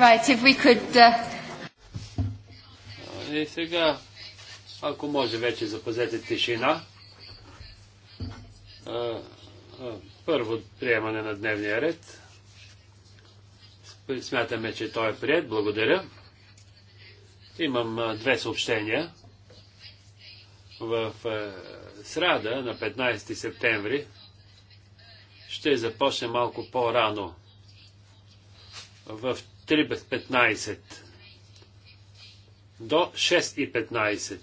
Right, if we could, uh... И сега, ако може вече запазете тишина. А, а, първо приемане на дневния ред. Смятаме, че той е прият. Благодаря. Имам а, две съобщения. В а, на 15 септември ще започне малко по-рано в 3 без 15 до 6 и 15.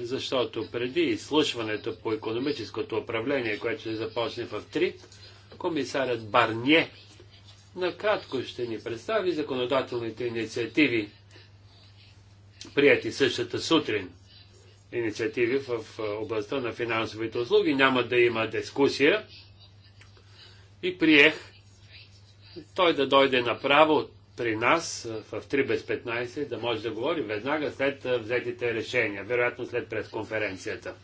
Защото преди изслушването по економическото управление, което ще започне в 3, комисарят Барние накратко ще ни представи законодателните инициативи, прияти същата сутрин. Инициативи в областта на финансовите услуги. Няма да има дискусия. И приех той да дойде направо при нас в 3 без 15, да може да говори веднага след взетите решения, вероятно след пресконференцията.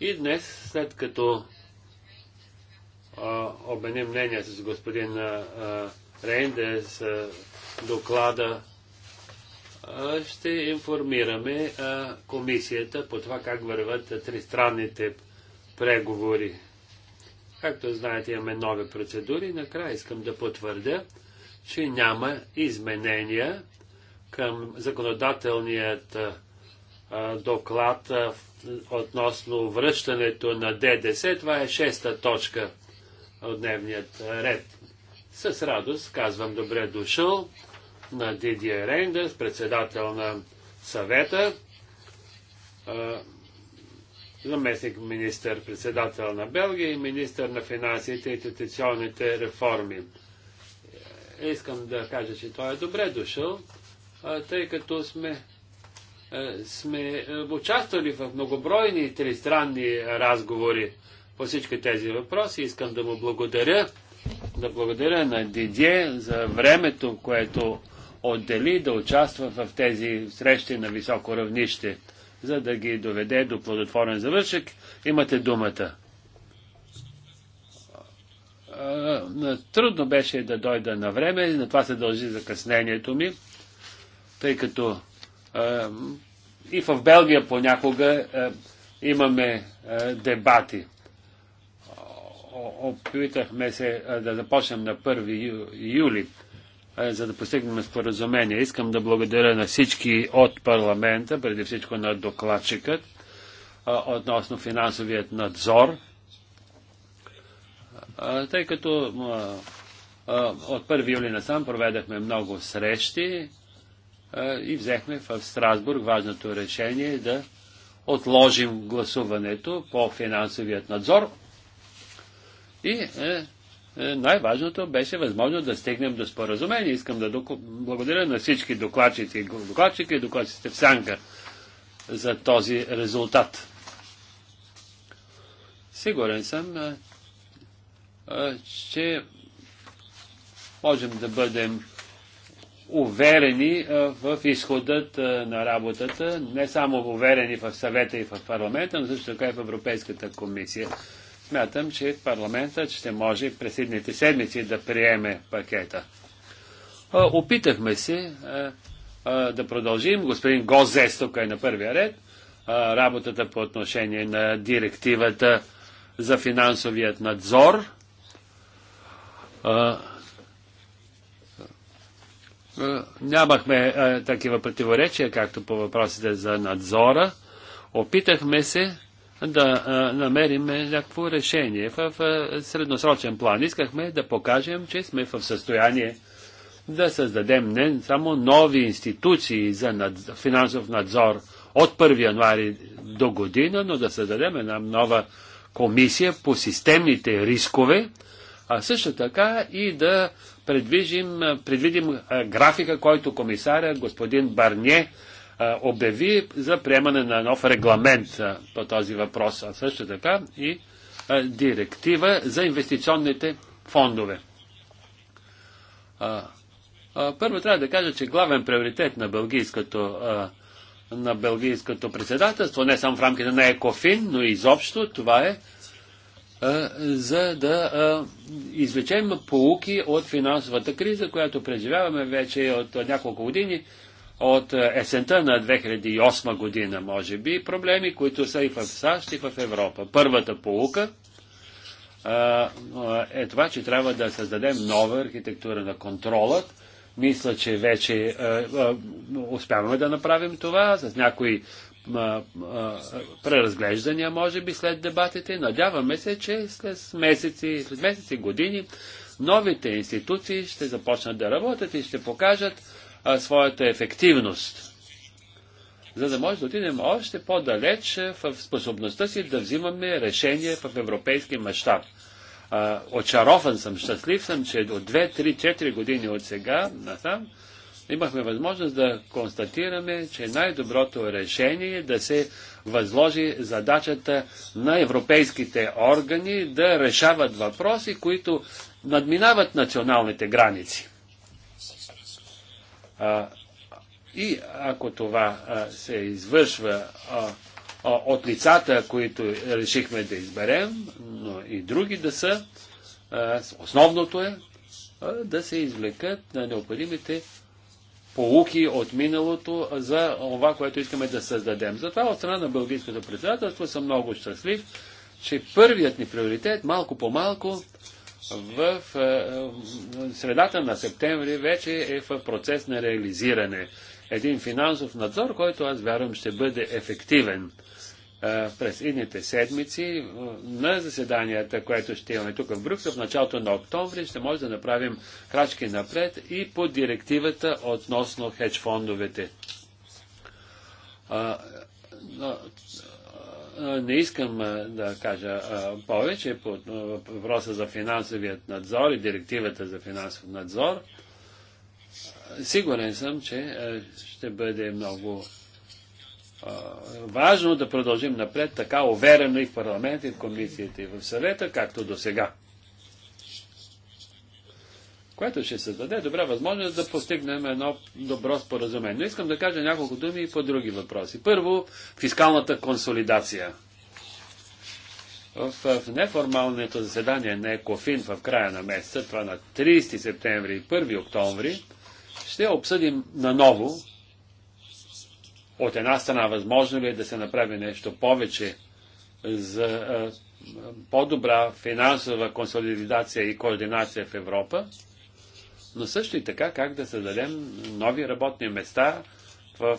И днес, след като обменим мнение с господин Рейндес доклада, ще информираме комисията по това как върват тристранните преговори Както знаете, имаме нови процедури. Накрая искам да потвърдя, че няма изменения към законодателният доклад относно връщането на ДДС. Това е шеста точка от дневният ред. С радост казвам добре дошъл на Дидия Рейндърс, председател на съвета заместник министър-председател на Белгия и министър на финансите и институционните реформи. Е, искам да кажа, че той е добре дошъл, тъй като сме, сме участвали в многобройни тристранни разговори по всички тези въпроси. Искам да му благодаря, да благодаря на Дидие за времето, което отдели да участва в тези срещи на високо равнище за да ги доведе до плодотворен завършък. Имате думата. Трудно беше да дойда на време, на това се дължи закъснението ми, тъй като и в Белгия понякога имаме дебати. Опитахме се да започнем на 1 юли. Е, за да постигнем споразумение. Искам да благодаря на всички от парламента, преди всичко на докладчикът, относно финансовият надзор, тъй като от 1 юли насам проведахме много срещи и взехме в Страсбург важното решение да отложим гласуването по финансовият надзор и е, е, най-важното беше възможно да стигнем до споразумение. Искам да доку... благодаря на всички докладчици, докладчики и докладчиците в Сянка за този резултат. Сигурен съм, е, е, че можем да бъдем уверени в изходът на работата, не само уверени в съвета и в парламента, но също така и в Европейската комисия. Смятам, че парламентът ще може през едните седмици да приеме пакета. Опитахме се да продължим. Господин Гозес, тук е на първия ред, работата по отношение на директивата за финансовият надзор. Нямахме такива противоречия, както по въпросите за надзора. Опитахме се да намерим някакво решение в средносрочен план. Искахме да покажем, че сме в състояние да създадем не само нови институции за над... финансов надзор от 1 януари до година, но да създадем една нова комисия по системните рискове, а също така и да предвижим, предвидим графика, който комисаря господин Барне обяви за приемане на нов регламент по този въпрос, а също така и директива за инвестиционните фондове. Първо трябва да кажа, че главен приоритет на бългийското, на бългийското председателство, не само в рамките на ЕКОФИН, но и изобщо, това е за да извлечем полуки от финансовата криза, която преживяваме вече от няколко години от е, есента на 2008 година, може би, проблеми, които са и в САЩ, и в Европа. Първата полука е това, че трябва да създадем нова архитектура на контролът. Мисля, че вече е, е, успяваме да направим това с някои преразглеждания, може би, след дебатите. Надяваме се, че след месеци, след месеци години новите институции ще започнат да работят и ще покажат, а, своята ефективност, за да може да отидем още по-далеч в способността си да взимаме решения в европейски мащаб. Очарован съм, щастлив съм, че от 2, 3, 4 години от сега насам имахме възможност да констатираме, че най-доброто решение е да се възложи задачата на европейските органи да решават въпроси, които надминават националните граници. И ако това се извършва от лицата, които решихме да изберем, но и други да са, основното е да се извлекат на необходимите полуки от миналото за това, което искаме да създадем. Затова от страна на Бългийското председателство съм много щастлив, че първият ни приоритет малко по малко в е, е, средата на септември вече е в процес на реализиране. Един финансов надзор, който аз вярвам ще бъде ефективен е, през идните седмици на заседанията, което ще имаме тук в Брюксел в началото на октомври, ще може да направим крачки напред и по директивата относно хедж фондовете. Не искам да кажа повече по въпроса за финансовият надзор и директивата за финансов надзор. Сигурен съм, че ще бъде много важно да продължим напред така уверено и в парламент, и в комисията, и в съвета, както до сега което ще създаде добра възможност да постигнем едно добро споразумение. Но искам да кажа няколко думи и по други въпроси. Първо, фискалната консолидация. В, в неформалното заседание на ЕКОФИН в края на месеца, това на 30 септември и 1 октомври, ще обсъдим наново от една страна възможно ли е да се направи нещо повече за е, по-добра финансова консолидация и координация в Европа но също и така как да създадем нови работни места в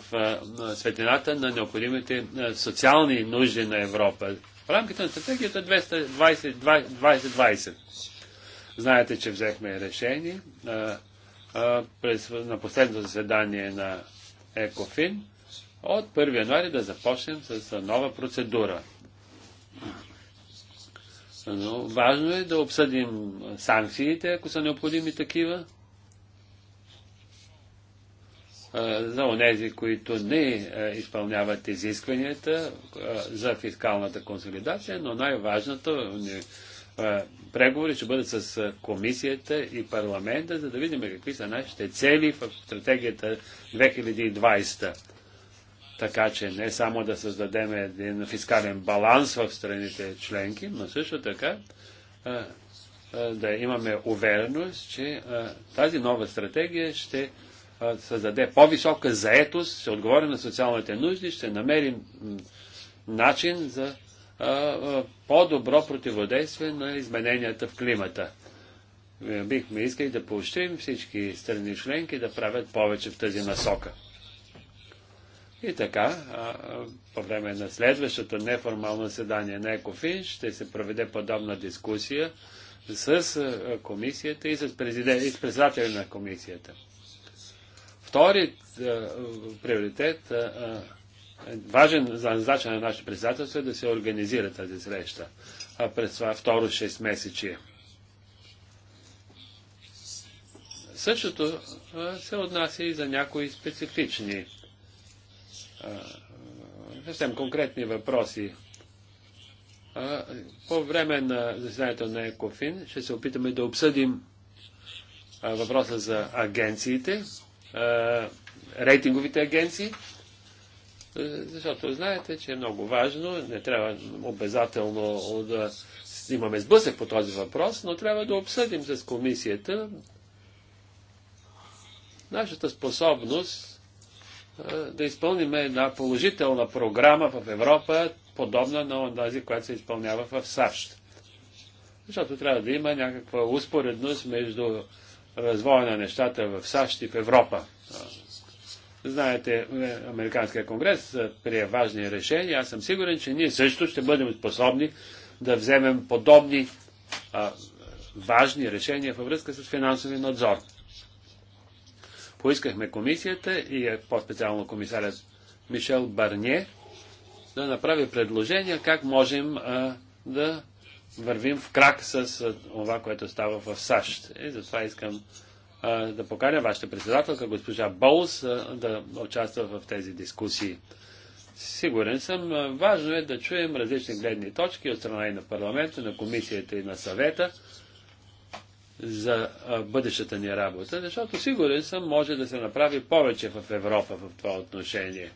светлината на необходимите социални нужди на Европа. В рамките на стратегията 2020. Знаете, че взехме решение а, а, през, на последното заседание на ЕКОФИН от 1 януари да започнем с нова процедура. Но важно е да обсъдим санкциите, ако са необходими такива, за онези, които не изпълняват изискванията за фискалната консолидация, но най-важното преговори ще бъдат с комисията и парламента, за да видим какви са нашите цели в стратегията 2020. Така че не само да създадем един фискален баланс в страните членки, но също така да имаме увереност, че тази нова стратегия ще създаде по-висока заетост, ще отговори на социалните нужди, ще намерим начин за по-добро противодействие на измененията в климата. Е, бихме искали да поощрим всички страни членки да правят повече в тази насока. И така, по време на следващото неформално заседание на ЕКОФИН ще се проведе подобна дискусия с комисията и с, и с председателя на комисията. Вторият е, приоритет, е, е, важен за задача на нашето председателство е да се организира тази среща през това второ 6 месечие. Същото се отнася и за някои специфични, съвсем конкретни въпроси. по време на заседанието на ЕКОФИН ще се опитаме да обсъдим въпроса за агенциите, рейтинговите агенции, защото знаете, че е много важно, не трябва обязателно да имаме сблъсък по този въпрос, но трябва да обсъдим с комисията нашата способност да изпълним една положителна програма в Европа, подобна на тази, която се изпълнява в САЩ. Защото трябва да има някаква успоредност между развоя на нещата в САЩ и в Европа. Знаете, е, Американския конгрес е, прие важни решения. Аз съм сигурен, че ние също ще бъдем способни да вземем подобни а, важни решения във връзка с финансови надзор. Поискахме комисията и е, по-специално комисарят Мишел Барние да направи предложения как можем а, да вървим в крак с това, което става в САЩ. И затова искам да поканя вашата председателка, госпожа Боус, да участва в тези дискусии. Сигурен съм, важно е да чуем различни гледни точки от страна и на парламента, на комисията и на съвета за бъдещата ни работа, защото сигурен съм, може да се направи повече в Европа в това отношение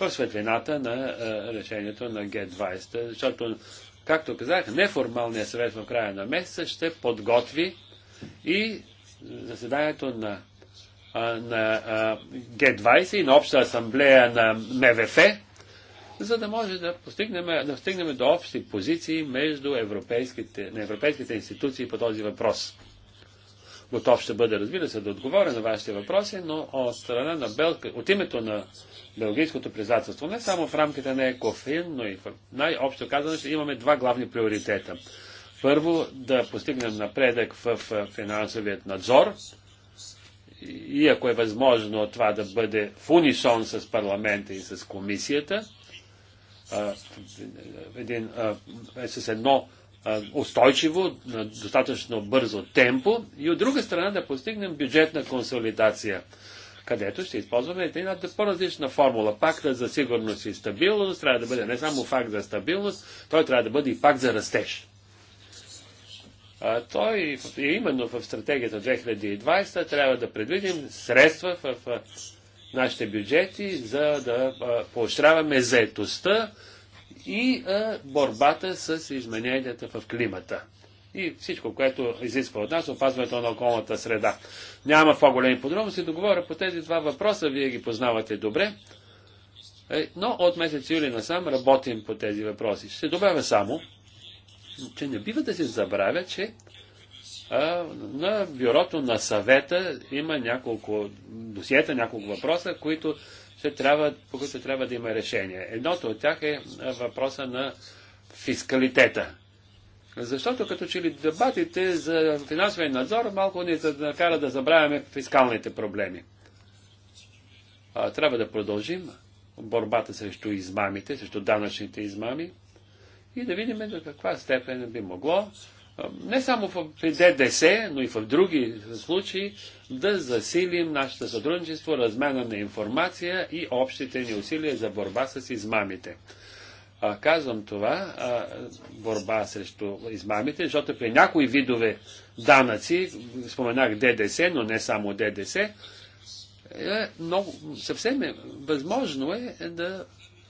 в светлината на решението на Г-20, защото както казах, неформалният съвет в края на месеца ще подготви и заседанието на, на Г20 и на Обща асамблея на МВФ, за да може да постигнем, да стигнем до общи позиции между европейските, на европейските институции по този въпрос. Готов ще бъде, разбира се, да отговоря на вашите въпроси, но от, страна на Белка, от името на белгийското признателство, не само в рамките на ЕКОФИН, но и в най-общо казано, ще имаме два главни приоритета. Първо, да постигнем напредък в финансовият надзор, и ако е възможно това да бъде в унисон с парламента и с комисията, един, е с едно устойчиво, достатъчно бързо темпо и от друга страна да постигнем бюджетна консолидация където ще използваме една по-различна формула. Пакта за сигурност и стабилност трябва да бъде не само факт за стабилност, той трябва да бъде и факт за растеж. А, той е именно в стратегията 2020 трябва да предвидим средства в, в нашите бюджети, за да а, поощряваме заетостта и а, борбата с измененията в климата и всичко, което изисква от нас опазването на околната среда. Няма по-големи подробности да говоря по тези два въпроса, вие ги познавате добре, е, но от месец юли насам работим по тези въпроси. Ще добавя само, че не бива да се забравя, че а, на бюрото на съвета има няколко досиета, няколко въпроса, които ще трябва, по които трябва да има решение. Едното от тях е въпроса на фискалитета. Защото като че ли дебатите за финансовия надзор малко ни накара да забравяме фискалните проблеми. А, трябва да продължим борбата срещу измамите, срещу данъчните измами и да видим до каква степен би могло не само в ДДС, но и в други случаи да засилим нашето сътрудничество, размяна на информация и общите ни усилия за борба с измамите. А, казвам това, а, борба срещу измамите, защото при някои видове данъци, споменах ДДС, но не само ДДС, е много, съвсем е, възможно е да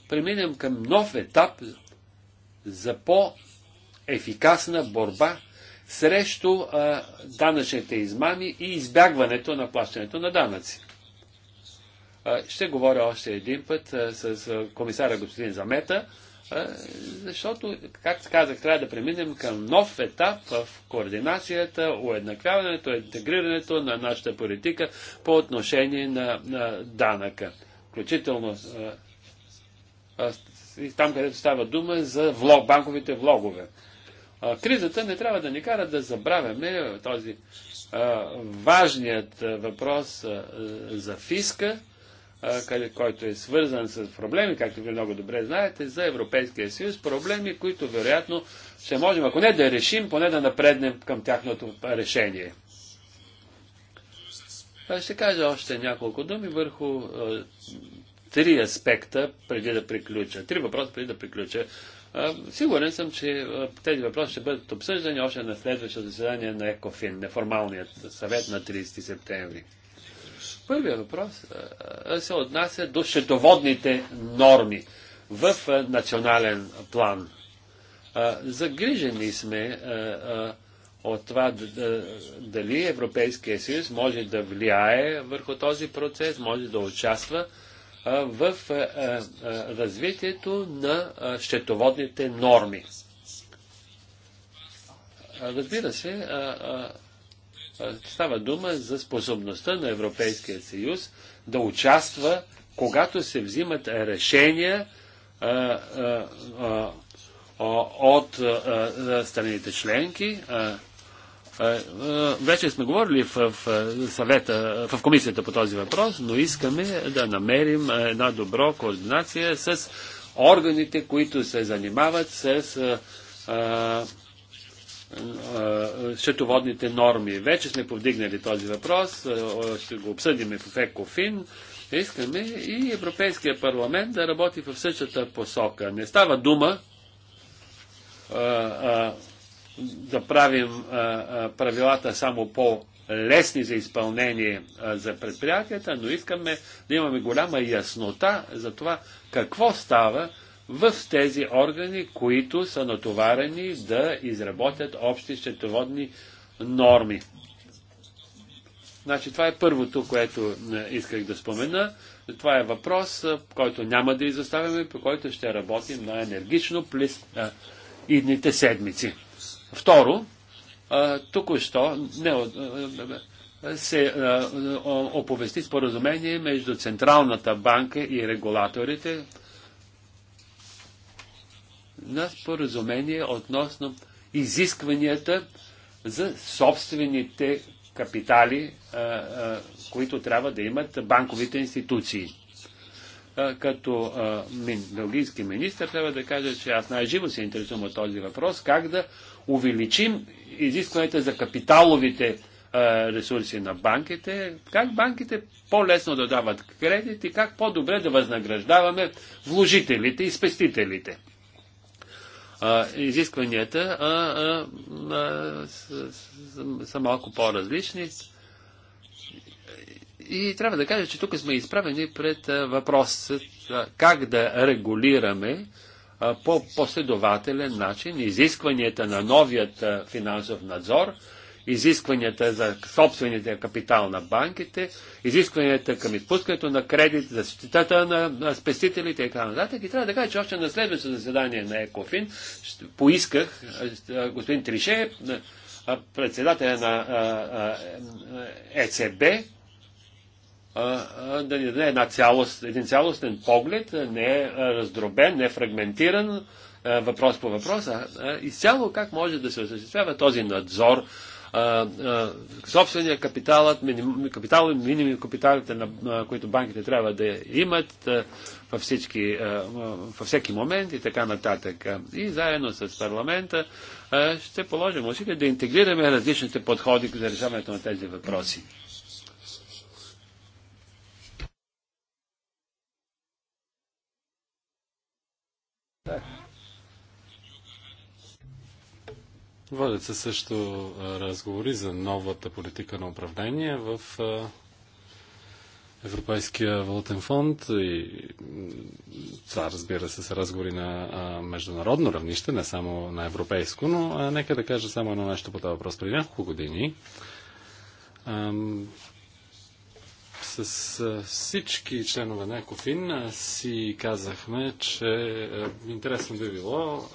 преминем към нов етап за по-ефикасна борба срещу а, данъчните измами и избягването на плащането на данъци. А, ще говоря още един път а, с комисара господин Замета е, защото, както казах, трябва да преминем към нов етап в координацията, уеднаквяването, интегрирането на нашата политика по отношение на, на данъка. Включително а, е, и е, там, където става дума за влог, банковите влогове. А, кризата не трябва да ни кара да забравяме този а, важният въпрос за фиска който е свързан с проблеми, както вие много добре знаете, за Европейския съюз, проблеми, които вероятно ще можем, ако не да решим, поне да напреднем към тяхното решение. Ще кажа още няколко думи върху три аспекта преди да приключа. Три въпроса преди да приключа. сигурен съм, че тези въпроси ще бъдат обсъждани още на следващото заседание на ЕКОФИН, неформалният съвет на 30 септември. Първият въпрос се отнася до щетоводните норми в национален план. Загрижени сме от това дали Европейския съюз може да влияе върху този процес, може да участва в развитието на щетоводните норми. Разбира се, Става дума за способността на Европейския съюз да участва, когато се взимат решения от страните членки. Вече сме говорили в, съвета, в комисията по този въпрос, но искаме да намерим една добра координация с органите, които се занимават с счетоводните норми. Вече сме повдигнали този въпрос, ще го обсъдим в ЕКОФИН. Искаме и Европейския парламент да работи в същата посока. Не става дума да правим правилата само по-лесни за изпълнение за предприятията, но искаме да имаме голяма яснота за това какво става в тези органи, които са натоварени да изработят общи счетоводни норми. Значи това е първото, което е, исках да спомена. Това е въпрос, е, който няма да изоставяме, по който ще работим на енергично плюс а, е, идните седмици. Второ, току-що се а, оповести споразумение между Централната банка и регулаторите, на споразумение относно изискванията за собствените капитали, които трябва да имат банковите институции. като белгийски министр трябва да кажа, че аз най-живо се интересувам от този въпрос, как да увеличим изискването за капиталовите ресурси на банките, как банките по-лесно да дават кредит и как по-добре да възнаграждаваме вложителите и спестителите а, изискванията а, а, а, са, са малко по-различни. И трябва да кажа, че тук сме изправени пред въпросът как да регулираме по последователен начин изискванията на новият финансов надзор изискванията за собствените капитал на банките, изискванията към изпускането на кредит, защитата на, на спестителите и така нататък. И трябва да кажа, че още на следващото заседание на ЕКОФИН поисках господин Трише, председателя на ЕЦБ, да ни даде една цялост, един цялостен поглед, не е раздробен, не е фрагментиран, въпрос по въпрос, а изцяло как може да се осъществява този надзор собствения капиталът, капитал, минимум капиталите, на, които банките трябва да имат във, всички, във всеки момент и така нататък. И заедно с парламента ще положим усилия да интегрираме различните подходи за решаването на тези въпроси. Да. Водят се също разговори за новата политика на управление в Европейския валутен фонд и това разбира се са разговори на международно равнище, не само на европейско, но нека да кажа само едно нещо по този въпрос. Преди няколко години с всички членове на Екофин си казахме, че интересно би било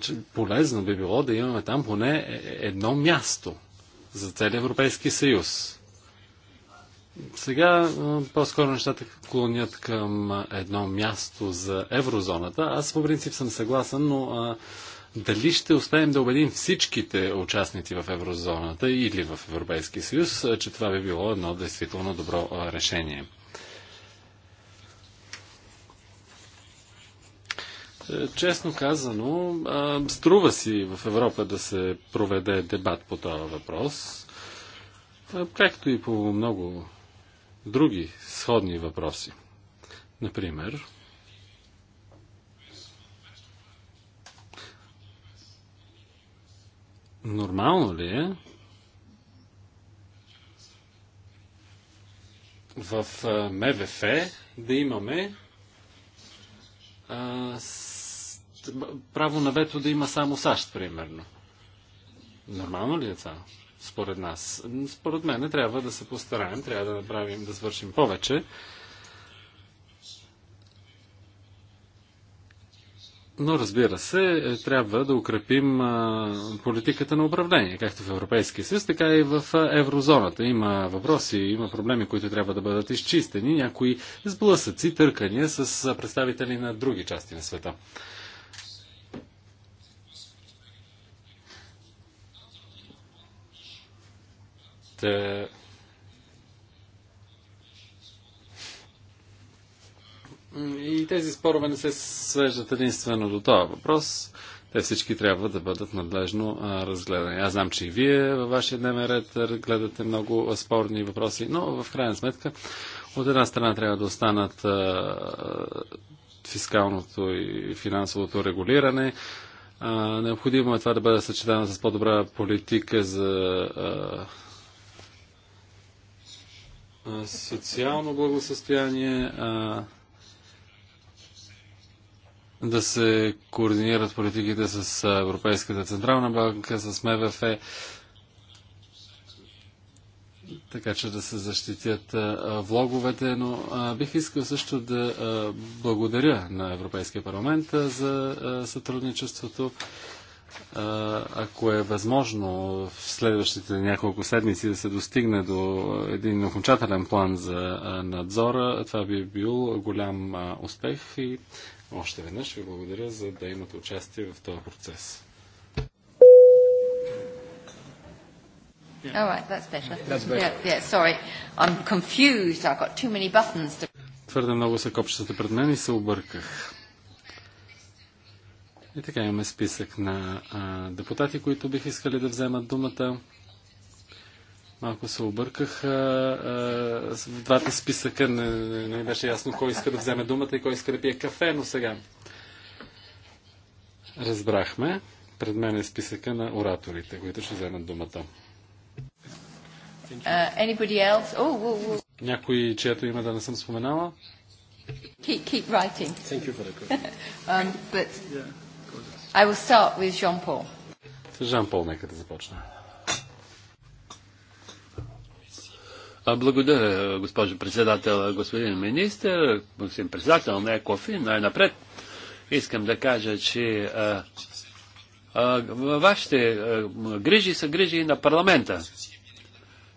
че значи, полезно би било да имаме там поне е, е, едно място за целия Европейски съюз. Сега по-скоро нещата клонят към едно място за еврозоната. Аз по принцип съм съгласен, но а, дали ще успеем да убедим всичките участници в еврозоната или в Европейския съюз, че това би било едно действително добро решение. Е, честно казано, струва си в Европа да се проведе дебат по този въпрос, както и по много други сходни въпроси. Например, нормално ли е в МВФ да имаме право на вето да има само САЩ, примерно. Нормално ли е това? Според нас. Според мен трябва да се постараем, трябва да направим, да свършим повече. Но разбира се, е, трябва да укрепим политиката на управление, както в Европейския съюз, така и в еврозоната. Има въпроси, има проблеми, които трябва да бъдат изчистени, някои сблъсъци, търкания с представители на други части на света. да И тези спорове не се свеждат единствено до този въпрос. Те всички трябва да бъдат надлежно разгледани. Аз знам, че и вие във вашия дневен ред гледате много спорни въпроси, но в крайна сметка от една страна трябва да останат фискалното и финансовото регулиране. необходимо е това да бъде съчетано с по-добра политика за социално благосъстояние, да се координират политиките с Европейската централна банка, с МВФ, така че да се защитят а, влоговете, но а, бих искал също да а, благодаря на Европейския парламент за сътрудничеството ако е възможно в следващите няколко седмици да се достигне до един окончателен план за надзора, това би бил голям успех и още веднъж ви благодаря за да имате участие в този процес. Твърде много са копчетата пред мен и се обърках. И така имаме списък на а, депутати, които бих искали да вземат думата. Малко се обърках а, а, в двата списъка. Не, не, не беше ясно кой иска да вземе думата и кой иска да пие кафе, но сега разбрахме. Пред мен е списъка на ораторите, които ще вземат думата. Uh, oh, Някой, чието има да не съм споменала? Keep, keep writing. Thank you for the um, but... yeah. I will start with Jean-Paul. Жан-Пол, нека да започна. Благодаря, госпожо председател, господин министр, господин председател на Екофин. Най-напред е искам да кажа, че а, а, вашите а, грижи са грижи на парламента.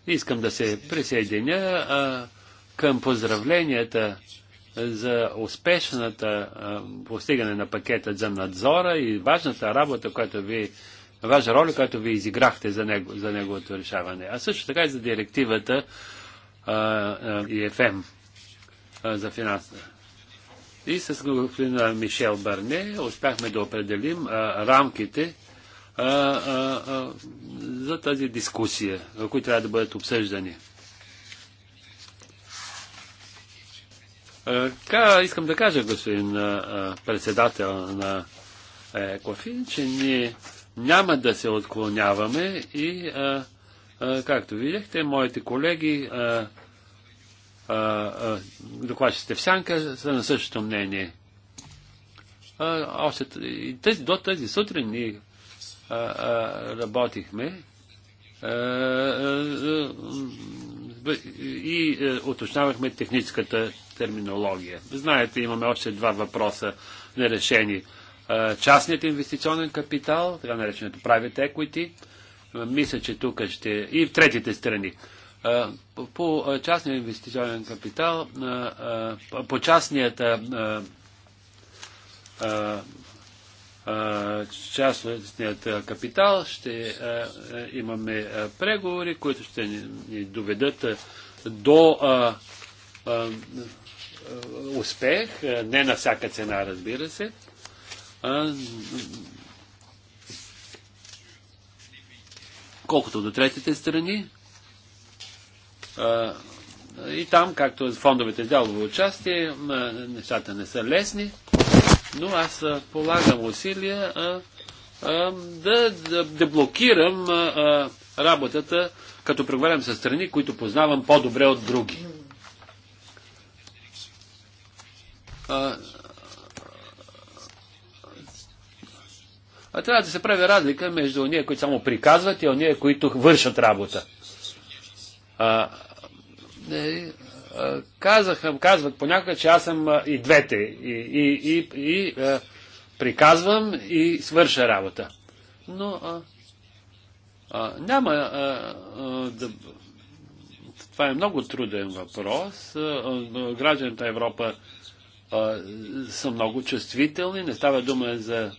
Искам да се присъединя а, към поздравленията за успешната постигане на пакета за надзора и важната работа, която ви, важна роля, която ви изиграхте за, него, за неговото решаване. А също така и за директивата ИФМ за финансите. И с господин Мишел Барне успяхме да определим а, рамките а, а, за тази дискусия, които трябва да бъдат обсъждани. Така, е, искам да кажа, господин е, е, председател на Екофин, че ние няма да се отклоняваме и, а, а, както видяхте, моите колеги, а, а, а, докладчиците в Сянка, са на същото мнение. А, още, до тази сутрин ние а, а, работихме а, а, и а, уточнявахме техническата терминология. Знаете, имаме още два въпроса нерешени. Е, частният инвестиционен капитал, така нареченото private equity, е, мисля, че тук ще... и в третите страни. Е, по частния инвестиционен капитал, по частният частният капитал ще имаме преговори, които ще ни доведат до е, успех, е, не на всяка цена, разбира се. Колкото до третите страни, и там, както фондовете дялово участие, нещата не са лесни, но аз полагам усилия да, да, да блокирам работата, като преговарям с страни, които познавам по-добре от други. А трябва да се прави разлика между ония, които само приказват и ония, които вършат работа. А, не, а, казаха, казват понякога, че аз съм и двете. И, и, и, и а, приказвам и свърша работа. Но а, а, няма а, а, да. Това е много труден въпрос. Гражданите на Европа са много чувствителни. Не става дума за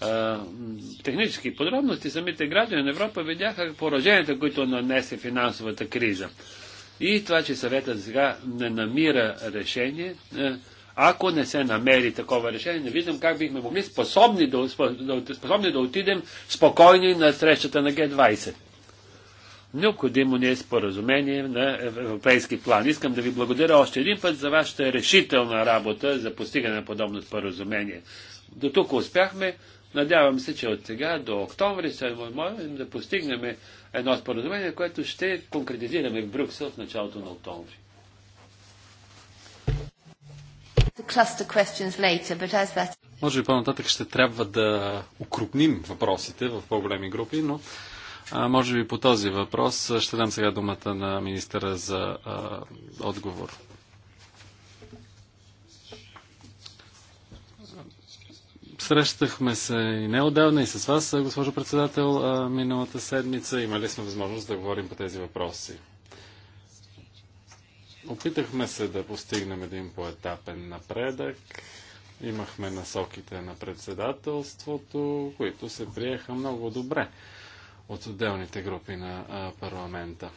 а, технически подробности. Самите граждани на Европа видяха пораженията, които нанесе финансовата криза. И това, че съветът сега не намира решение, ако не се намери такова решение, не виждам как бихме могли способни да, способни да отидем спокойни на срещата на Г-20. Необходимо ни е споразумение на европейски план. Искам да ви благодаря още един път за вашата решителна работа за постигане на подобно споразумение. До тук успяхме. Надявам се, че от сега до октомври ще можем да постигнем едно споразумение, което ще конкретизираме в Брюксел в началото на октомври. Може би по-нататък ще трябва да укрупним въпросите в по-големи групи, но а, може би по този въпрос ще дам сега думата на министъра за а, отговор. Срещахме се и неодавна и с вас, госпожо председател, миналата седмица. Имали сме възможност да говорим по тези въпроси. Опитахме се да постигнем един поетапен напредък. Имахме насоките на председателството, които се приеха много добре от отделните групи на парламента.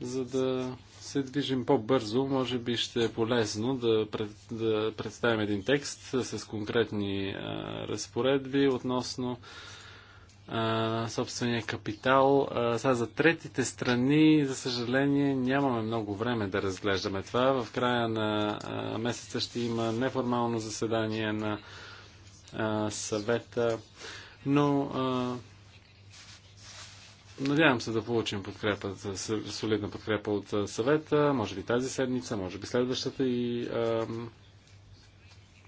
За да се движим по-бързо, може би ще е полезно да, пред, да представим един текст с конкретни а, разпоредби относно а, собствения капитал. А, сега за третите страни, за съжаление, нямаме много време да разглеждаме това. В края на а, месеца ще има неформално заседание на а, съвета, но а, надявам се да получим подкрепа, солидна подкрепа от съвета, може би тази седмица, може би следващата и а,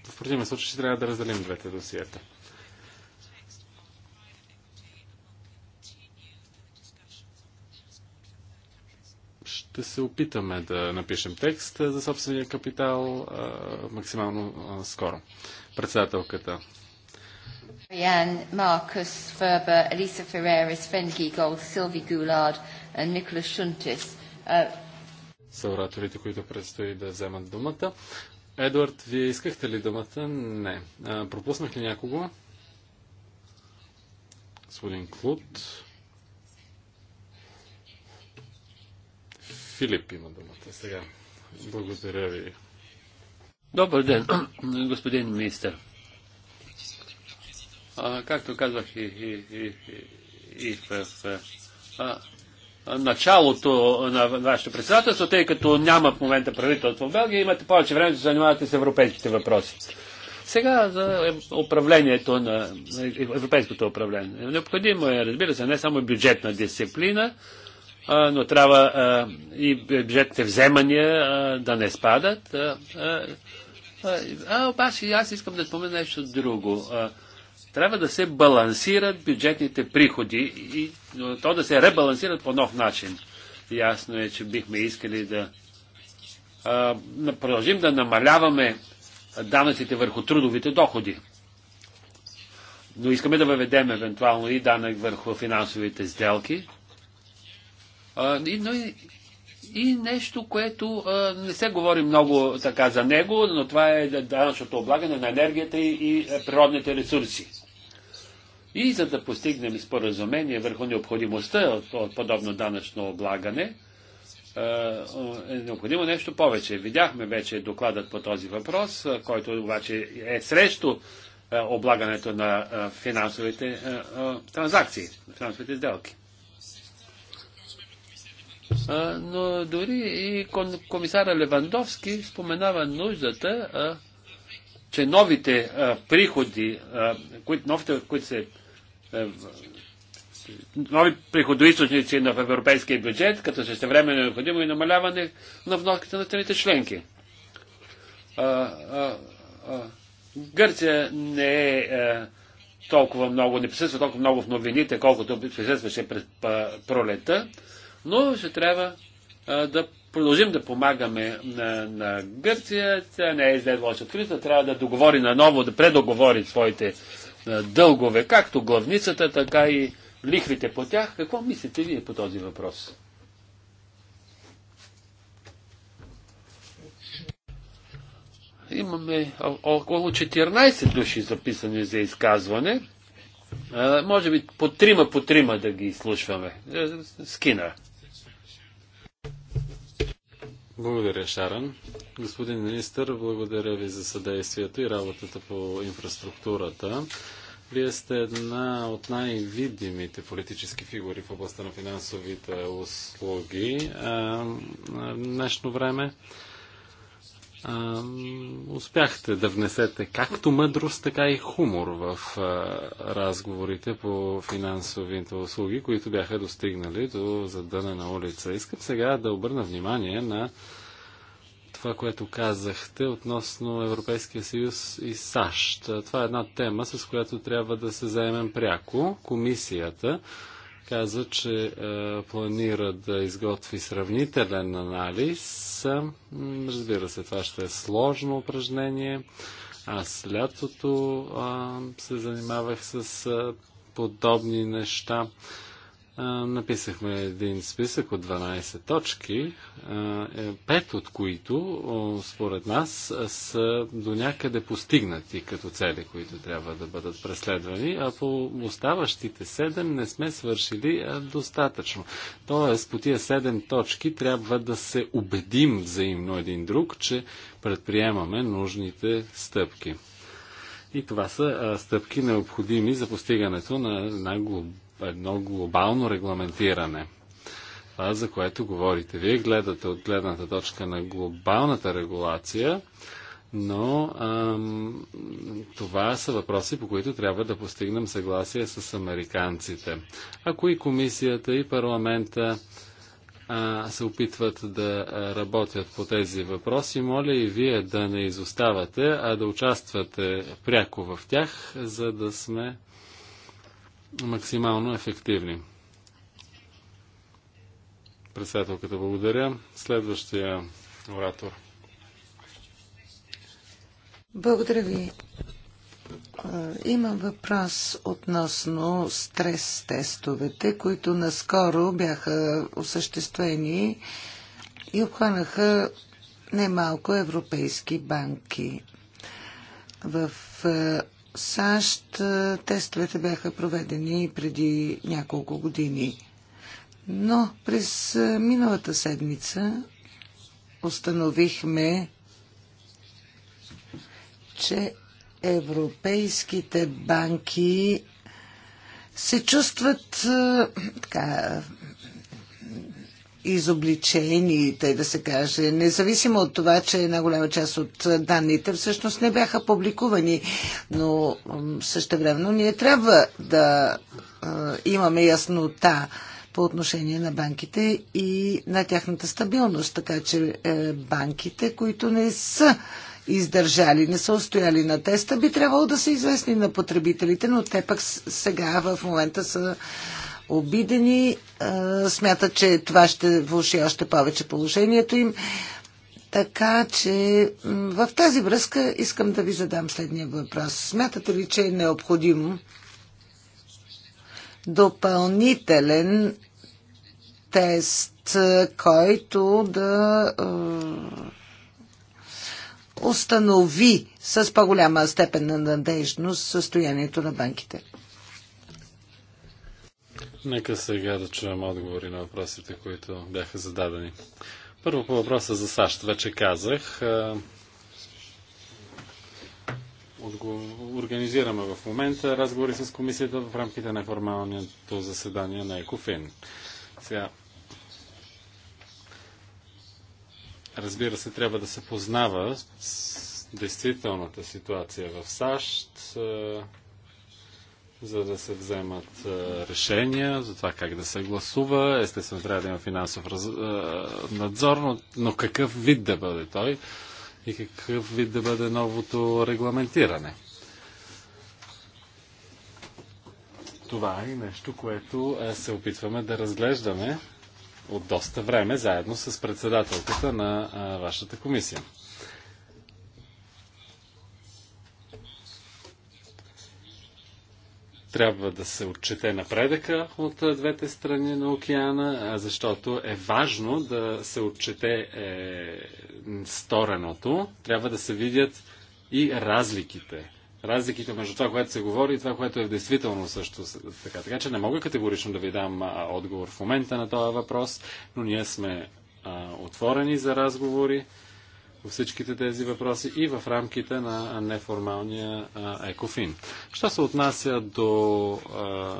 в противен случай ще трябва да разделим двете досиета. ще се опитаме да напишем текст за собствения капитал а, максимално а, скоро. Председателката. Marianne, uh, които предстои да вземат думата. Едуард, вие искахте ли думата? Не. А, пропуснах ли някого? Господин Клуд. Филип има думата сега. Благодаря ви, Добър ден, господин министър. А, както казах и, и, и, и в, в а, началото на вашето председателство, тъй като няма в момента правителство в Белгия, имате повече време да се занимавате с европейските въпроси. Сега за управлението на европейското управление. Необходимо е, разбира се, не само бюджетна дисциплина, но трябва и бюджетните вземания да не спадат. А, обаче аз искам да спомена нещо друго. А, трябва да се балансират бюджетните приходи и то да се ребалансират по нов начин. Ясно е, че бихме искали да а, продължим да намаляваме данъците върху трудовите доходи. Но искаме да въведем евентуално и данък върху финансовите сделки. А, но и, и нещо, което а, не се говори много така за него, но това е данъчното облагане на енергията и, и природните ресурси. И за да постигнем споразумение върху необходимостта от, от подобно данъчно облагане, е необходимо нещо повече. Видяхме вече докладът по този въпрос, който обаче е срещу облагането на финансовите транзакции, финансовите сделки но дори и комисара Левандовски споменава нуждата, че новите приходи, които, новите, които се е, нови приходоисточници в европейския бюджет, като същевременно е необходимо и намаляване на вноските на страните членки. Гърция не е, е толкова много, не присъства толкова много в новините, колкото присъстваше през пролета но ще трябва а, да продължим да помагаме на, на Гърция. Тя не е излезла още от криза, трябва да договори наново, да предоговори своите а, дългове, както главницата, така и лихвите по тях. Какво мислите вие по този въпрос? Имаме около 14 души записани за изказване. А, може би по трима, по трима да ги изслушваме. Е, Скина. Благодаря, Шаран. Господин министр, благодаря ви за съдействието и работата по инфраструктурата. Вие сте една от най-видимите политически фигури в областта на финансовите услуги в днешно време а, успяхте да внесете както мъдрост, така и хумор в а, разговорите по финансовите услуги, които бяха достигнали до задъна на улица. Искам сега да обърна внимание на това, което казахте относно Европейския съюз и САЩ. Това е една тема, с която трябва да се заемем пряко. Комисията каза, че а, е, планира да изготви сравнителен анализ. Разбира се, това ще е сложно упражнение. Аз лятото а, се занимавах с а, подобни неща написахме един списък от 12 точки, е, пет от които, според нас, са до някъде постигнати като цели, които трябва да бъдат преследвани, а по оставащите седем не сме свършили достатъчно. Тоест, по тия седем точки трябва да се убедим взаимно един друг, че предприемаме нужните стъпки. И това са стъпки необходими за постигането на една едно глобално регламентиране. Това, за което говорите. Вие гледате от гледната точка на глобалната регулация, но ам, това са въпроси, по които трябва да постигнем съгласие с американците. Ако и комисията, и парламента а, се опитват да работят по тези въпроси, моля и вие да не изоставате, а да участвате пряко в тях, за да сме максимално ефективни. Председателката благодаря. Следващия оратор. Благодаря ви. Имам въпрос относно стрес тестовете, които наскоро бяха осъществени и обхванаха немалко европейски банки. В САЩ тестовете бяха проведени преди няколко години. Но през миналата седмица установихме, че европейските банки се чувстват така, изобличени, тъй да се каже, независимо от това, че една голяма част от данните всъщност не бяха публикувани, но времено ние трябва да имаме яснота по отношение на банките и на тяхната стабилност, така че е, банките, които не са издържали, не са устояли на теста, би трябвало да са известни на потребителите, но те пък сега в момента са обидени, смятат, че това ще влуши още повече положението им. Така че в тази връзка искам да ви задам следния въпрос. Смятате ли, че е необходим допълнителен тест, който да установи с по-голяма степен на надежност състоянието на банките? Нека сега да чуем отговори на въпросите, които бяха зададени. Първо по въпроса за САЩ. Вече казах. Организираме в момента разговори с комисията в рамките на формалното заседание на ЕКОФИН. Сега, разбира се, трябва да се познава с действителната ситуация в САЩ за да се вземат решения за това как да се гласува. Естествено, трябва да има финансов раз... надзор, но, но какъв вид да бъде той и какъв вид да бъде новото регламентиране. Това е нещо, което е, се опитваме да разглеждаме от доста време, заедно с председателката на вашата комисия. трябва да се отчете напредъка от двете страни на океана, защото е важно да се отчете е, стореното. Трябва да се видят и разликите. Разликите между това, което се говори и това, което е в действително също така. Така че не мога категорично да ви дам отговор в момента на този въпрос, но ние сме а, отворени за разговори по всичките тези въпроси и в рамките на неформалния екофин. Що се отнася до а,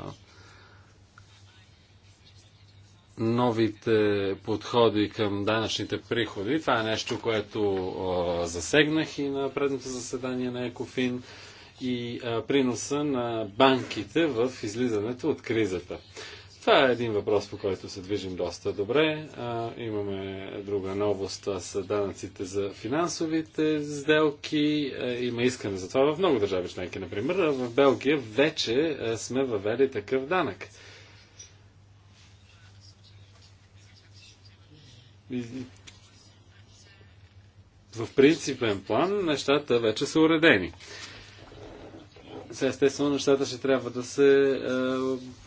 новите подходи към данъчните приходи, това е нещо, което а, засегнах и на предното заседание на екофин и а, приноса на банките в излизането от кризата. Това е един въпрос, по който се движим доста добре. А, имаме друга новост с данъците за финансовите сделки. А, има искане за това в много държави членки, например. А в Белгия вече а, сме въвели такъв данък. в принципен план нещата вече са уредени естествено нещата ще трябва да се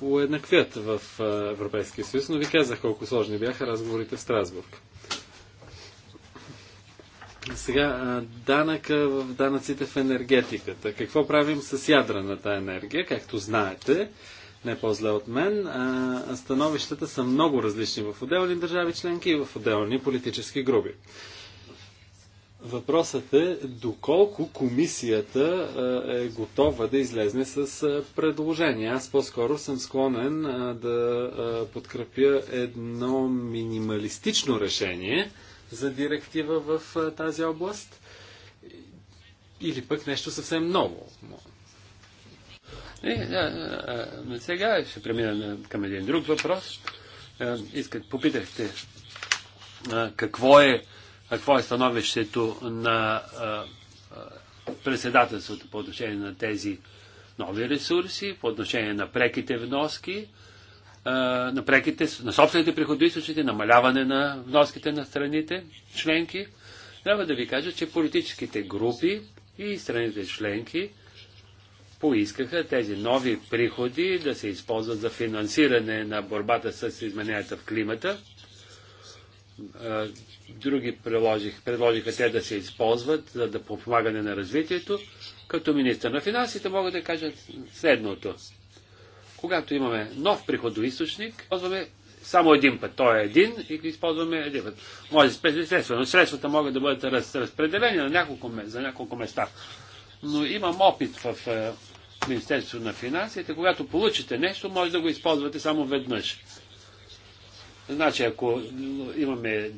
уеднаквят е, в е, Европейския съюз, но ви казах колко сложни бяха разговорите в Страсбург. Сега, е, данъка в данъците в енергетиката. Какво правим с ядрената енергия? Както знаете, не по-зле от мен, а становищата са много различни в отделни държави членки и в отделни политически групи. Въпросът е доколко комисията е готова да излезне с предложение. Аз по-скоро съм склонен да подкрепя едно минималистично решение за директива в тази област или пък нещо съвсем ново. И, е, а, а, сега ще премина към един друг въпрос. А, искат, попитахте а, какво е какво е становището на председателството по отношение на тези нови ресурси, по отношение на преките вноски, на, преките, на собствените приходоисточници, намаляване на вноските на страните членки. Трябва да ви кажа, че политическите групи и страните членки поискаха тези нови приходи да се използват за финансиране на борбата с измененията в климата други предложих, предложиха те да се използват за да помагане на развитието. Като министър на финансите мога да кажа следното. Когато имаме нов приходоисточник, използваме само един път. Той е един и го използваме един път. Може естествено, средствата могат да бъдат раз, разпределени на няколко, за няколко места. Но имам опит в е, Министерството на финансите. Когато получите нещо, може да го използвате само веднъж. Значи, ако имаме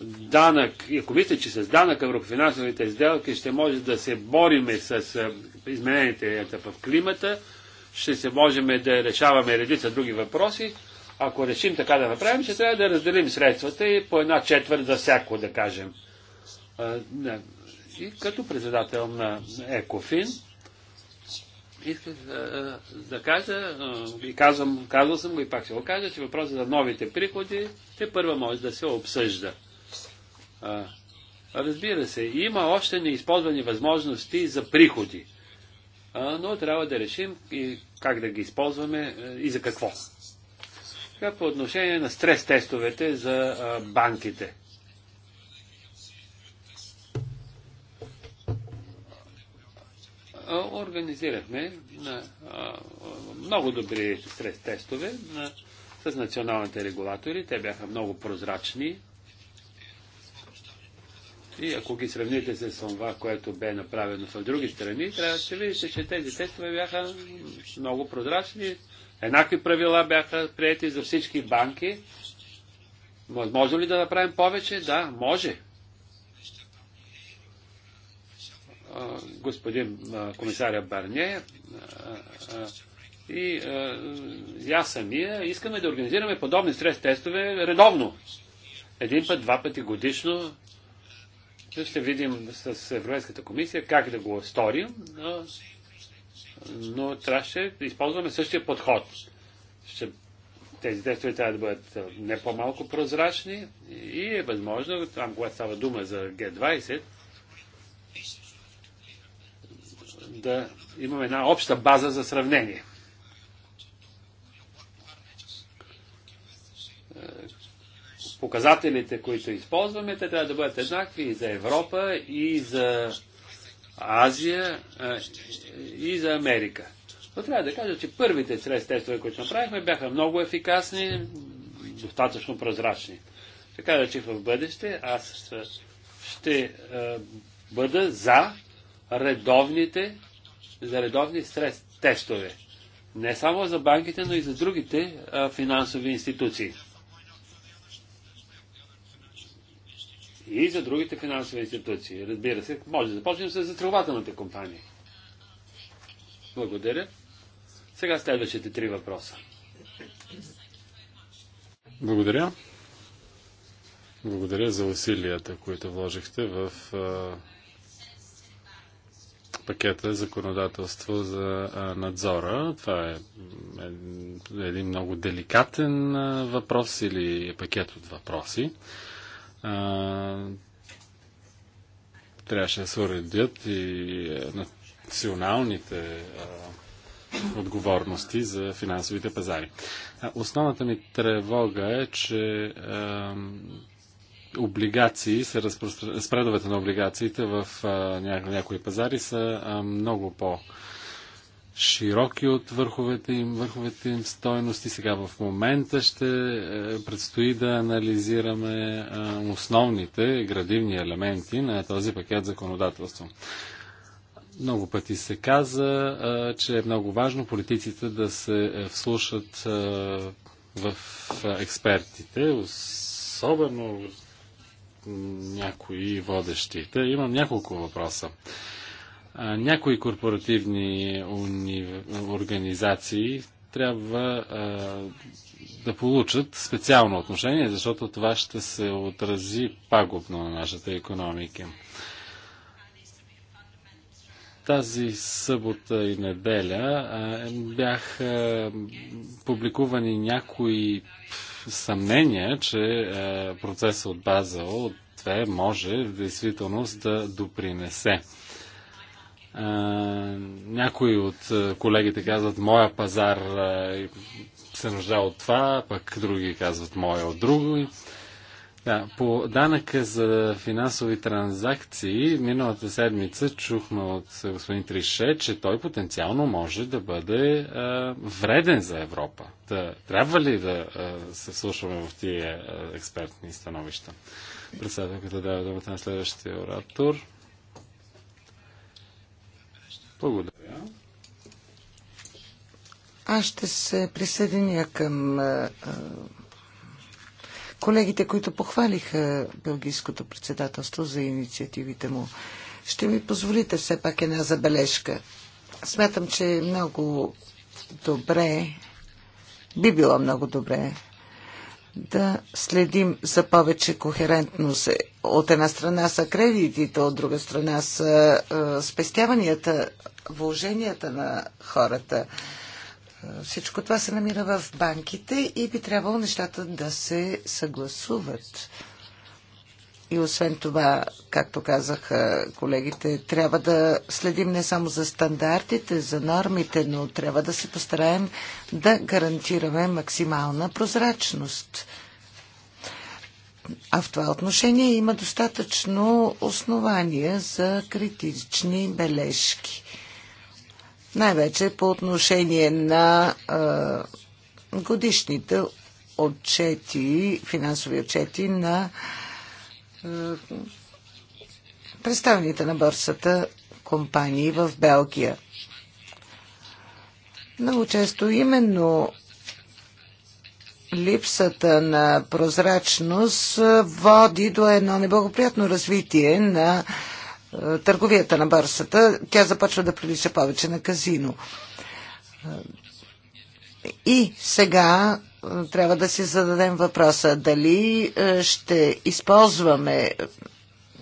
данък, ако мисля, че с данък върху финансовите сделки ще може да се бориме с изменените в климата, ще се можем да решаваме редица други въпроси. Ако решим така да направим, ще трябва да разделим средствата и по една четвърт за всяко, да кажем. И като председател на Екофин, исках да, да кажа, и казвам, казал съм го и пак ще го кажа, че въпросът за новите приходи те първа може да се обсъжда. разбира се, има още неизползвани възможности за приходи, но трябва да решим и как да ги използваме и за какво. Така по отношение на стрес тестовете за банките. организирахме на много добри стрес тестове на, с националните регулатори. Те бяха много прозрачни. И ако ги сравните с това, което бе направено в други страни, трябва да видите, че тези тестове бяха много прозрачни. Еднакви правила бяха приети за всички банки. Може ли да направим повече? Да, може. господин комисаря Барне и аз самия искаме да организираме подобни стрес тестове редовно. Един път, два пъти годишно ще видим с Европейската комисия как да го сторим, но, но трябваше да използваме същия подход. Ще, тези тестове трябва да бъдат не по-малко прозрачни и е възможно, там когато става дума за Г20, да имаме една обща база за сравнение. Показателите, които използваме, те трябва да бъдат еднакви и за Европа, и за Азия, и за Америка. Но трябва да кажа, че първите средства, тестове, които направихме, бяха много ефикасни, достатъчно прозрачни. Така да, че в бъдеще аз ще бъда за редовните за редовни стрес тестове. Не само за банките, но и за другите а, финансови институции. И за другите финансови институции. Разбира се, може да започнем с застрахователните компании. Благодаря. Сега следващите три въпроса. Благодаря. Благодаря за усилията, които вложихте в пакета законодателство за надзора. Това е, е един много деликатен въпрос или пакет от въпроси. Трябваше да се уредят и е, националните отговорности за финансовите пазари. Основната ми тревога е, че облигации се разпростран... спредовете на облигациите в ня... някои пазари са много по- широки от върховете им, върховете им стойности. Сега в момента ще е, предстои да анализираме основните градивни елементи на този пакет законодателство. Много пъти се каза, че е много важно политиците да се е, вслушат в експертите, особено някои водещите. Имам няколко въпроса. Някои корпоративни организации трябва да получат специално отношение, защото това ще се отрази пагубно на нашата економика. Тази събота и неделя бяха публикувани някои съмнение, че е, процесът от Базел 2 може в действителност да допринесе. Е, някои от е, колегите казват, моя пазар се нужда от това, пък други казват, моя от друго. Да, по данъка за финансови транзакции, миналата седмица чухме от господин Трише, че той потенциално може да бъде а, вреден за Европа. Та, трябва ли да а, се слушаме в тия а, експертни становища? Председателката дава думата на следващия оратор. Благодаря. Аз ще се присъединя към а, колегите, които похвалиха Белгийското председателство за инициативите му. Ще ми позволите все пак една забележка. Смятам, че е много добре, би било много добре да следим за повече кохерентност. От една страна са кредитите, от друга страна са е, спестяванията, вложенията на хората. Всичко това се намира в банките и би трябвало нещата да се съгласуват. И освен това, както казаха колегите, трябва да следим не само за стандартите, за нормите, но трябва да се постараем да гарантираме максимална прозрачност. А в това отношение има достатъчно основания за критични бележки най-вече по отношение на а, годишните отчети, финансови отчети на а, представените на борсата компании в Белгия. Много често именно липсата на прозрачност води до едно неблагоприятно развитие на е, търговията на борсата, тя започва да прилича повече на казино. Е, и сега е, трябва да си зададем въпроса дали ще използваме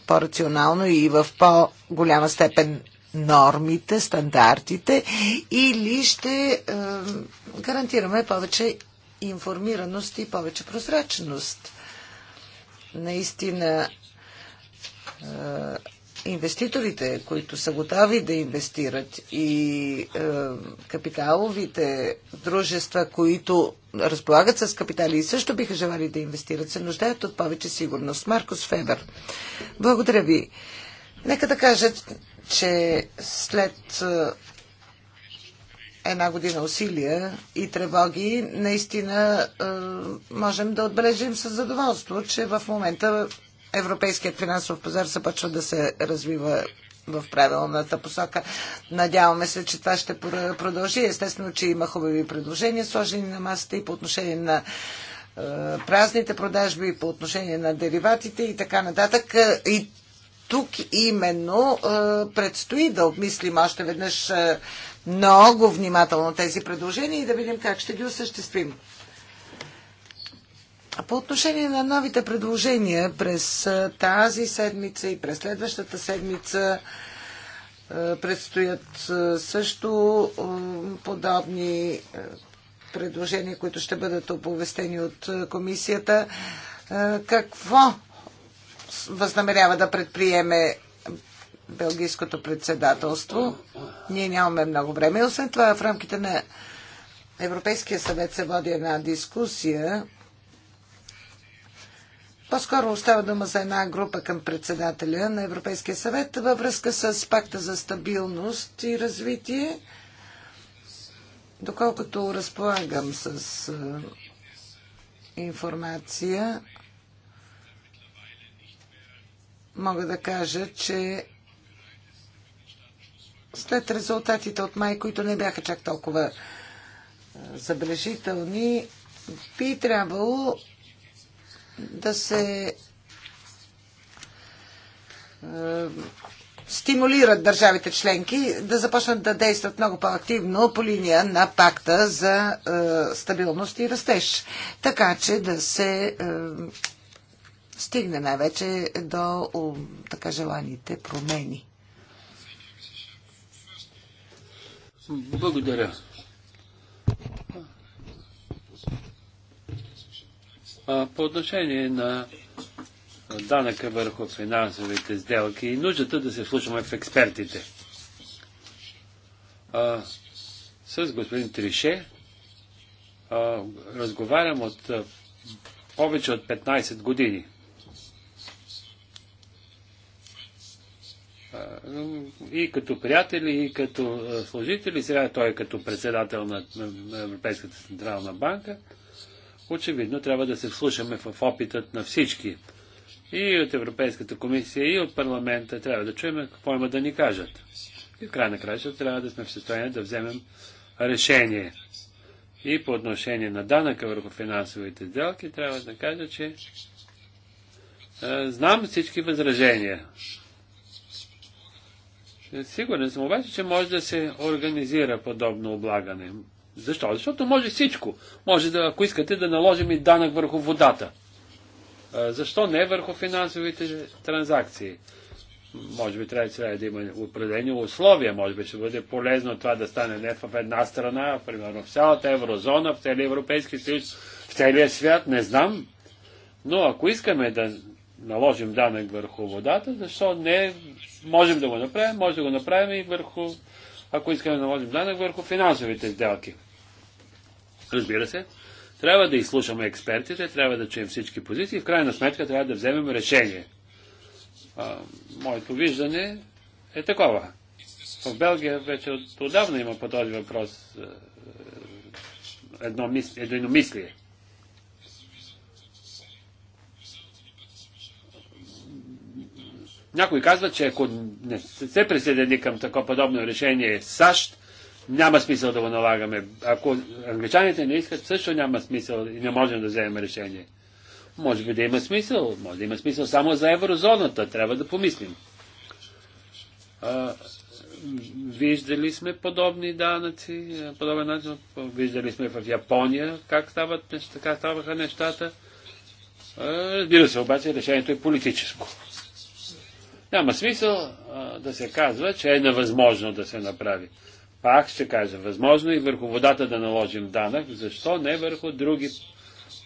по-рационално и в по-голяма степен нормите, стандартите или ще гарантираме повече информираност и повече прозрачност. Наистина инвеститорите, които са готови да инвестират и е, капиталовите дружества, които разполагат с капитали и също биха желали да инвестират, се нуждаят от повече сигурност. Маркус Фебер. Благодаря ви. Нека да кажа, че след е, една година усилия и тревоги, наистина е, можем да отбележим с задоволство, че в момента европейският финансов пазар започва да се развива в правилната посока. Надяваме се, че това ще продължи. Естествено, че има хубави предложения, сложени на масата и по отношение на е, празните продажби, и по отношение на дериватите и така нататък. И тук именно е, предстои да обмислим още веднъж е, много внимателно тези предложения и да видим как ще ги осъществим. По отношение на новите предложения през тази седмица и през следващата седмица предстоят също подобни предложения, които ще бъдат оповестени от комисията. Какво възнамерява да предприеме Белгийското председателство? Ние нямаме много време. Освен това, в рамките на Европейския съвет се води една дискусия по-скоро остава дума за една група към председателя на Европейския съвет във връзка с пакта за стабилност и развитие. Доколкото разполагам с информация, мога да кажа, че след резултатите от май, които не бяха чак толкова забележителни, би трябвало да се е, стимулират държавите членки да започнат да действат много по-активно по линия на пакта за е, стабилност и растеж. Така че да се е, стигне най-вече до о, така желаните промени. Благодаря. По отношение на данъка върху финансовите сделки и нуждата да се слушаме в експертите. А, с господин Трише а, разговарям от а, повече от 15 години. И като приятели, и като служители, сега той е като председател на Европейската централна банка очевидно трябва да се вслушаме в опитът на всички. И от Европейската комисия, и от парламента трябва да чуем какво има да ни кажат. И в край на края, трябва да сме в състояние да вземем решение. И по отношение на данъка върху финансовите сделки трябва да кажа, че е, знам всички възражения. Сигурен съм обаче, че може да се организира подобно облагане. Защо? Защото може всичко. Може да, ако искате, да наложим и данък върху водата. Защо не върху финансовите транзакции? Може би трябва, да има определени условия. Може би ще бъде полезно това да стане не в една страна, примерно в цялата еврозона, в целия Европейски съюз, в целия свят, не знам. Но ако искаме да наложим данък върху водата, защо не можем да го направим? Може да го направим и върху, ако искаме да наложим данък върху финансовите сделки разбира се, трябва да изслушаме експертите, трябва да чуем всички позиции и в крайна сметка трябва да вземем решение. А, моето виждане е такова. В Белгия вече от, отдавна има по този въпрос едно, мислие. Някой казва, че ако не се присъедини към такова подобно решение САЩ, няма смисъл да го налагаме. Ако англичаните не искат, също няма смисъл и не можем да вземем решение. Може би да има смисъл, може да има смисъл само за еврозоната, трябва да помислим. А, виждали сме подобни данъци, подобен начин, виждали сме в Япония как, стават, така ставаха нещата. разбира се, обаче решението е политическо. Няма смисъл а, да се казва, че е невъзможно да се направи пак ще кажа, възможно е и върху водата да наложим данък, защо не върху други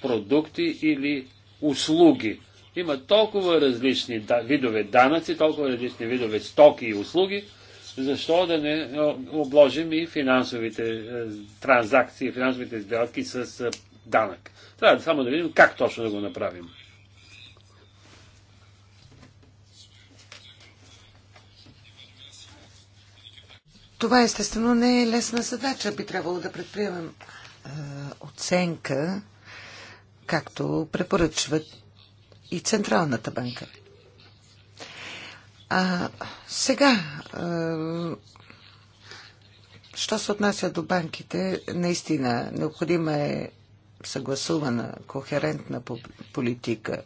продукти или услуги. Има толкова различни видове данъци, толкова различни видове стоки и услуги, защо да не обложим и финансовите транзакции, финансовите сделки с данък. Трябва да е само да видим как точно да го направим. Това естествено не е лесна задача. Би трябвало да предприемем е, оценка, както препоръчват и Централната банка. А сега, е, що се отнася до банките, наистина необходима е съгласувана, кохерентна политика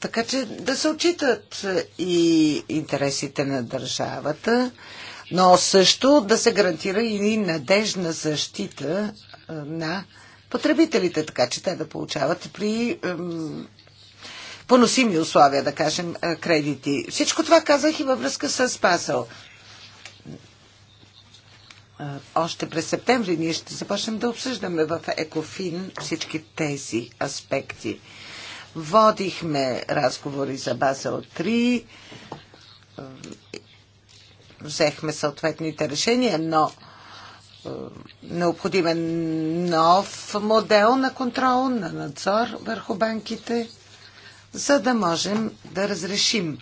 така че да се отчитат и интересите на държавата, но също да се гарантира и надежна защита на потребителите, така че те да получават при поносими условия, да кажем, кредити. Всичко това казах и във връзка с Пасъл. Още през септември ние ще започнем да обсъждаме в Екофин всички тези аспекти. Водихме разговори за Басел 3, взехме съответните решения, но е, необходим е нов модел на контрол, на надзор върху банките, за да можем да разрешим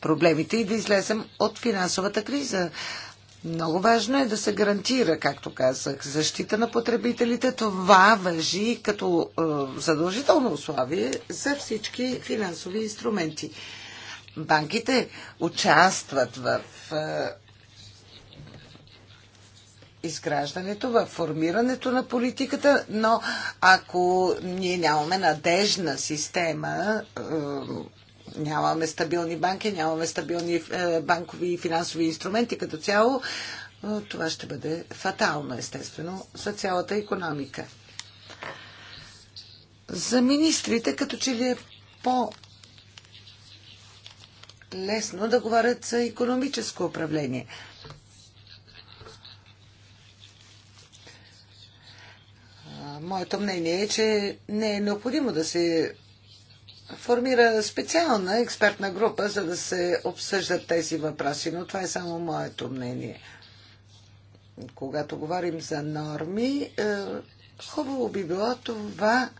проблемите и да излезем от финансовата криза. Много важно е да се гарантира, както казах, защита на потребителите. Това въжи като е, задължително условие за всички финансови инструменти. Банките участват в е, изграждането, в формирането на политиката, но ако ние нямаме надежна система, е, Нямаме стабилни банки, нямаме стабилни е, банкови и финансови инструменти като цяло. Е, това ще бъде фатално, естествено, за цялата економика. За министрите, като че ли е по лесно да говорят за економическо управление. Моето мнение е, че не е необходимо да се формира специална експертна група, за да се обсъждат тези въпроси, но това е само моето мнение. Когато говорим за норми, е, хубаво би било това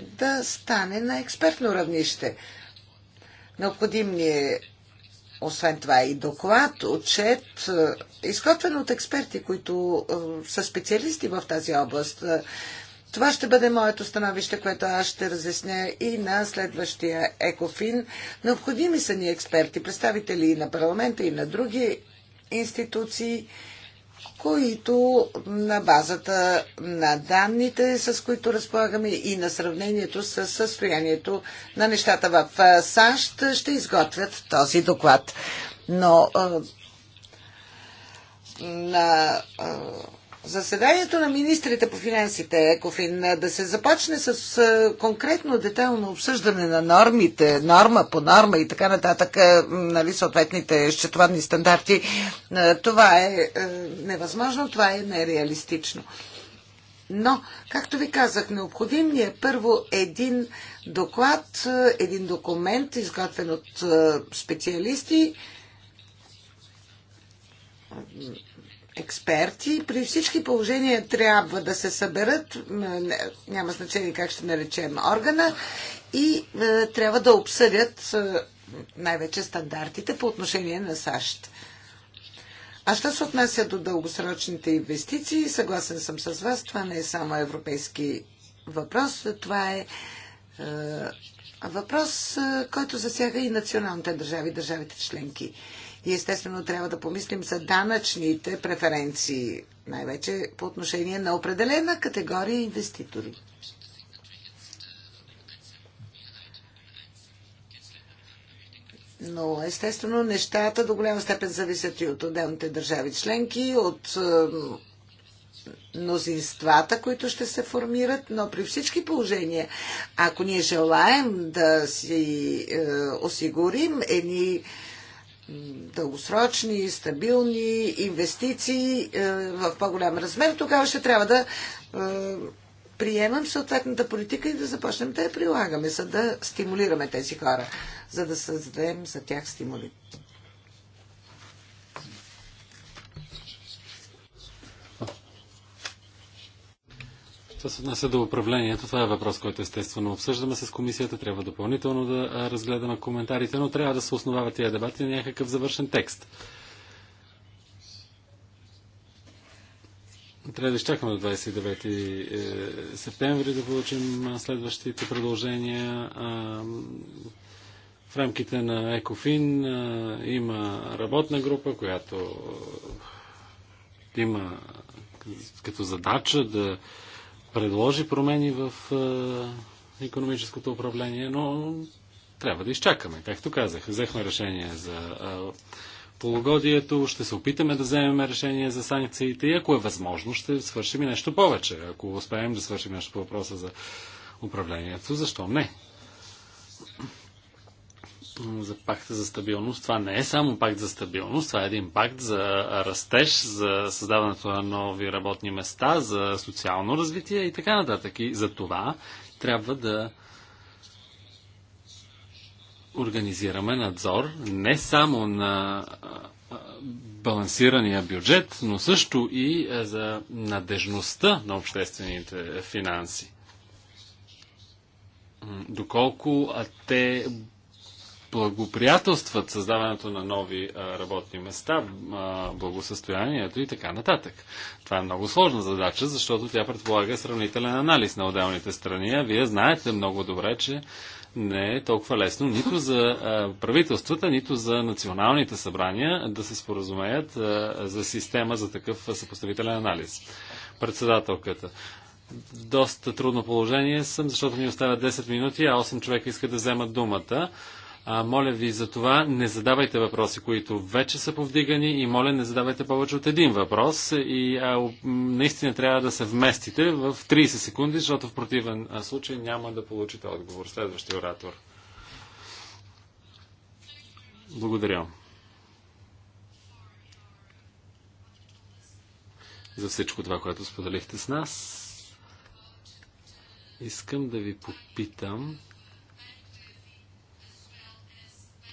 да стане на експертно равнище. Необходим ни е, освен това, и доклад, отчет, е, изготвен от експерти, които е, са специалисти в тази област. Това ще бъде моето становище, което аз ще разясня и на следващия ЕКОФИН. Необходими са ни експерти, представители и на парламента, и на други институции, които на базата на данните, с които разполагаме и на сравнението с състоянието на нещата в САЩ, ще изготвят този доклад. Но на заседанието на министрите по финансите Екофин да се започне с конкретно детайлно обсъждане на нормите, норма по норма и така нататък, нали, съответните счетоводни стандарти, това е невъзможно, това е нереалистично. Но, както ви казах, необходим ни е първо един доклад, един документ, изготвен от специалисти, експерти при всички положения трябва да се съберат, няма значение как ще наречем органа, и е, трябва да обсъдят е, най-вече стандартите по отношение на САЩ. А що се отнася до дългосрочните инвестиции, съгласен съм с вас, това не е само европейски въпрос, това е, е въпрос, който засяга и националните държави, държавите членки. И естествено трябва да помислим за данъчните преференции, най-вече по отношение на определена категория инвеститори. Но естествено нещата до голяма степен зависят и от отделните държави членки, от е, мнозинствата, които ще се формират, но при всички положения, ако ние желаем да си е, осигурим едни дългосрочни стабилни инвестиции е, в по-голям размер, тогава ще трябва да е, приемам съответната политика и да започнем да я прилагаме, за да стимулираме тези хора, за да създадем за тях стимули. Що се отнася до управлението, това е въпрос, който естествено обсъждаме с комисията. Трябва допълнително да разгледаме коментарите, но трябва да се основава тия дебати на някакъв завършен текст. Трябва да изчакаме до 29 е, септември да получим следващите предложения. В рамките на Екофин има работна група, която има като задача да предложи промени в економическото управление, но трябва да изчакаме. Както казах, взехме решение за полугодието, ще се опитаме да вземем решение за санкциите и ако е възможно, ще свършим и нещо повече. Ако успеем да свършим нещо по въпроса за управлението, защо не? за пакта за стабилност. Това не е само пакт за стабилност, това е един пакт за растеж, за създаването на нови работни места, за социално развитие и така нататък. И за това трябва да организираме надзор не само на балансирания бюджет, но също и за надежността на обществените финанси. Доколко те благоприятелстват създаването на нови работни места, благосъстоянието и така нататък. Това е много сложна задача, защото тя предполага сравнителен анализ на отделните страни, а вие знаете много добре, че не е толкова лесно нито за правителствата, нито за националните събрания да се споразумеят за система за такъв съпоставителен анализ. Председателката доста трудно положение съм, защото ми оставя 10 минути, а 8 човека искат да вземат думата. А, моля ви за това, не задавайте въпроси, които вече са повдигани и моля не задавайте повече от един въпрос и а, наистина трябва да се вместите в 30 секунди, защото в противен случай няма да получите отговор. Следващия оратор. Благодаря. За всичко това, което споделихте с нас. Искам да ви попитам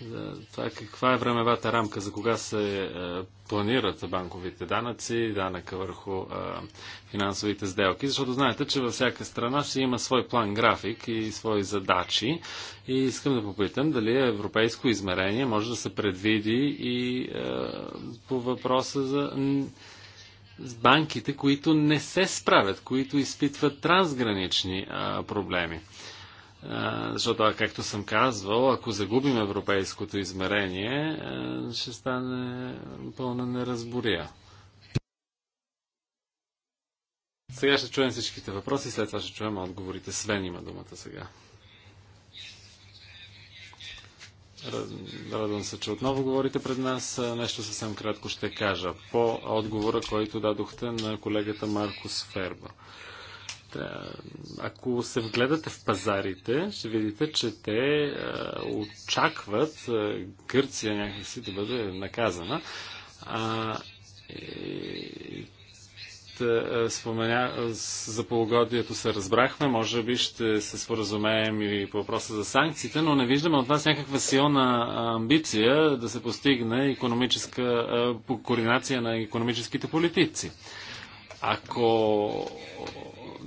за това каква е времевата рамка, за кога се е, планират банковите данъци, данъка върху е, финансовите сделки, защото знаете, че във всяка страна ще има свой план график и свои задачи. И искам да попитам дали европейско измерение може да се предвиди и е, по въпроса за банките, които не се справят, които изпитват трансгранични проблеми защото, както съм казвал, ако загубим европейското измерение, ще стане пълна неразбория. Сега ще чуем всичките въпроси, след това ще чуем отговорите. Свен има думата сега. Радвам се, че отново говорите пред нас. Нещо съвсем кратко ще кажа по отговора, който дадохте на колегата Маркус Фербър. Ако се вгледате в пазарите, ще видите, че те очакват Гърция някакси да бъде наказана. И за полугодието се разбрахме, може би ще се споразумеем и по въпроса за санкциите, но не виждаме от нас някаква силна амбиция да се постигне економическа координация на економическите политици. Ако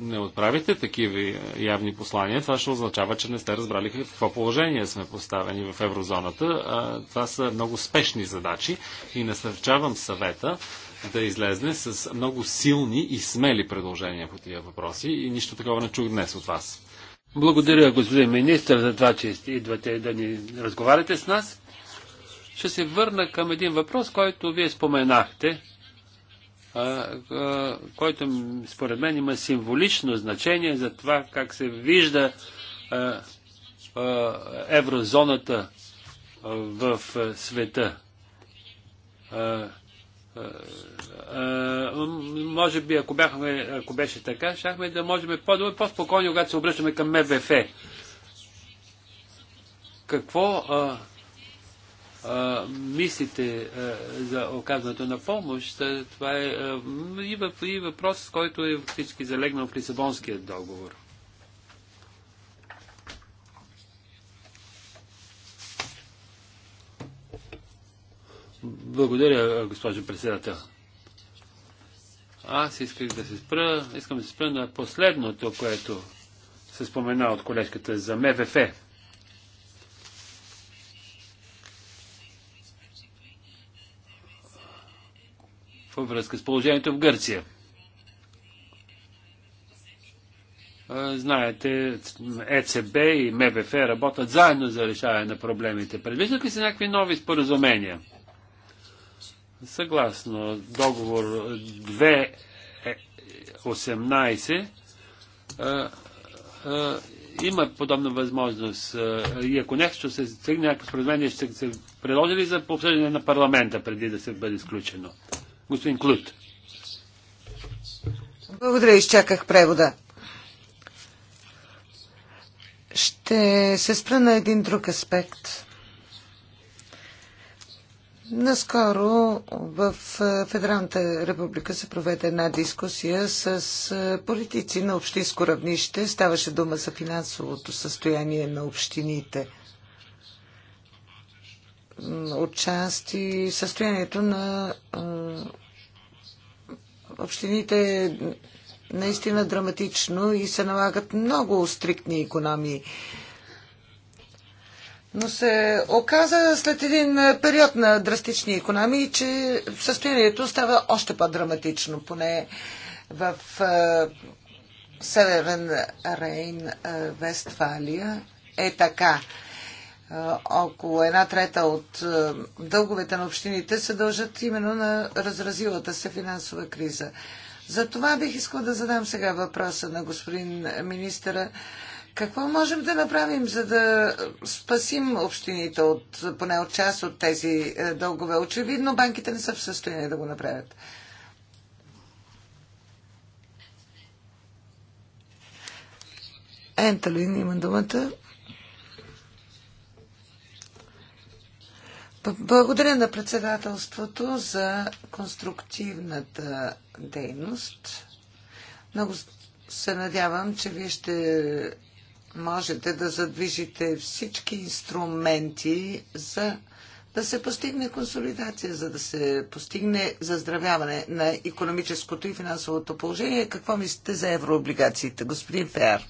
не отправите такива явни послания, това ще означава, че не сте разбрали какво положение сме поставени в еврозоната. А, това са много спешни задачи и насърчавам съвета да излезне с много силни и смели предложения по тия въпроси и нищо такова не чух днес от вас. Благодаря, господин министр, за това, че идвате да ни разговаряте с нас. Ще се върна към един въпрос, който вие споменахте който според мен има символично значение за това как се вижда еврозоната в света. Може би, ако, бяхме, ако беше така, щяхме да можем по-добре, по спокойно когато се обръщаме към МВФ. Какво мислите а, за оказването на помощ, това е а, и, и въпрос, който е всички залегнал в Лисабонския договор. Благодаря, госпожо председател. Аз исках да се спра, искам да се спра на последното, което се спомена от колежката за МВФ. във връзка с положението в Гърция. Знаете, ЕЦБ и МВФ работят заедно за решаване на проблемите. Предвиждат ли се някакви нови споразумения? Съгласно договор 2.18 има подобна възможност. И ако нещо се стигне, някакво споразумение ще се предложи ли за обсъждане на парламента преди да се бъде изключено? Господин Клут. Благодаря, изчаках превода. Ще се спра на един друг аспект. Наскоро в Федералната република се проведе една дискусия с политици на общинско равнище. Ставаше дума за финансовото състояние на общините – отчасти състоянието на общините е наистина драматично и се налагат много стриктни економии. Но се оказа след един период на драстични економии, че състоянието става още по-драматично, поне в Северен Рейн, Вестфалия. Е така около една трета от дълговете на общините се дължат именно на разразилата се финансова криза. За това бих искал да задам сега въпроса на господин министъра. Какво можем да направим, за да спасим общините от, поне от част от тези е, дългове? Очевидно, банките не са в състояние да го направят. Енталин има думата. Благодаря на председателството за конструктивната дейност. Много се надявам, че вие ще можете да задвижите всички инструменти за да се постигне консолидация, за да се постигне заздравяване на економическото и финансовото положение. Какво мислите за еврооблигациите, господин Феар?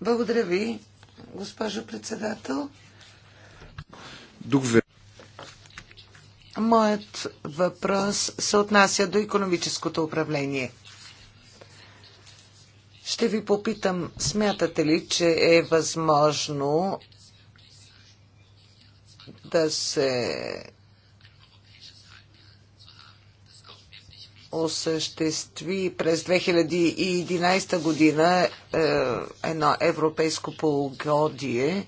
Благодаря ви, госпожо председател. Моят въпрос се отнася до економическото управление. Ще ви попитам, смятате ли, че е възможно да се осъществи през 2011 година е, едно европейско полугодие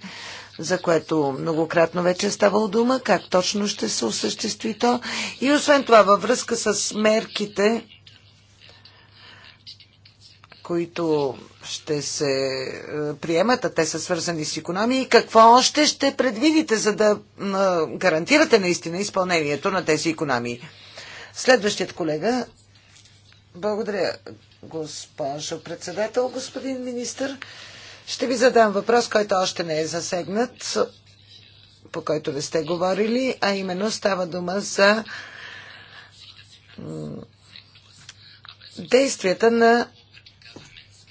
за което многократно вече е ставало дума, как точно ще се осъществи то. И освен това, във връзка с мерките, които ще се е, приемат, а те са свързани с економии. Какво още ще предвидите, за да е, гарантирате наистина изпълнението на тези економии? Следващият колега. Благодаря, госпожо председател, господин министр. Ще ви задам въпрос, който още не е засегнат, по който не сте говорили, а именно става дума за действията на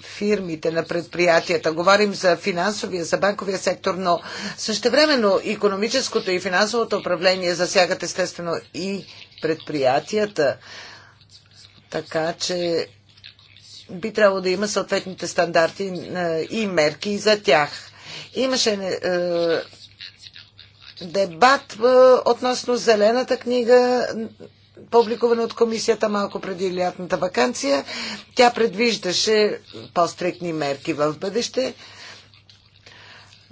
фирмите, на предприятията. Говорим за финансовия, за банковия сектор, но същевременно економическото и финансовото управление засягат естествено и предприятията. Така че би трябвало да има съответните стандарти е, и мерки за тях. Имаше е, дебат е, относно зелената книга, публикувана от комисията малко преди лятната вакансия. Тя предвиждаше по-стрикни мерки в бъдеще.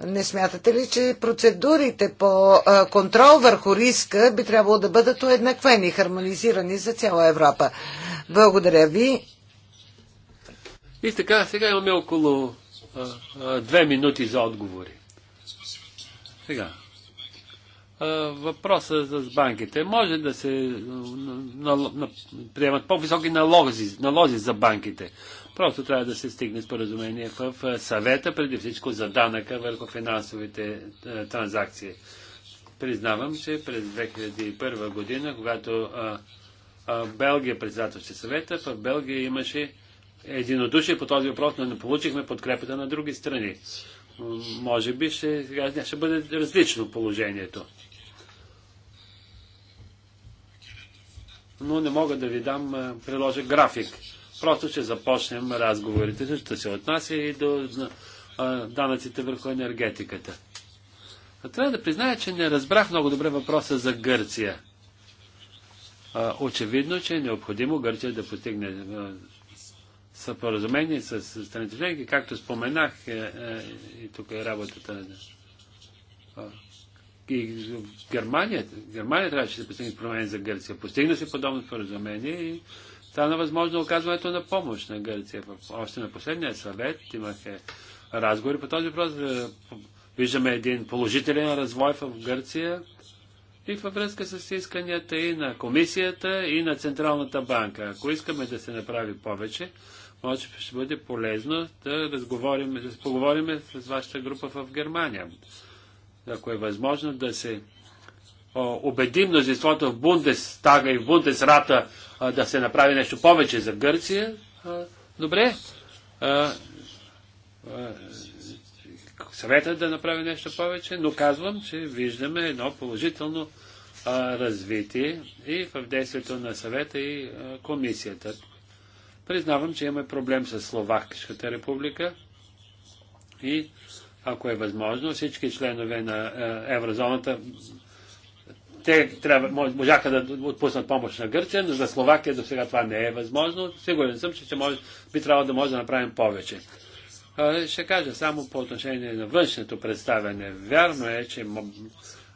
Не смятате ли, че процедурите по контрол върху риска би трябвало да бъдат уеднаквени, хармонизирани за цяла Европа? Благодаря ви. И така, сега имаме около а, а, две минути за отговори. Сега. А, въпроса с банките. Може да се на, на, на, приемат по-високи налози, налози за банките. Просто трябва да се стигне споразумение в, в съвета, преди всичко за данъка върху финансовите а, транзакции. Признавам, че през 2001 година, когато а, а, Белгия председателстваше съвета, в Белгия имаше единодушие по този въпрос, но не получихме подкрепата на други страни. Може би ще, сега ще бъде различно положението. Но не мога да ви дам, приложа график. Просто ще започнем разговорите. защото се отнася и до данъците върху енергетиката. А трябва да призная, че не разбрах много добре въпроса за Гърция. Очевидно, че е необходимо Гърция да постигне споразумение с страните членки, както споменах, е, е, и тук е работата на и Германия, Германия трябваше да постигне промени за Гърция. Постигна се подобно споразумение и стана възможно оказването на помощ на Гърция. Още на последния съвет имаха разговори по този въпрос. Е, виждаме един положителен развой в Гърция и във връзка с исканията и на комисията, и на Централната банка. Ако искаме да се направи повече, може би ще бъде полезно да разговорим, да поговорим с вашата група в Германия. Ако е възможно да се убеди мнозинството в Бундестага и в Бундесрата да се направи нещо повече за Гърция, добре. Съветът да направи нещо повече, но казвам, че виждаме едно положително развитие и в действието на съвета и комисията. Признавам, че имаме проблем с Словакската република и ако е възможно, всички членове на е, еврозоната те трябва, можаха да отпуснат помощ на Гърция, но за Словакия до сега това не е възможно. Сигурен съм, че може, би трябвало да може да направим повече. Е, ще кажа само по отношение на външното представяне. Вярно е, че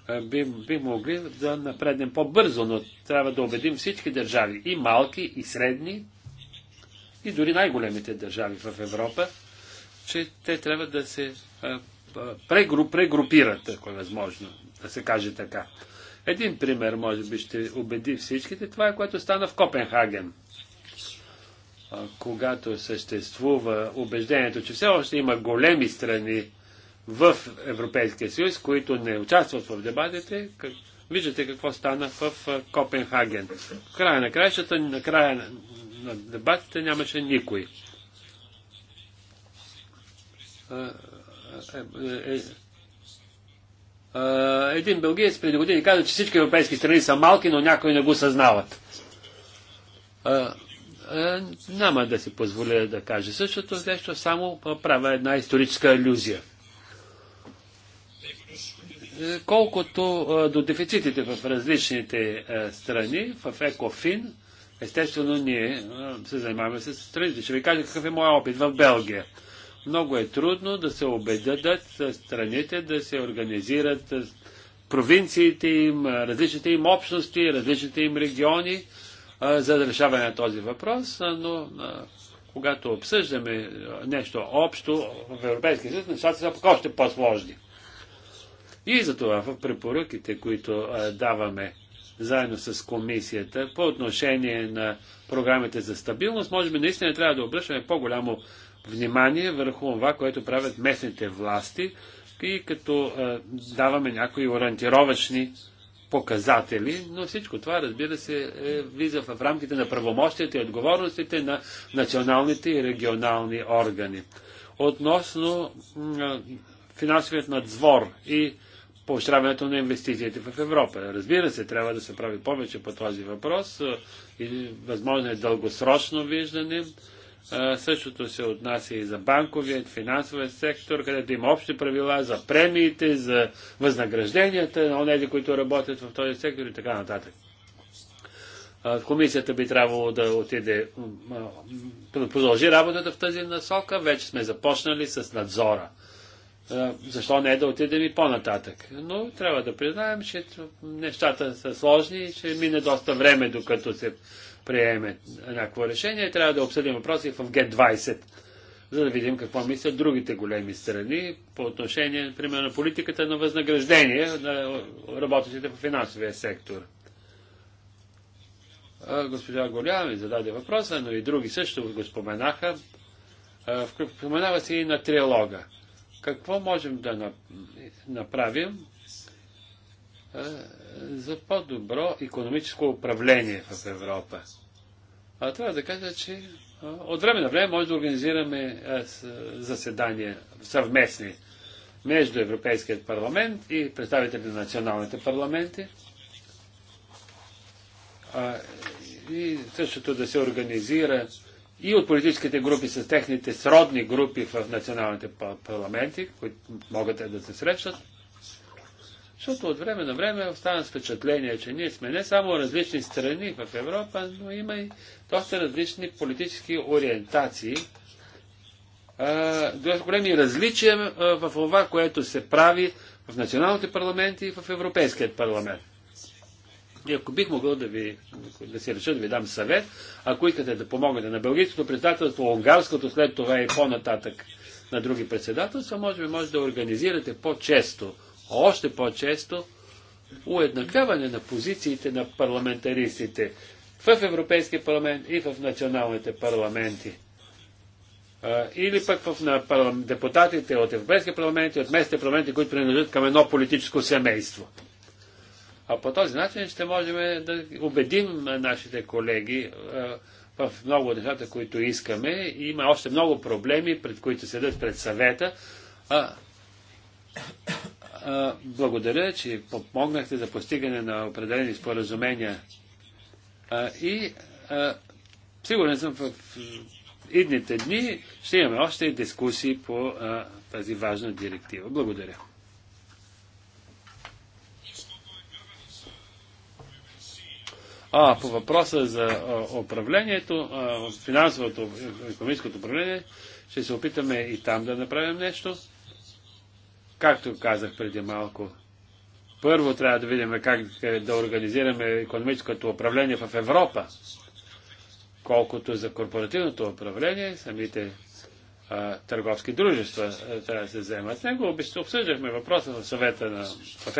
е, би, би могли да напреднем по-бързо, но трябва да убедим всички държави, и малки, и средни, и дори най-големите държави в Европа, че те трябва да се прегрупират, ако е възможно, да се каже така. Един пример, може би, ще убеди всичките. Това е което стана в Копенхаген. Когато съществува убеждението, че все още има големи страни в Европейския съюз, които не участват в дебатите, виждате какво стана в Копенхаген. В края на краищата, на края на дебатите нямаше никой. Е, е, един бългиец преди години каза, че всички европейски страни са малки, но някои не го съзнават. Няма да си позволя да кажа същото, защото само правя една историческа иллюзия е, колкото до дефицитите в различните страни, в ЕКОФИН, Естествено, ние се занимаваме с страните. Ще ви кажа какъв е моят опит в Белгия. Много е трудно да се убедят страните да се организират провинциите им, различните им общности, различните им региони за да решаване на този въпрос, но когато обсъждаме нещо общо в Европейския съюз, нещата са още по-сложни. И затова в препоръките, които даваме заедно с комисията по отношение на програмите за стабилност, може би наистина трябва да обръщаме по-голямо внимание върху това, което правят местните власти и като а, даваме някои ориентировачни показатели, но всичко това, разбира се, е, влиза в рамките на правомощията и отговорностите на националните и регионални органи. Относно а, финансовият надзор и поощряването на инвестициите в Европа. Разбира се, трябва да се прави повече по този въпрос. И възможно е дългосрочно виждане. Същото се отнася и за банковият, финансовият сектор, където има общи правила за премиите, за възнагражденията на тези, които работят в този сектор и така нататък. Комисията би трябвало да отиде, продължи работата в тази насока. Вече сме започнали с надзора защо не е да отидем и по-нататък. Но трябва да признаем, че нещата са сложни и че мине доста време, докато се приеме някакво решение. Трябва да обсъдим въпроси в Г20, за да видим какво мислят другите големи страни по отношение, примерно, на политиката на възнаграждение на работещите в финансовия сектор. Госпожа Голя ми зададе въпроса, но и други също го споменаха. Споменава се и на триалога. Какво можем да направим за по-добро економическо управление в Европа? А, трябва да кажа, че от време на време може да организираме заседания съвместни между Европейският парламент и представители на националните парламенти. и същото да се организира и от политическите групи с техните сродни групи в националните парламенти, които могат да се срещат. Защото от време на време остана с впечатление, че ние сме не само различни страни в Европа, но има и доста различни политически ориентации, доста големи различия в това, което се прави в националните парламенти и в Европейският парламент. И ако бих могъл да ви, да си реша да ви дам съвет, ако искате да помогнете на Белгийското председателство, унгарското след това и по-нататък на други председателства, може би може да организирате по-често, още по-често, уеднаквяване на позициите на парламентаристите в Европейския парламент и в националните парламенти. Или пък в, на депутатите от Европейския парламент и от местните парламенти, които принадлежат към едно политическо семейство. А по този начин ще можем да убедим нашите колеги е, в много от нещата, които искаме. Има още много проблеми, пред които седят пред съвета. А, а, благодаря, че помогнахте за постигане на определени споразумения. А, и а, сигурен съм в идните дни ще имаме още дискусии по а, тази важна директива. Благодаря. А по въпроса за управлението, финансовото, економическото управление, ще се опитаме и там да направим нещо. Както казах преди малко, първо трябва да видим как да организираме економическото управление в Европа. Колкото за корпоративното управление, самите а, търговски дружества а, трябва да се вземат. него обсъждахме въпроса на съвета на в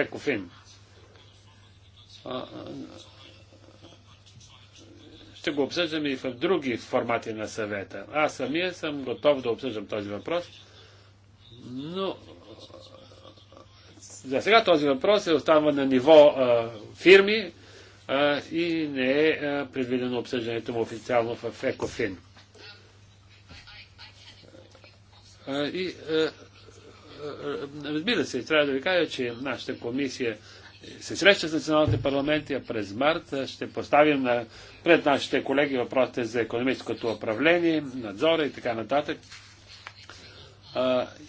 ще го обсъждаме и в други формати на съвета. Аз самия съм готов да обсъждам този въпрос, но за сега този въпрос е остава на ниво а, фирми а, и не е а, предвидено обсъждането му официално в Екофин. и, разбира се, трябва да ви кажа, че нашата комисия се среща с националните парламенти, а през март ще поставим на пред нашите колеги въпросите за економическото управление, надзора и така нататък.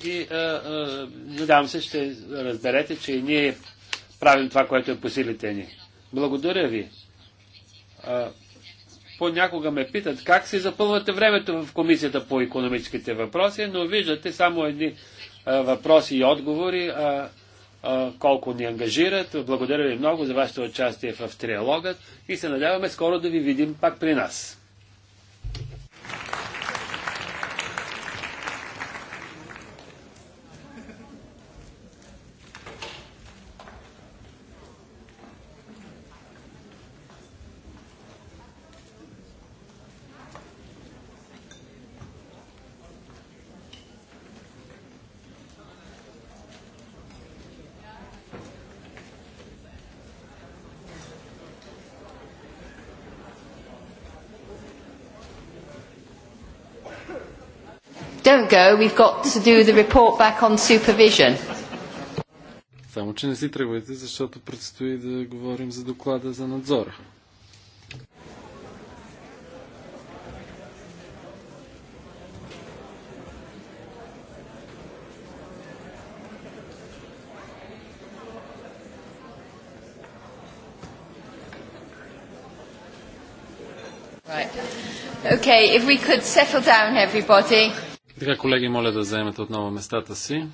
и надявам се, ще разберете, че и ние правим това, което е по силите ни. Благодаря ви. понякога ме питат как си запълвате времето в комисията по економическите въпроси, но виждате само едни въпроси и отговори. А, колко ни ангажират. Благодаря ви много за вашето участие в триалогът и се надяваме скоро да ви видим пак при нас. go, we've got to do the report back on supervision. Само, че не си тръгвайте, защото предстои да говорим за доклада за надзора. Okay, if we could settle down, everybody така, колеги, моля да заемете отново местата си.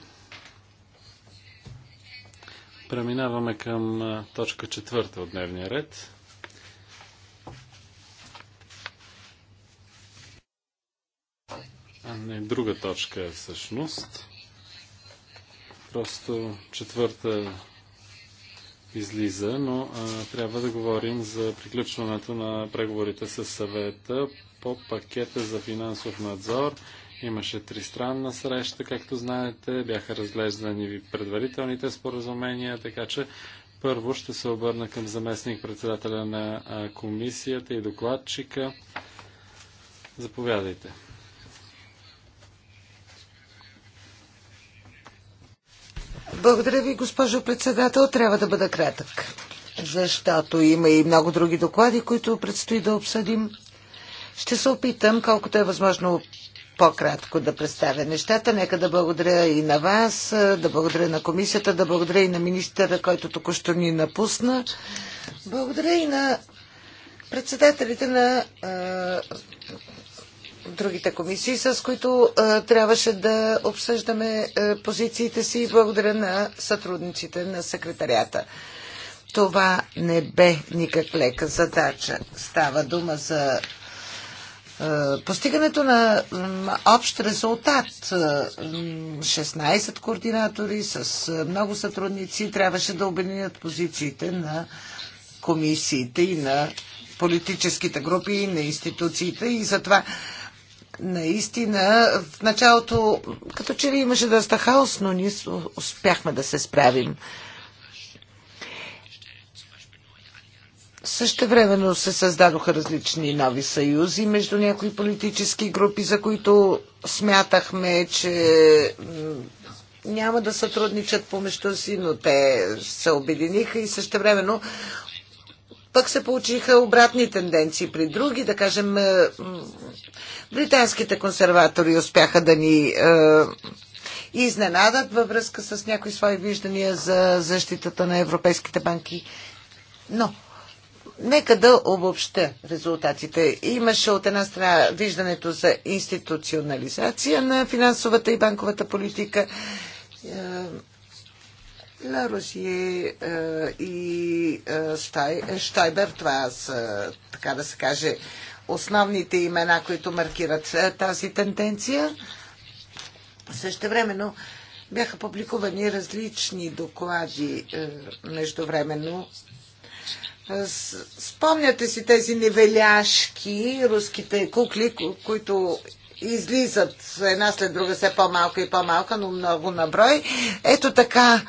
Преминаваме към точка четвърта от дневния ред. А не, друга точка е всъщност. Просто четвърта излиза, но а, трябва да говорим за приключването на преговорите с съвета по пакета за финансов надзор Имаше тристранна среща, както знаете, бяха разглеждани предварителните споразумения, така че първо ще се обърна към заместник председателя на комисията и докладчика. Заповядайте. Благодаря ви, госпожо председател. Трябва да бъда кратък, защото има и много други доклади, които предстои да обсъдим. Ще се опитам, колкото е възможно по-кратко да представя нещата. Нека да благодаря и на вас, да благодаря на комисията, да благодаря и на министъра, който току-що ни напусна. Благодаря и на председателите на другите комисии, с които а, трябваше да обсъждаме а, позициите си и благодаря на сътрудниците на секретарията. Това не бе никак лека задача. Става дума за е, постигането на общ резултат 16 е, координатори с е, много сътрудници трябваше да обединят позициите на комисиите и на политическите групи и на институциите и затова наистина в началото като че ли имаше доста хаос, но ние успяхме да се справим. Също времено се създадоха различни нови съюзи между някои политически групи, за които смятахме, че няма да сътрудничат помежду си, но те се обединиха и също времено пък се получиха обратни тенденции при други, да кажем, британските консерватори успяха да ни е, изненадат във връзка с някои свои виждания за защитата на европейските банки. Но Нека да обобща резултатите. Имаше от една страна виждането за институционализация на финансовата и банковата политика. Е, Ла Русие е, и е, Штайбер, това са, така да се каже, основните имена, които маркират тази тенденция. Също времено бяха публикувани различни доклади междувременно Спомняте си тези невеляшки, руските кукли, които излизат една след друга все по-малка и по-малка, но много наброй. Ето така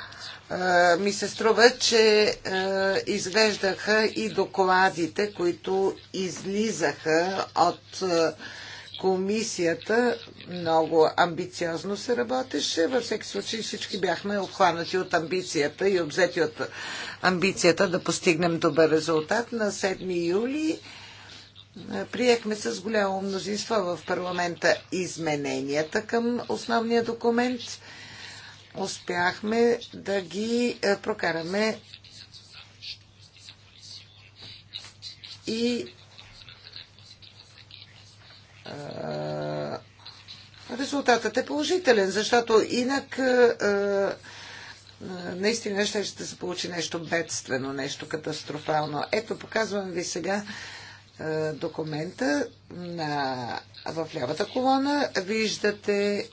е, ми се струва, че е, изглеждаха и докладите, които излизаха от е, комисията много амбициозно се работеше. Във всеки случай всички бяхме обхванати от амбицията и обзети от амбицията да постигнем добър резултат. На 7 юли е, приехме с голямо мнозинство в парламента измененията към основния документ. Успяхме да ги е, прокараме и резултатът е положителен, защото инак наистина ще, ще се получи нещо бедствено, нещо катастрофално. Ето, показвам ви сега документа на, в лявата колона. Виждате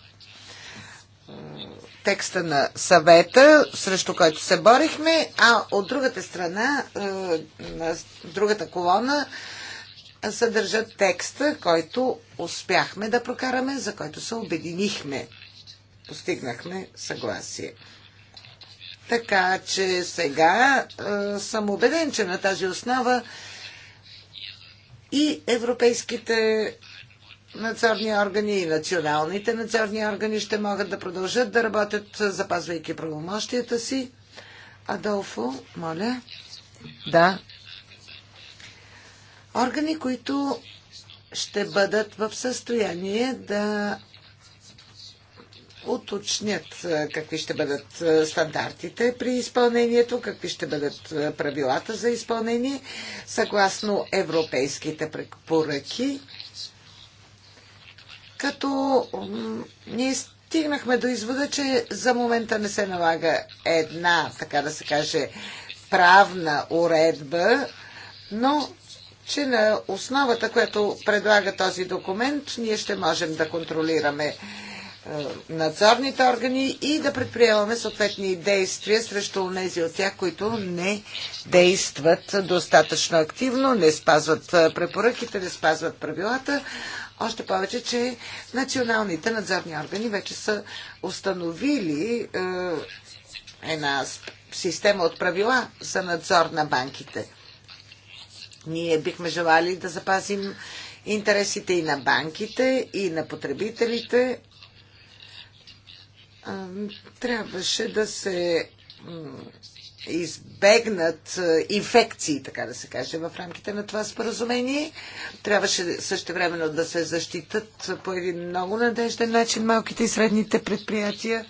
текста на съвета, срещу който се борихме, а от другата страна, на другата колона, съдържат текста, който успяхме да прокараме, за който се обединихме. Постигнахме съгласие. Така че сега е, съм убеден, че на тази основа и европейските надзорни органи и националните надзорни органи ще могат да продължат да работят, запазвайки правомощията си. Адолфо, моля. Да, органи, които ще бъдат в състояние да уточнят какви ще бъдат стандартите при изпълнението, какви ще бъдат правилата за изпълнение, съгласно европейските препоръки. Като ние стигнахме до извода, че за момента не се налага една, така да се каже, правна уредба, но че на основата, която предлага този документ, ние ще можем да контролираме е, надзорните органи и да предприемаме съответни действия срещу тези от тях, които не действат достатъчно активно, не спазват е, препоръките, не спазват правилата. Още повече, че националните надзорни органи вече са установили е, една система от правила за надзор на банките. Ние бихме желали да запазим интересите и на банките, и на потребителите. Трябваше да се избегнат инфекции, така да се каже, в рамките на това споразумение. Трябваше също времено да се защитат по един много надежден начин малките и средните предприятия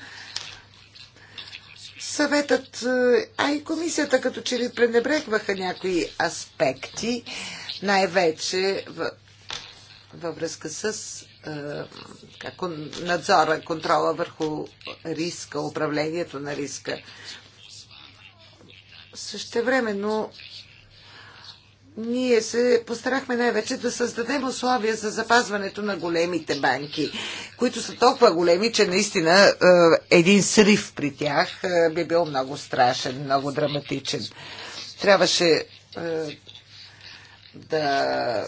съветът, е, а и комисията като че ли пренебрегваха някои аспекти, най-вече във връзка с е, надзора, контрола върху риска, управлението на риска. Същевременно ние се постарахме най-вече да създадем условия за запазването на големите банки, които са толкова големи, че наистина е, един срив при тях е, би бил много страшен, много драматичен. Трябваше е, да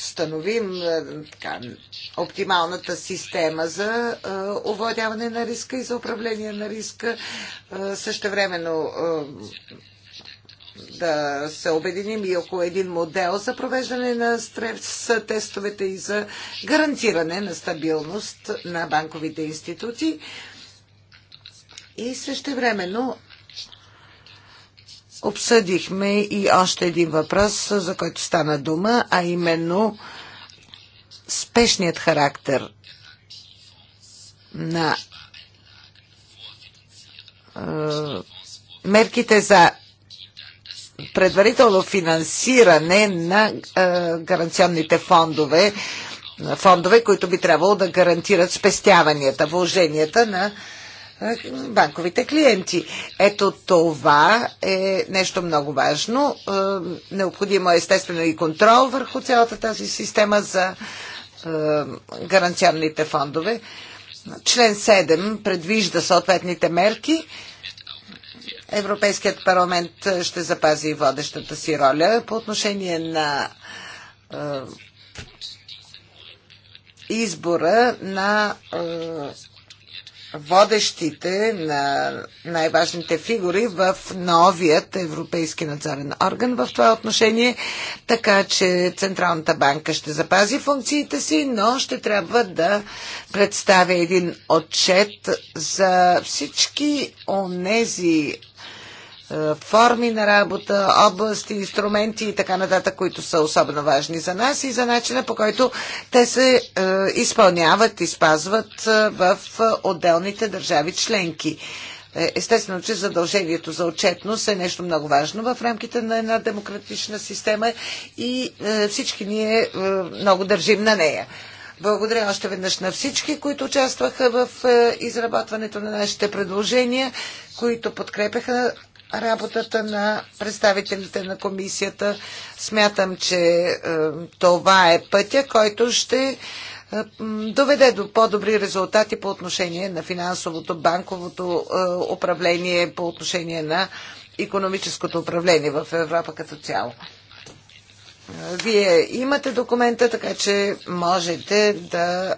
установим е, така, оптималната система за е, овладяване на риска и за управление на риска. Е, същевременно да се обединим и около един модел за провеждане на стрес тестовете и за гарантиране на стабилност на банковите институции. И също времено обсъдихме и още един въпрос, за който стана дума, а именно спешният характер на е, мерките за предварително финансиране на е, гаранционните фондове, фондове, които би трябвало да гарантират спестяванията, вложенията на е, банковите клиенти. Ето това е нещо много важно. Е, необходимо е естествено и контрол върху цялата тази система за е, гаранционните фондове. Член 7 предвижда съответните мерки. Европейският парламент ще запази водещата си роля по отношение на избора на водещите, на най-важните фигури в новият Европейски надзорен орган в това отношение, така че Централната банка ще запази функциите си, но ще трябва да представя един отчет за всички онези е, форми на работа, области, инструменти и така нататък, които са особено важни за нас и за начина по който те се е, изпълняват и спазват е, в отделните държави членки. Естествено, че задължението за отчетност е нещо много важно в рамките на една демократична система и всички ние много държим на нея. Благодаря още веднъж на всички, които участваха в изработването на нашите предложения, които подкрепяха работата на представителите на комисията. Смятам, че е, това е пътя, който ще е, доведе до по-добри резултати по отношение на финансовото, банковото е, управление, по отношение на економическото управление в Европа като цяло. Вие имате документа, така че можете да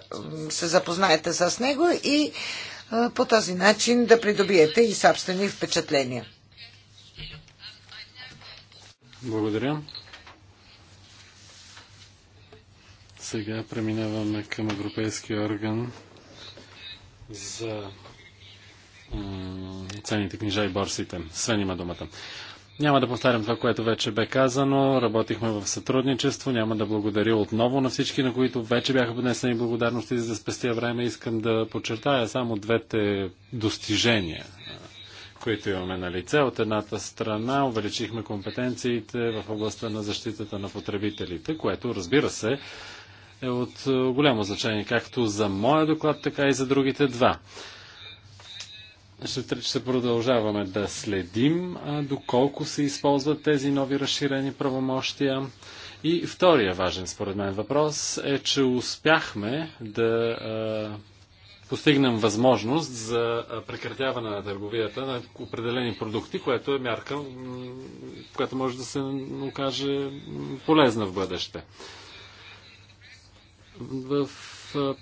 се запознаете с него и по този начин да придобиете и собствени впечатления. Благодаря. Сега преминаваме към Европейския орган за ценните книжа и борсите. Свен има думата. Няма да повтарям това, което вече бе казано. Работихме в сътрудничество. Няма да благодаря отново на всички, на които вече бяха поднесени благодарности за да спестия време. Искам да подчертая само двете достижения които имаме на лице. От едната страна увеличихме компетенциите в областта на защитата на потребителите, което, разбира се, е от голямо значение както за моя доклад, така и за другите два. Ще, се продължаваме да следим доколко се използват тези нови разширени правомощия. И втория важен според мен въпрос е, че успяхме да постигнем възможност за прекратяване на търговията на определени продукти, което е мярка, която може да се окаже полезна в бъдеще. В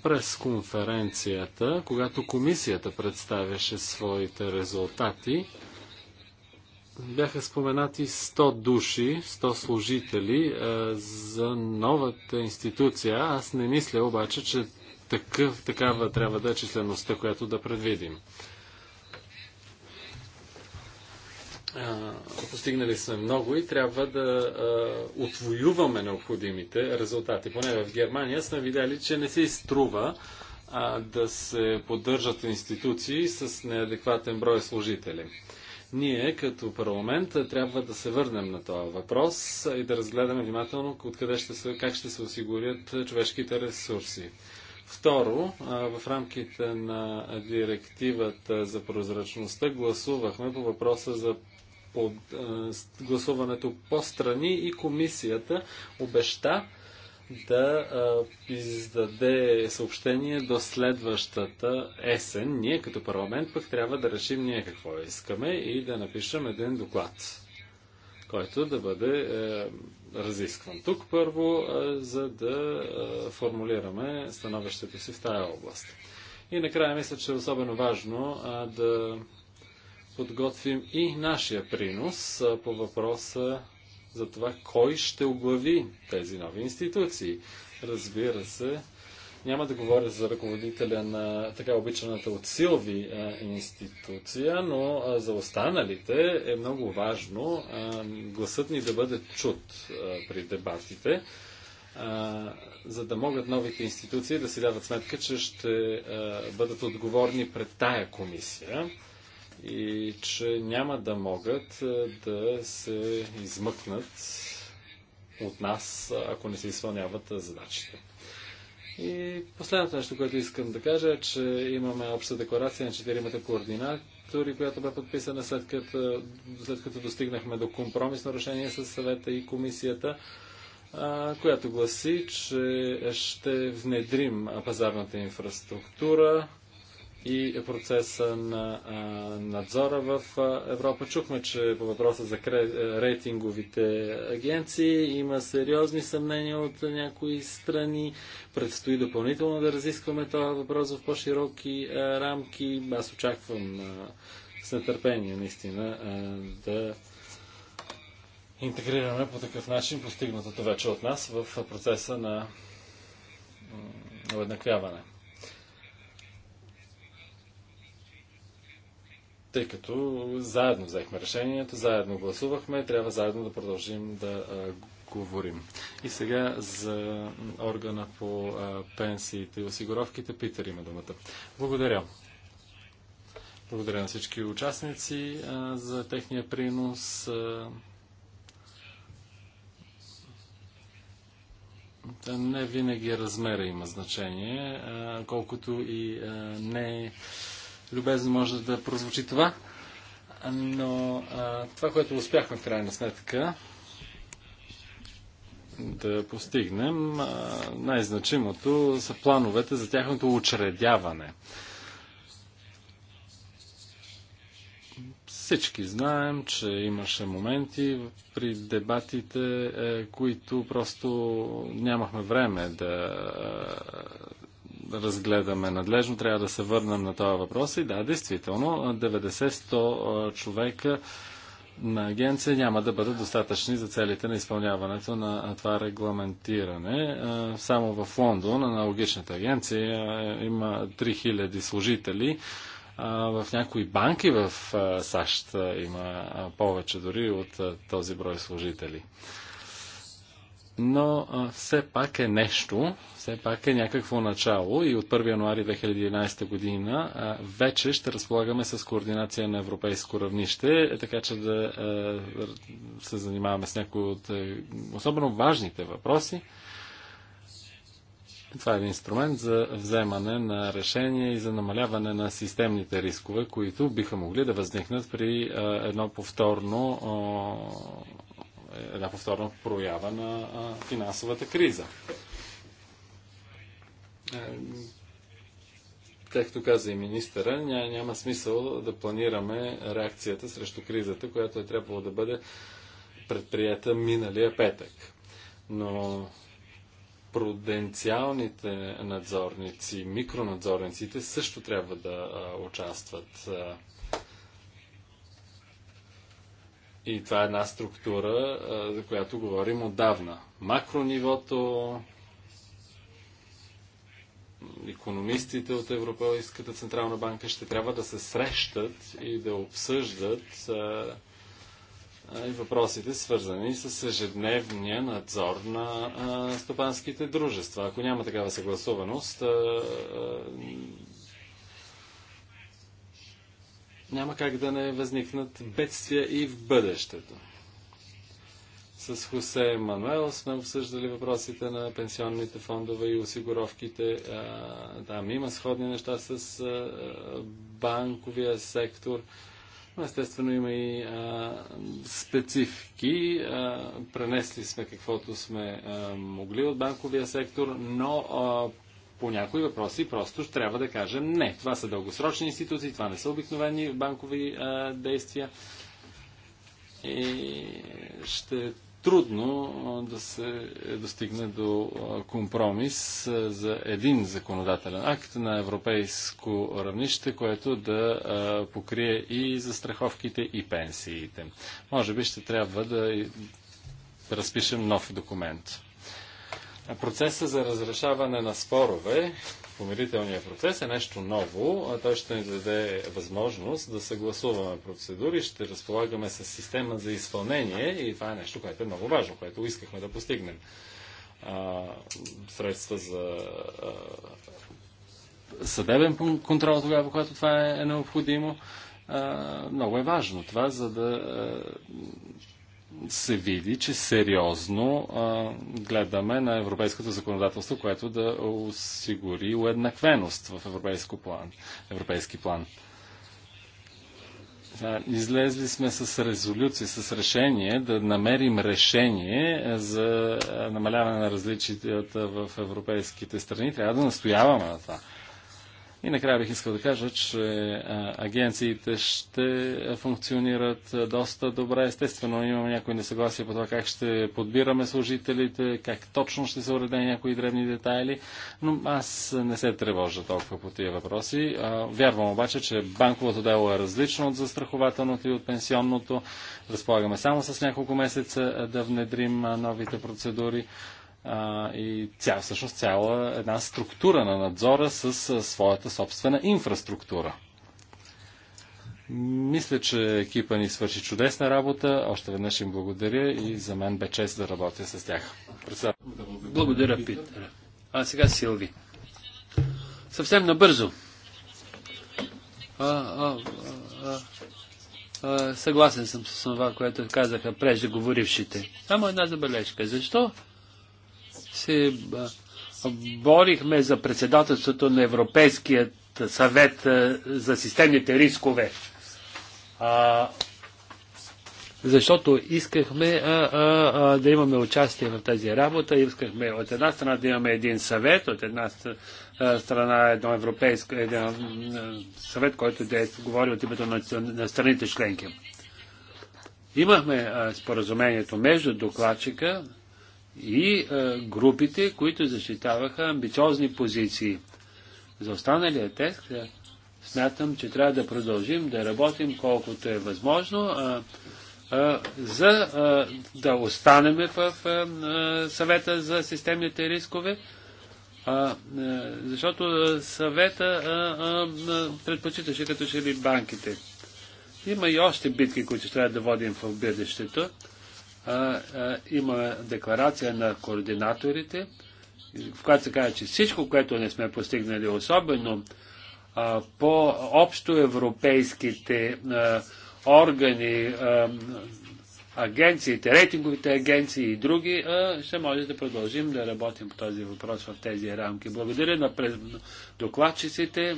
пресконференцията, когато комисията представяше своите резултати, бяха споменати 100 души, 100 служители за новата институция. Аз не мисля обаче, че такъв, такава трябва да е числеността, която да предвидим. постигнали сме много и трябва да а, отвоюваме необходимите резултати. Поне в Германия сме видяли, че не се изтрува а, да се поддържат институции с неадекватен брой служители. Ние като парламент трябва да се върнем на този въпрос и да разгледаме внимателно откъде ще се, как ще се осигурят човешките ресурси. Второ, в рамките на директивата за прозрачността гласувахме по въпроса за под, гласуването по страни и комисията обеща да издаде съобщение до следващата есен. Ние като парламент пък трябва да решим ние какво искаме и да напишем един доклад, който да бъде е, разисквам тук първо, за да формулираме становището си в тая област. И накрая мисля, че е особено важно да подготвим и нашия принос по въпроса за това кой ще оглави тези нови институции. Разбира се, няма да говоря за ръководителя на така обичаната от Силви а, институция, но а, за останалите е много важно а, гласът ни да бъде чут при дебатите, за да могат новите институции да си дават сметка, че ще бъдат отговорни пред тая комисия и че няма да могат да се измъкнат от нас, ако не се изпълняват задачите. И последното нещо, което искам да кажа, е, че имаме обща декларация на четиримата координатори, която бе подписана след като, след като достигнахме до компромисно решение с съвета и комисията която гласи, че ще внедрим пазарната инфраструктура и процеса на а, надзора в а, Европа. Чухме, че по въпроса за кре... рейтинговите агенции има сериозни съмнения от някои страни. Предстои допълнително да разискваме това въпрос в по-широки рамки. Аз очаквам а, с нетърпение наистина да интегрираме по такъв начин постигнатото вече от нас в процеса на уеднаквяване. тъй като заедно взехме решението, заедно гласувахме, трябва заедно да продължим да а, говорим. И сега за органа по а, пенсиите и осигуровките. Питър има думата. Благодаря. Благодаря на всички участници а, за техния принос. А, не винаги размера има значение, а, колкото и а, не любезно може да прозвучи това. Но а, това, което успяхме в крайна сметка да постигнем, най-значимото са плановете за тяхното учредяване. Всички знаем, че имаше моменти при дебатите, е, които просто нямахме време да разгледаме надлежно, трябва да се върнем на този въпрос. И да, действително, 90-100 човека на агенция няма да бъдат достатъчни за целите на изпълняването на това регламентиране. Само в Лондон, аналогичната агенция, има 3000 служители. В някои банки в САЩ има повече дори от този брой служители но а, все пак е нещо, все пак е някакво начало и от 1 януари 2011 година а, вече ще разполагаме с координация на европейско равнище, е, така че да а, се занимаваме с някои от а, е, особено важните въпроси. Това е един инструмент за вземане на решения и за намаляване на системните рискове, които биха могли да възникнат при а, едно повторно а, една повторна проява на финансовата криза. Е, като каза и министъра, няма смисъл да планираме реакцията срещу кризата, която е трябвало да бъде предприета миналия петък. Но пруденциалните надзорници, микронадзорниците също трябва да а, участват. И това е една структура, за която говорим отдавна. Макронивото, економистите от Европейската Централна банка ще трябва да се срещат и да обсъждат и въпросите, свързани с ежедневния надзор на стопанските дружества. Ако няма такава съгласуваност, няма как да не възникнат бедствия и в бъдещето. С Хосе Мануел сме обсъждали въпросите на пенсионните фондове и осигуровките. А, там има сходни неща с банковия сектор. Но естествено има и специфики. пренесли сме каквото сме могли от банковия сектор, но по някои въпроси просто ще трябва да кажем не. Това са дългосрочни институции, това не са обикновени банкови а, действия. И ще е трудно да се достигне до компромис за един законодателен акт на европейско равнище, което да покрие и застраховките и пенсиите. Може би ще трябва да разпишем нов документ. Процеса за разрешаване на спорове, помирителният процес е нещо ново. Той ще ни даде възможност да съгласуваме процедури, ще разполагаме с система за изпълнение и това е нещо, което е много важно, което искахме да постигнем. А, средства за а, съдебен контрол тогава, когато това е, е необходимо. А, много е важно това, за да се види, че сериозно а, гледаме на европейското законодателство, което да осигури уеднаквеност в европейско план, европейски план. А, излезли сме с резолюция, с решение да намерим решение за намаляване на различията в европейските страни. Трябва да настояваме на това. И накрая бих искал да кажа, че агенциите ще функционират доста добре. Естествено, имаме някои несъгласия по това как ще подбираме служителите, как точно ще се уреде някои древни детайли, но аз не се тревожа толкова по тия въпроси. вярвам обаче, че банковото дело е различно от застрахователното и от пенсионното. Разполагаме само с няколко месеца да внедрим новите процедури и ця, всъщност цяла една структура на надзора с своята собствена инфраструктура. Мисля, че екипа ни свърши чудесна работа. Още веднъж им благодаря и за мен бе чест да работя с тях. Председател... Благодаря, Питер. А сега Силви. Съвсем набързо. А, а, а, а, съгласен съм с това, което казаха преждеговорившите. Само една забележка. Защо се борихме за председателството на Европейският съвет за системните рискове. А, защото искахме а, а, а, да имаме участие в тази работа, искахме от една страна да имаме един съвет, от една страна едно европейско, един съвет, който да е говори от името на, на страните членки. Имахме а, споразумението между докладчика, и е, групите, които защитаваха амбициозни позиции. За останалия текст е, смятам, че трябва да продължим да работим колкото е възможно, а, е, а, за а, да останеме в а, съвета за системните рискове, а, защото съвета а, а, предпочиташе като че ли банките. Има и още битки, които трябва да водим в бъдещето има декларация на координаторите, в която се казва, че всичко, което не сме постигнали, особено по общо европейските органи, агенциите, рейтинговите агенции и други, ще може да продължим да работим по този въпрос в тези рамки. Благодаря на докладчиците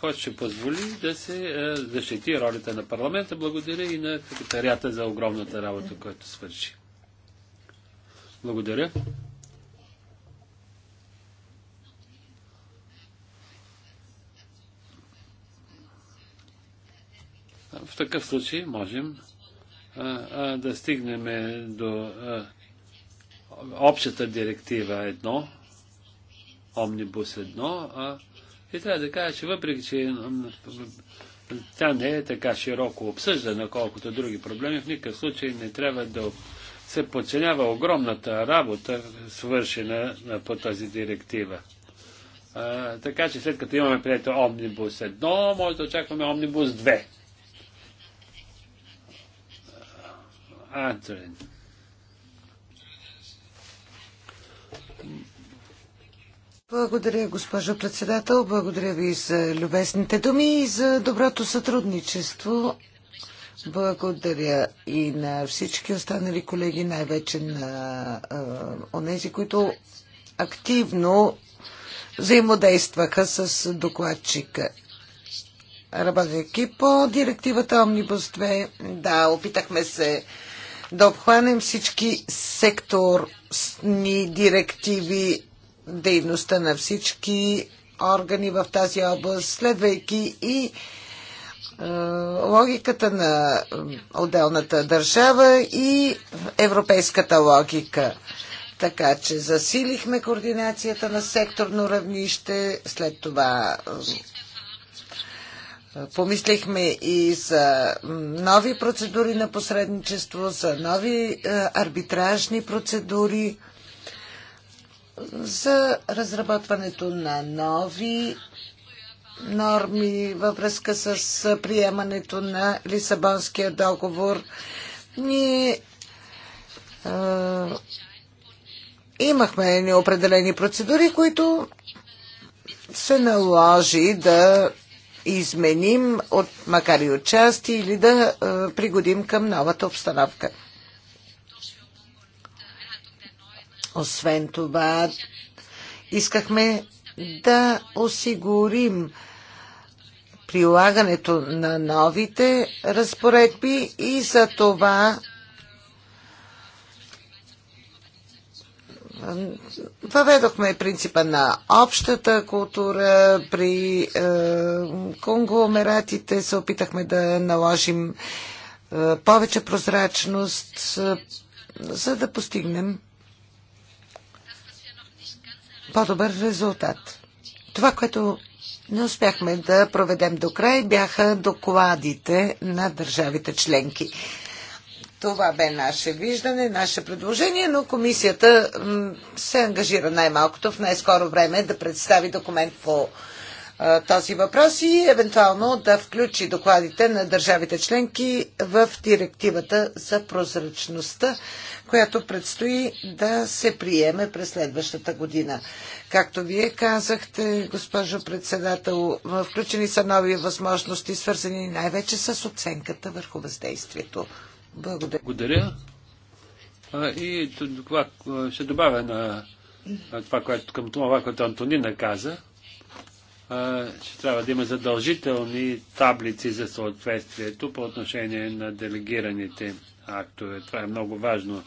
който ще позволи да се защити ролята на парламента. Благодаря и на секретарията за огромната работа, която свърши. Благодаря. В такъв случай можем а, а, да стигнем до а, общата директива 1, омнибус 1, а и трябва да кажа, че въпреки, че тя не е така широко обсъждана, колкото други проблеми, в никакъв случай не трябва да се подценява огромната работа, свършена по тази директива. А, така че след като имаме прието Омнибус 1, може да очакваме Омнибус 2. Антонин. Благодаря, госпожо председател. Благодаря ви за любезните думи и за доброто сътрудничество. Благодаря и на всички останали колеги, най-вече на онези, които активно взаимодействаха с докладчика. Работейки по директивата Омнибус 2, да, опитахме се да обхванем всички секторни директиви дейността на всички органи в тази област, следвайки и е, логиката на е, отделната държава и европейската логика. Така че засилихме координацията на секторно равнище, след това е, помислихме и за нови процедури на посредничество, за нови арбитражни процедури за разработването на нови норми във връзка с приемането на Лисабонския договор. Ние е, имахме неопределени процедури, които се наложи да изменим, от, макар и отчасти, или да е, пригодим към новата обстановка. Освен това, искахме да осигурим прилагането на новите разпоредби и за това въведохме принципа на общата култура. При е, конгломератите се опитахме да наложим е, повече прозрачност, е, за да постигнем по-добър резултат. Това, което не успяхме да проведем до край, бяха докладите на държавите членки. Това бе наше виждане, наше предложение, но комисията се ангажира най-малкото в най-скоро време да представи документ по този въпрос и евентуално да включи докладите на държавите членки в директивата за прозрачността, която предстои да се приеме през следващата година. Както вие казахте, госпожо председател, включени са нови възможности, свързани най-вече с оценката върху въздействието. Благодаря. Благодаря. А, и това ще добавя на, на това, което, към това, което Антонина каза ще трябва да има задължителни таблици за съответствието по отношение на делегираните актове. Това е много важно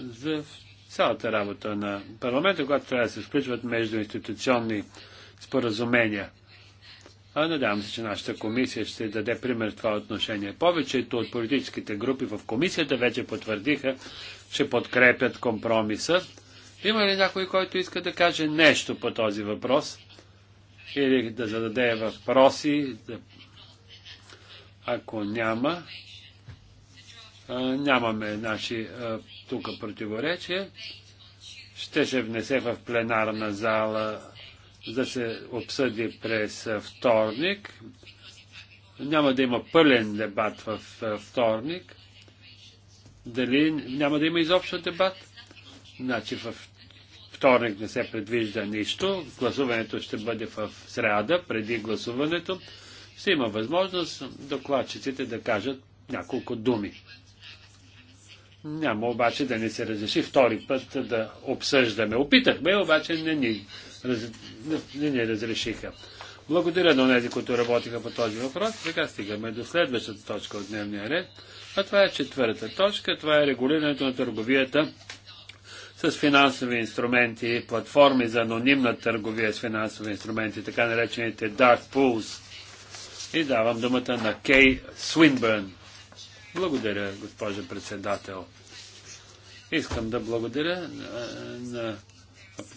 за цялата работа на парламента, когато трябва да се включват между институционни споразумения. А надявам се, че нашата комисия ще даде пример в това отношение. Повечето от политическите групи в комисията вече потвърдиха, че подкрепят компромиса има ли някой, който иска да каже нещо по този въпрос? Или да зададе въпроси? Да... Ако няма, а, нямаме наши тук противоречия. Ще се внесе в пленарна зала да се обсъди през вторник. Няма да има пълен дебат в вторник. Дали няма да има изобщо дебат? Значи в вторник не се предвижда нищо. Гласуването ще бъде в среда, преди гласуването. Ще има възможност докладчиците да кажат няколко думи. Няма обаче да ни се разреши втори път да обсъждаме. Опитахме, обаче не ни, раз... не ни разрешиха. Благодаря на тези, които работиха по този въпрос. Сега стигаме до следващата точка от дневния ред. А това е четвърта точка. Това е регулирането на търговията с финансови инструменти, платформи за анонимна търговия с финансови инструменти, така наречените Dark Pools. И давам думата на Кей Свинбърн. Благодаря, госпожа председател. Искам да благодаря на, на,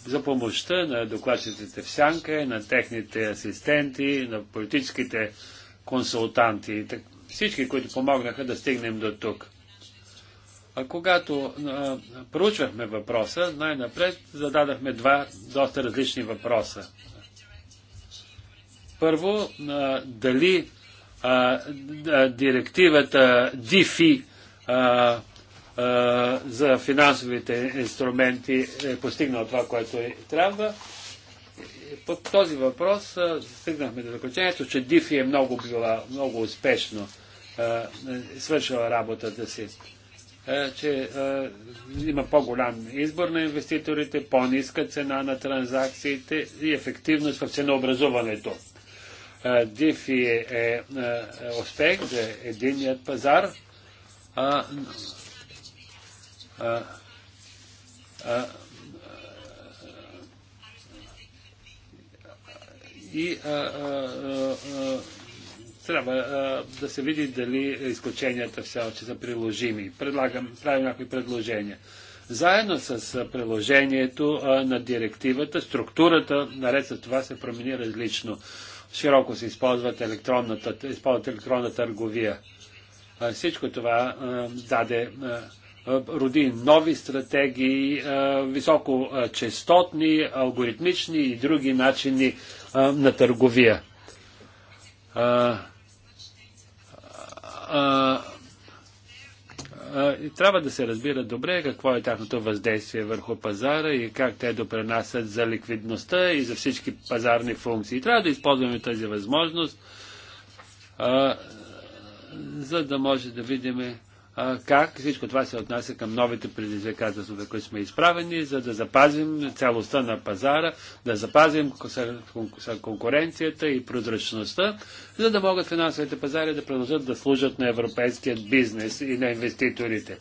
за помощта на докладчиците в Сянка, на техните асистенти, на политическите консултанти, всички, които помогнаха да стигнем до тук. А когато а, проучвахме въпроса, най-напред зададахме два доста различни въпроса. Първо, а, дали а, директивата DFI а, а, за финансовите инструменти е постигнала това, което е, трябва. По този въпрос а, стигнахме до заключението, че DFI е много била, много успешно а, свършила работата си. Е, че е, има по-голям избор на инвеститорите, по-ниска цена на транзакциите и ефективност в ценообразуването. Е, ДИФИ е, е успех за единият пазар. А, а, а, и а, а, а, трябва а, да се види дали изключенията все още са приложими. Предлагам, правим някои предложения. Заедно с приложението а, на директивата, структурата, наред с това се промени различно. Широко се използват електронната, използват електронна търговия. А, всичко това а, даде роди нови стратегии, високочастотни, алгоритмични и други начини на търговия а, а, трябва да се разбира добре какво е тяхното въздействие върху пазара и как те допренасят за ликвидността и за всички пазарни функции. Трябва да използваме тази възможност, а, за да може да видим как всичко това се отнася към новите предизвикателства, които сме изправени, за да запазим цялостта на пазара, да запазим конкуренцията и прозрачността, за да могат финансовите пазари да продължат да служат на европейският бизнес и на инвеститорите.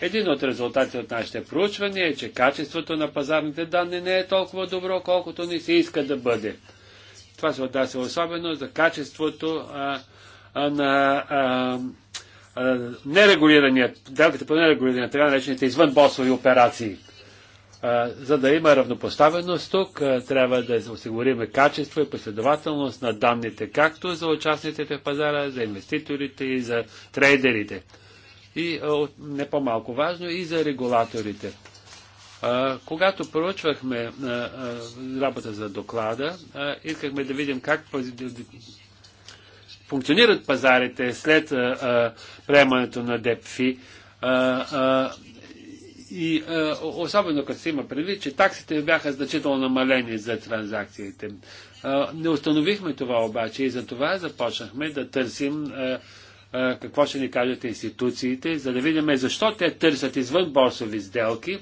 Един от резултатите от нашите проучвания е, че качеството на пазарните данни не е толкова добро, колкото ни се иска да бъде. Това се отнася особено за качеството а, а, на а, нерегулирания, делките по нерегулирания, така наречените извънбосови операции. За да има равнопоставеност тук, трябва да осигурим качество и последователност на данните, както за участниците в пазара, за инвеститорите и за трейдерите. И не по-малко важно, и за регулаторите. Когато проучвахме работа за доклада, искахме да видим как функционират пазарите след а, а, приемането на ДЕПФИ. А, а, и а, особено като се има предвид, че таксите бяха значително намалени за транзакциите. А, не установихме това обаче и за това започнахме да търсим а, а, какво ще ни кажат институциите, за да видим защо те търсят извън борсови сделки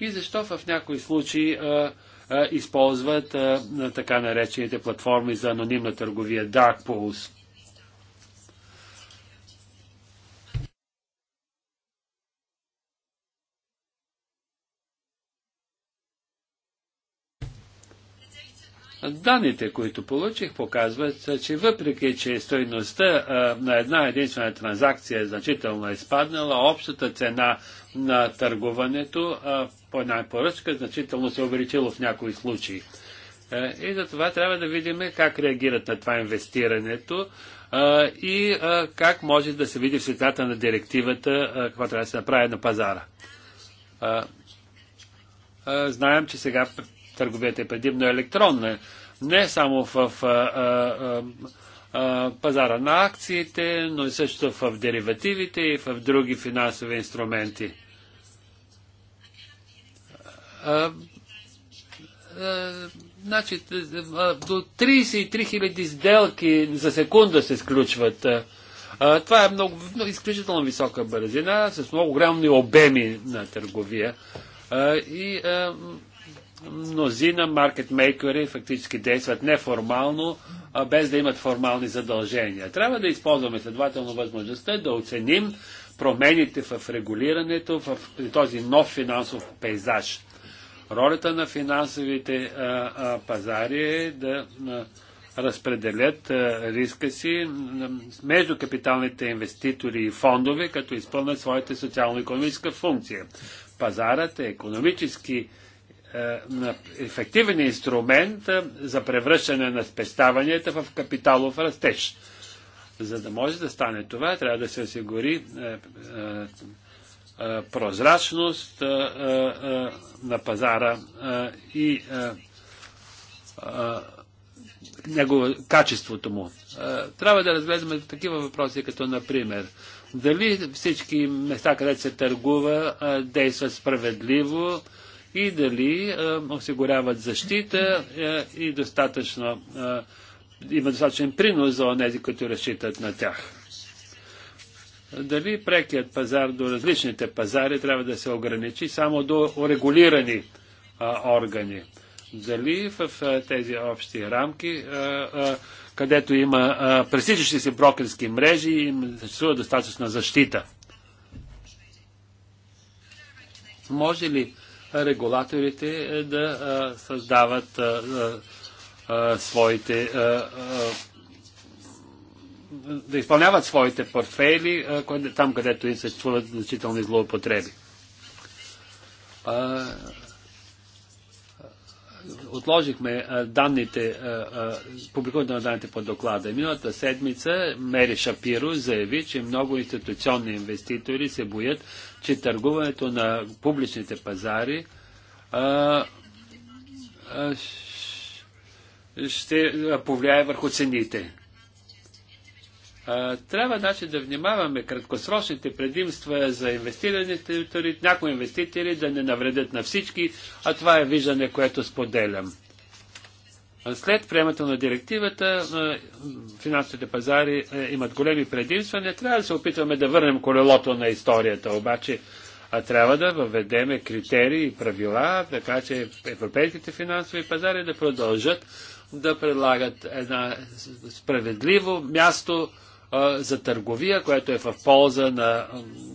и защо в някои случаи а, а, използват а, така наречените платформи за анонимна търговия Dark Pools. Данните, които получих, показват, е, че въпреки, че стоеността е, на една единствена транзакция е значително е спаднала, общата цена на търгуването по една поръчка значително се увеличило в някои случаи. И за това трябва да видим как реагират на това инвестирането и как може да се види в светата на директивата, какво трябва да се направи на пазара. Знаем, че сега търговията е предимно електронна, не само в а, а, а, пазара на акциите, но и също в деривативите и в други финансови инструменти. А, а, значи, до 33 000 сделки за секунда се сключват. А, това е много, много изключително висока бързина, с много големи обеми на търговия. А, и а, мнозина маркетмейкери фактически действат неформално, а без да имат формални задължения. Трябва да използваме следователно възможността да оценим промените в регулирането в този нов финансов пейзаж. Ролята на финансовите а, а, пазари е да а, разпределят а, риска си между капиталните инвеститори и фондове, като изпълнят своята социално-економическа функция. Пазарът е економически е, на ефективен инструмент е, за превръщане на спеставанията в капиталов растеж. За да може да стане това, трябва да се осигури е, прозрачност на пазара и него, качеството му. Трябва да разгледаме такива въпроси, като например, дали всички места, където се търгува, действат справедливо, и дали а, осигуряват защита а, и достатъчно, а, има достатъчен принос за онези, които разчитат на тях. Дали прекият пазар до различните пазари трябва да се ограничи само до урегулирани а, органи? Дали в а, тези общи рамки, а, а, където има пресичащи се брокерски мрежи, им съществува достатъчна защита? Може ли регулаторите е, да е, създават е, своите да изпълняват своите портфели там, където им чуват значителни злоупотреби. Отложихме данните, публикуването на данните по доклада. Миналата седмица Мери Шапиро заяви, че много институционни инвеститори се боят че търгуването на публичните пазари а, а, ще повлияе върху цените. А, трябва значи да внимаваме краткосрочните предимства за инвестирането, някои инвеститори да не навредят на всички, а това е виждане, което споделям. След приемането на директивата, е, финансовите пазари е, имат големи предимства. Не трябва да се опитваме да върнем колелото на историята, обаче а трябва да въведеме критерии и правила, така че европейските финансови пазари да продължат да предлагат една справедливо място е, за търговия, което е в полза на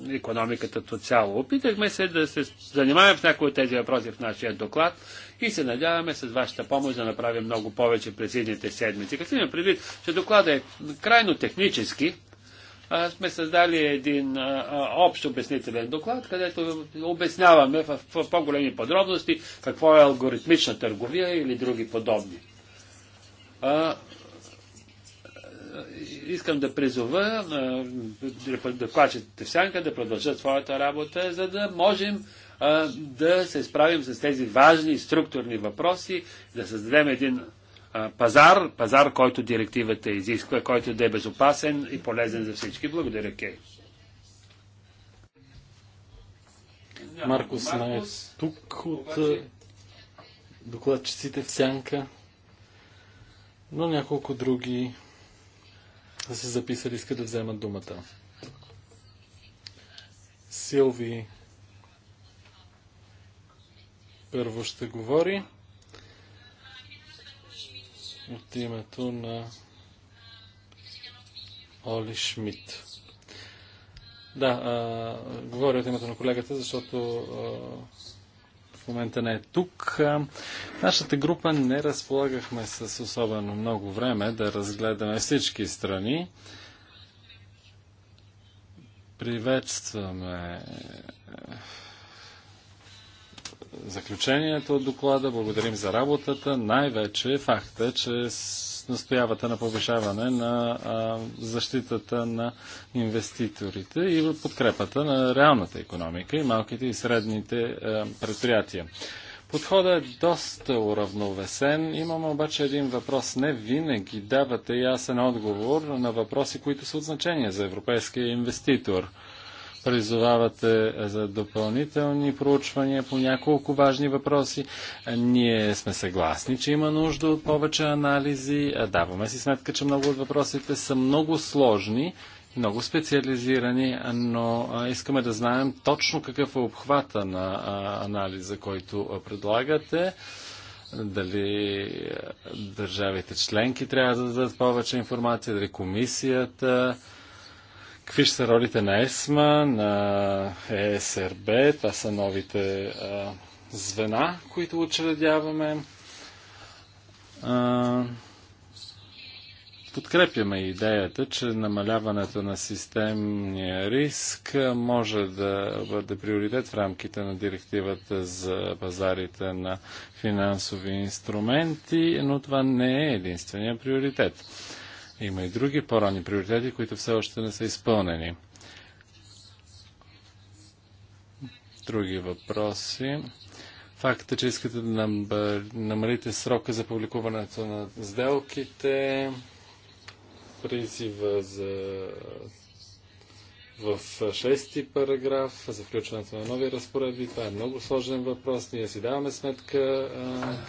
економиката то цяло. Опитахме се да се занимаваме с някои от тези въпроси в нашия доклад и се надяваме с вашата помощ да направим много повече през едните седмици. Като имам предвид, че докладът е крайно технически, а, сме създали един а, общ обяснителен доклад, където обясняваме в, в по-големи подробности какво е алгоритмична търговия или други подобни. А, искам да призова докладчите в сянка да продължат своята работа, за да можем да се справим с тези важни структурни въпроси, да създадем един пазар, пазар, който директивата изисква, който да е безопасен и полезен за всички. Благодаря, Кей. Маркос Наец е тук от обаче... докладчиците в Сянка, но няколко други са се записали, искат да вземат думата. Силви първо ще говори от името на Оли Шмидт. Да, а, говоря от името на колегата, защото а, в момента не е тук. А, нашата група не разполагахме с особено много време да разгледаме всички страни. Приветстваме заключението от доклада, благодарим за работата, най-вече факта, че настоявате на повишаване на защитата на инвеститорите и подкрепата на реалната економика и малките и средните предприятия. Подходът е доста уравновесен. Имам обаче един въпрос. Не винаги давате ясен отговор на въпроси, които са от значение за европейския инвеститор призовавате е, за допълнителни проучвания по няколко важни въпроси. Е, ние сме съгласни, че има нужда от повече анализи. Е, даваме си сметка, че много от въпросите са много сложни много специализирани, но искаме да знаем точно какъв е обхвата на анализа, който предлагате. Дали държавите членки трябва да дадат повече информация, дали комисията Какви ще са ролите на ЕСМА, на ЕСРБ? Това са новите а, звена, които учредяваме. А, подкрепяме идеята, че намаляването на системния риск може да бъде приоритет в рамките на директивата за пазарите на финансови инструменти, но това не е единствения приоритет. Има и други по-ранни приоритети, които все още не са изпълнени. Други въпроси. Факта, че искате да намалите срока за публикуването на сделките, призива за в шести параграф за включването на нови разпоредби. Това е много сложен въпрос. Ние си даваме сметка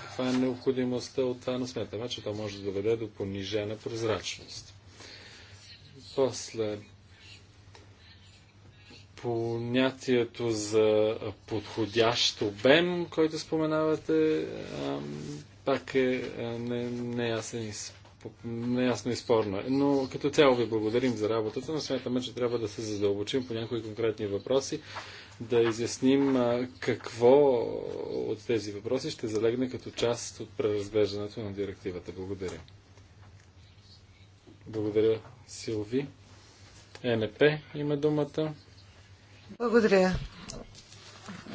каква е необходимостта от това, но сметаме, че то може да доведе до понижена прозрачност. После понятието за подходящ обем, който споменавате, пак е неясен не и неясно и спорно. Е. Но като цяло ви благодарим за работата, но смятаме, че трябва да се задълбочим по някои конкретни въпроси, да изясним какво от тези въпроси ще залегне като част от преразглеждането на директивата. Благодаря. Благодаря, Силви. Е НП има думата. Благодаря.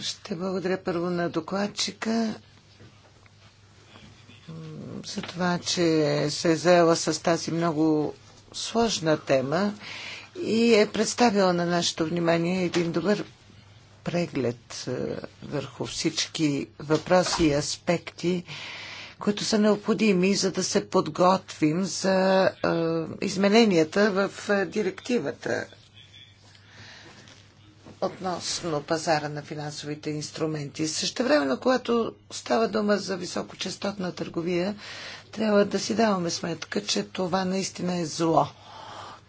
Ще благодаря първо на докладчика за това, че се е заела с тази много сложна тема и е представила на нашето внимание един добър преглед е, върху всички въпроси и аспекти, които са необходими, за да се подготвим за е, измененията в е, директивата относно пазара на финансовите инструменти. Също времено, когато става дума за високочастотна търговия, трябва да си даваме сметка, че това наистина е зло.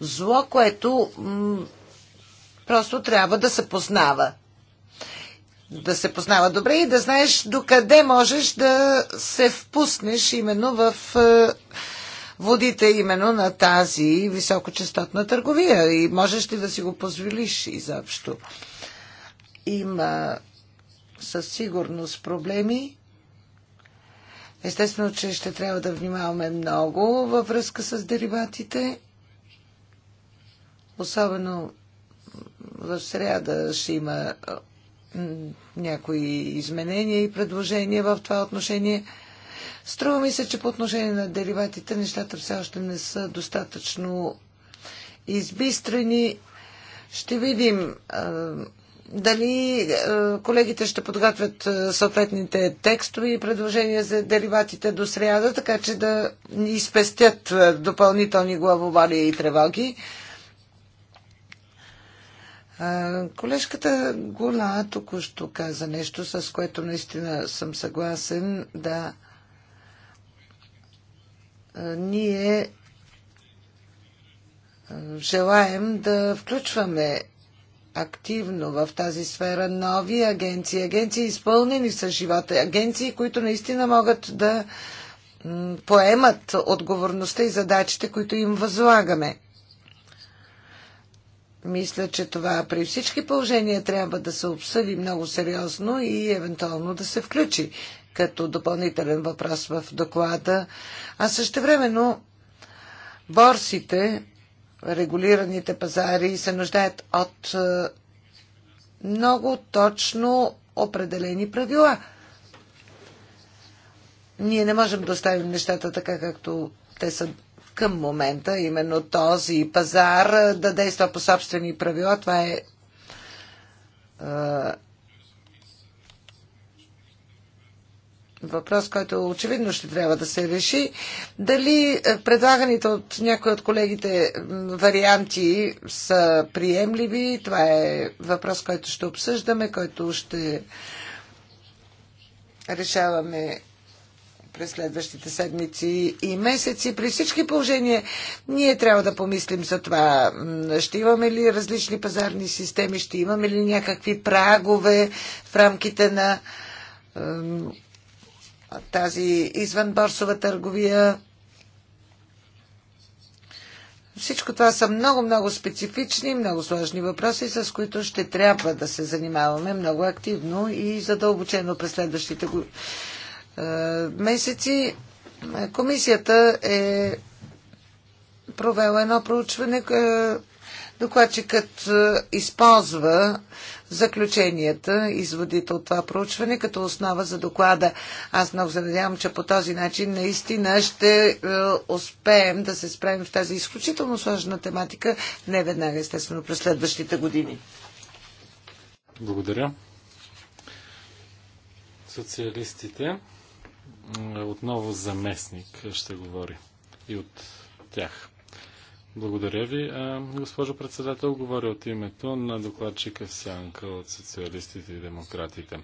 Зло, което просто трябва да се познава. Да се познава добре и да знаеш докъде можеш да се впуснеш именно в е, водите именно на тази високочастотна търговия и можеш ли да си го позволиш изобщо? Има със сигурност проблеми. Естествено, че ще трябва да внимаваме много във връзка с дериватите. Особено в среда ще има някои изменения и предложения в това отношение – Струва ми се, че по отношение на дериватите нещата все още не са достатъчно избистрени. Ще видим дали колегите ще подготвят съответните текстове и предложения за дериватите до среда, така че да ни спестят допълнителни главовали и тревоги. Колежката Гола току-що каза нещо, с което наистина съм съгласен. Да, ние желаем да включваме активно в тази сфера нови агенции, агенции изпълнени с живота, агенции, които наистина могат да поемат отговорността и задачите, които им възлагаме. Мисля, че това при всички положения трябва да се обсъди много сериозно и евентуално да се включи като допълнителен въпрос в доклада. А също времено борсите, регулираните пазари се нуждаят от е, много точно определени правила. Ние не можем да оставим нещата така, както те са към момента. Именно този пазар е, да действа по собствени правила, това е, е въпрос, който очевидно ще трябва да се реши. Дали е, предлаганите от някои от колегите варианти са приемливи, това е въпрос, който ще обсъждаме, който ще решаваме през следващите седмици и месеци. При всички положения ние трябва да помислим за това. Ще имаме ли различни пазарни системи, ще имаме ли някакви прагове в рамките на тази извънборсова търговия. Всичко това са много-много специфични, много сложни въпроси, с които ще трябва да се занимаваме много активно и задълбочено през следващите го... Е, месеци. Комисията е провела едно проучване, е, Докладчикът е, използва заключенията, изводите от това проучване като основа за доклада. Аз много се надявам, че по този начин наистина ще е, успеем да се справим в тази изключително сложна тематика, не веднага, естествено, през следващите години. Благодаря. Социалистите е, отново заместник ще говори и от тях. Благодаря ви, госпожо председател. Говоря от името на докладчика Сянка от социалистите и демократите.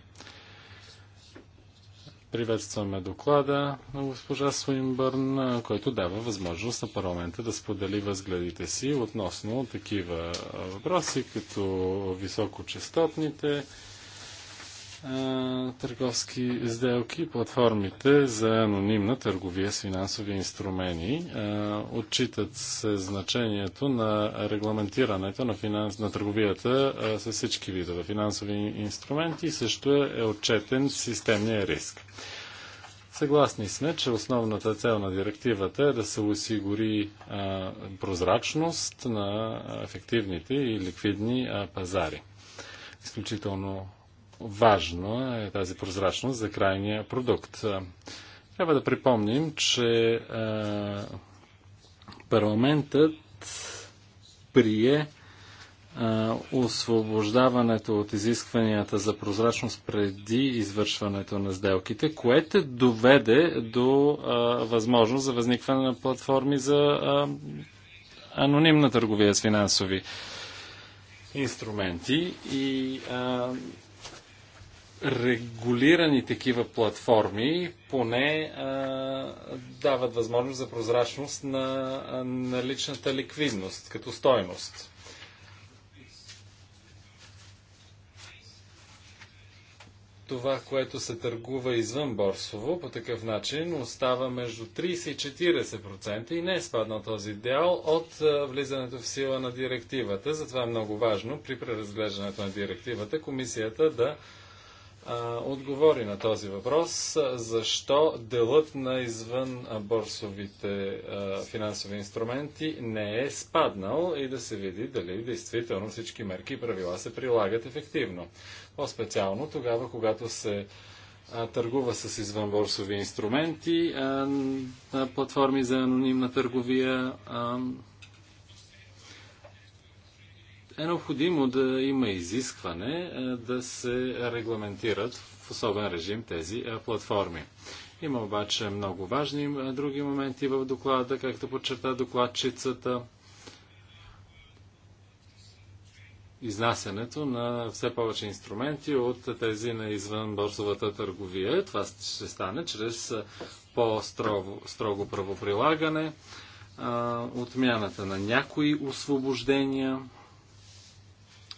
Приветстваме доклада на госпожа Суинбърн, който дава възможност на парламента да сподели възгледите си относно такива въпроси, като високочастотните търговски сделки, платформите за анонимна търговия с финансови инструмени. отчитат се значението на регламентирането на, финанс... на търговията с всички видове финансови инструменти и също е отчетен системния риск. Съгласни сме, че основната цел на директивата е да се осигури прозрачност на ефективните и ликвидни пазари. Изключително важно е тази прозрачност за крайния продукт. Трябва да припомним, че парламентът прие освобождаването от изискванията за прозрачност преди извършването на сделките, което доведе до а, възможност за възникване на платформи за а, анонимна търговия с финансови инструменти и а, регулирани такива платформи поне а, дават възможност за прозрачност на наличната ликвидност като стойност. Това, което се търгува извън борсово, по такъв начин остава между 30 и 40% и не е спаднал този дял от влизането в сила на директивата. Затова е много важно при преразглеждането на директивата комисията да отговори на този въпрос, защо делът на извън борсовите финансови инструменти не е спаднал и да се види дали действително всички мерки и правила се прилагат ефективно. По-специално тогава, когато се търгува с извънборсови инструменти на платформи за анонимна търговия е необходимо да има изискване е, да се регламентират в особен режим тези е, платформи. Има обаче много важни е, други моменти в доклада, както подчерта докладчицата. Изнасянето на все повече инструменти от тези на извън борсовата търговия. Това ще стане чрез по-строго правоприлагане, отмяната на някои освобождения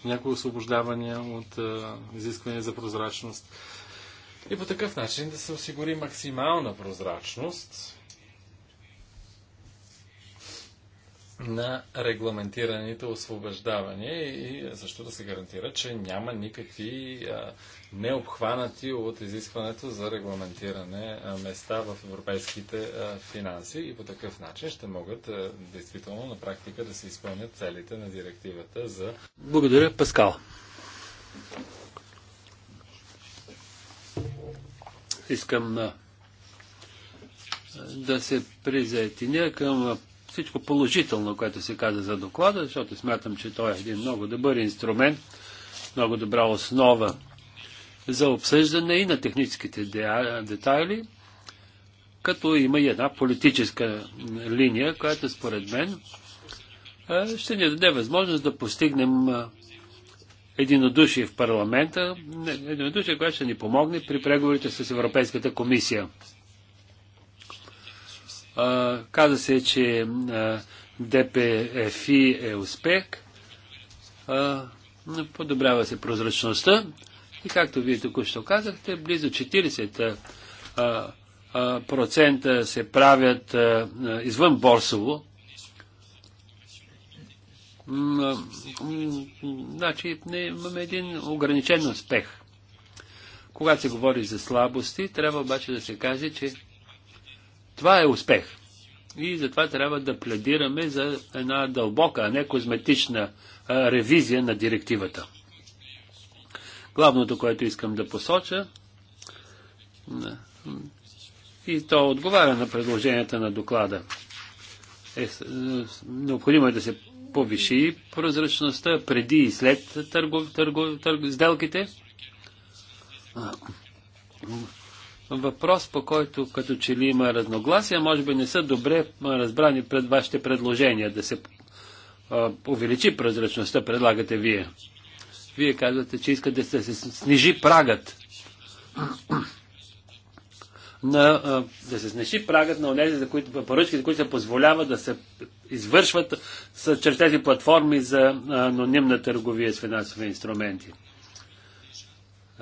някои освобождавания от изисквания за прозрачност. И по такъв начин да се осигури максимална прозрачност на регламентираните освобождавания и също да се гарантира, че няма никакви необхванати от изискването за регламентиране места в европейските финанси и по такъв начин ще могат действително на практика да се изпълнят целите на директивата за. Благодаря, Паскал. Искам да се призаетиня към всичко положително, което се каза за доклада, защото смятам, че той е един много добър инструмент, много добра основа за обсъждане и на техническите детайли, като има и една политическа линия, която според мен ще ни даде възможност да постигнем единодушие в парламента, единодушие, което ще ни помогне при преговорите с Европейската комисия каза се, че ДПФИ е успех. А, подобрява се прозрачността. И както вие току-що казахте, близо 40 а, процента се правят а, извън борсово. значи не имаме един ограничен успех. Когато се говори за слабости, трябва обаче да се каже, че това е успех. И затова трябва да пледираме за една дълбока, а не козметична а, ревизия на директивата. Главното, което искам да посоча, и то отговаря на предложенията на доклада. Е, необходимо е да се повиши прозрачността преди и след търго, търго, търго, сделките въпрос, по който като че ли има разногласия, може би не са добре разбрани пред вашите предложения да се а, увеличи прозрачността, предлагате вие. Вие казвате, че искате да се снижи прагът на, а, да се снижи прагът на онези, за които, поръчки, за които се позволява да се извършват с, чрез тези платформи за анонимна търговия с финансови инструменти.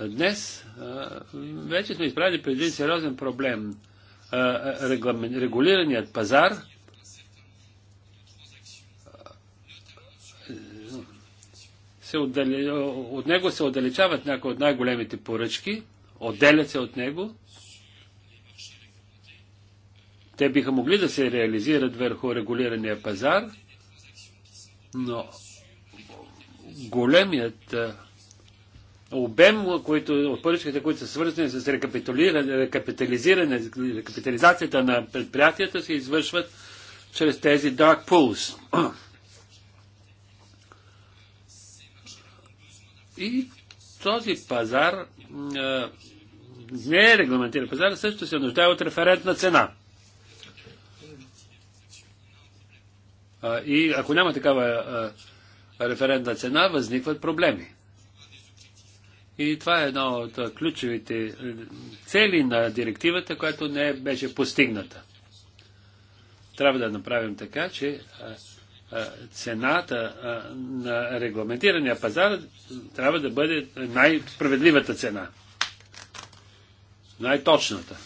Днес вече сме изправили преди сериозен проблем. Регулираният пазар се отдали, от него се отдалечават някои от най-големите поръчки, отделят се от него. Те биха могли да се реализират върху регулирания пазар, но големият обем, които, от поръчките, които са свързани с рекапитализиране, рекапитализацията на предприятията, се извършват чрез тези dark pools. И този пазар не е регламентиран пазар, също се нуждае от референтна цена. И ако няма такава референтна цена, възникват проблеми. И това е една от ключовите е, цели на директивата, която не беше постигната. Трябва да направим така, че цената на регламентирания пазар трябва да бъде най-справедливата цена. Най-точната.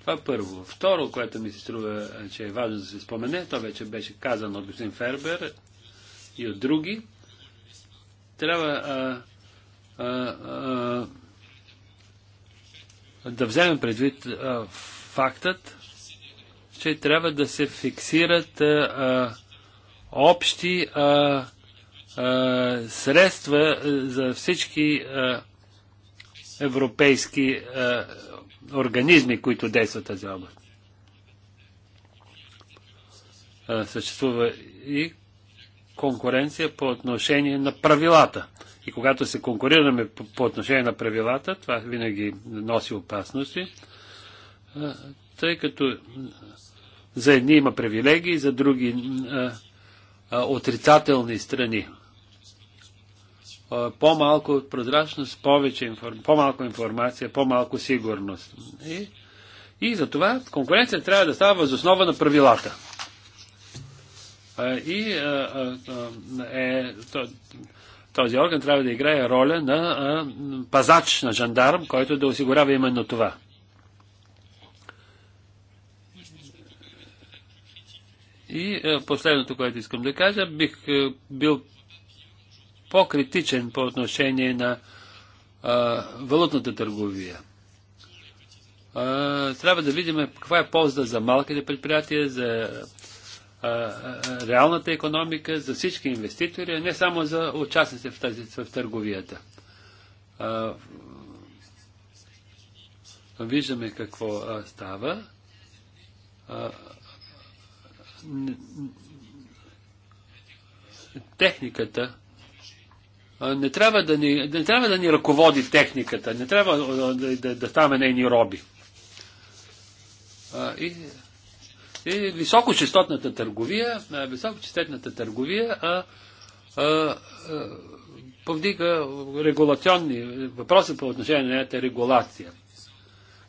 Това първо. Второ, което ми се струва, че е важно да се спомене, то вече беше казано от господин Фербер и от други – трябва а, а, а, да вземем предвид а, фактът, че трябва да се фиксират а, а, общи а, а, средства за всички а, европейски а, организми, които действат тази област. А, съществува и конкуренция по отношение на правилата. И когато се конкурираме по, по отношение на правилата, това винаги носи опасности, тъй като за едни има привилегии, за други а, а, отрицателни страни. По-малко прозрачност, повече инфор... по-малко информация, по-малко сигурност. И, и за това конкуренция трябва да става възоснова на правилата. И е, този орган трябва да играе роля на пазач, на жандарм, който да осигурява именно това. И последното, което искам да кажа, бих бил по-критичен по отношение на а, валутната търговия. А, трябва да видим каква е полза за малките предприятия, за реалната економика, за всички инвеститори, а не само за участниците в, тази, в търговията. А, виждаме какво а, става. А, техниката не трябва, да ни, не трябва да ни ръководи техниката, не трябва да, да, да ставаме нейни роби. А, и е високочастотната търговия, е, високочастотната търговия а, а, а, повдига регулационни въпроси по отношение на нейната регулация.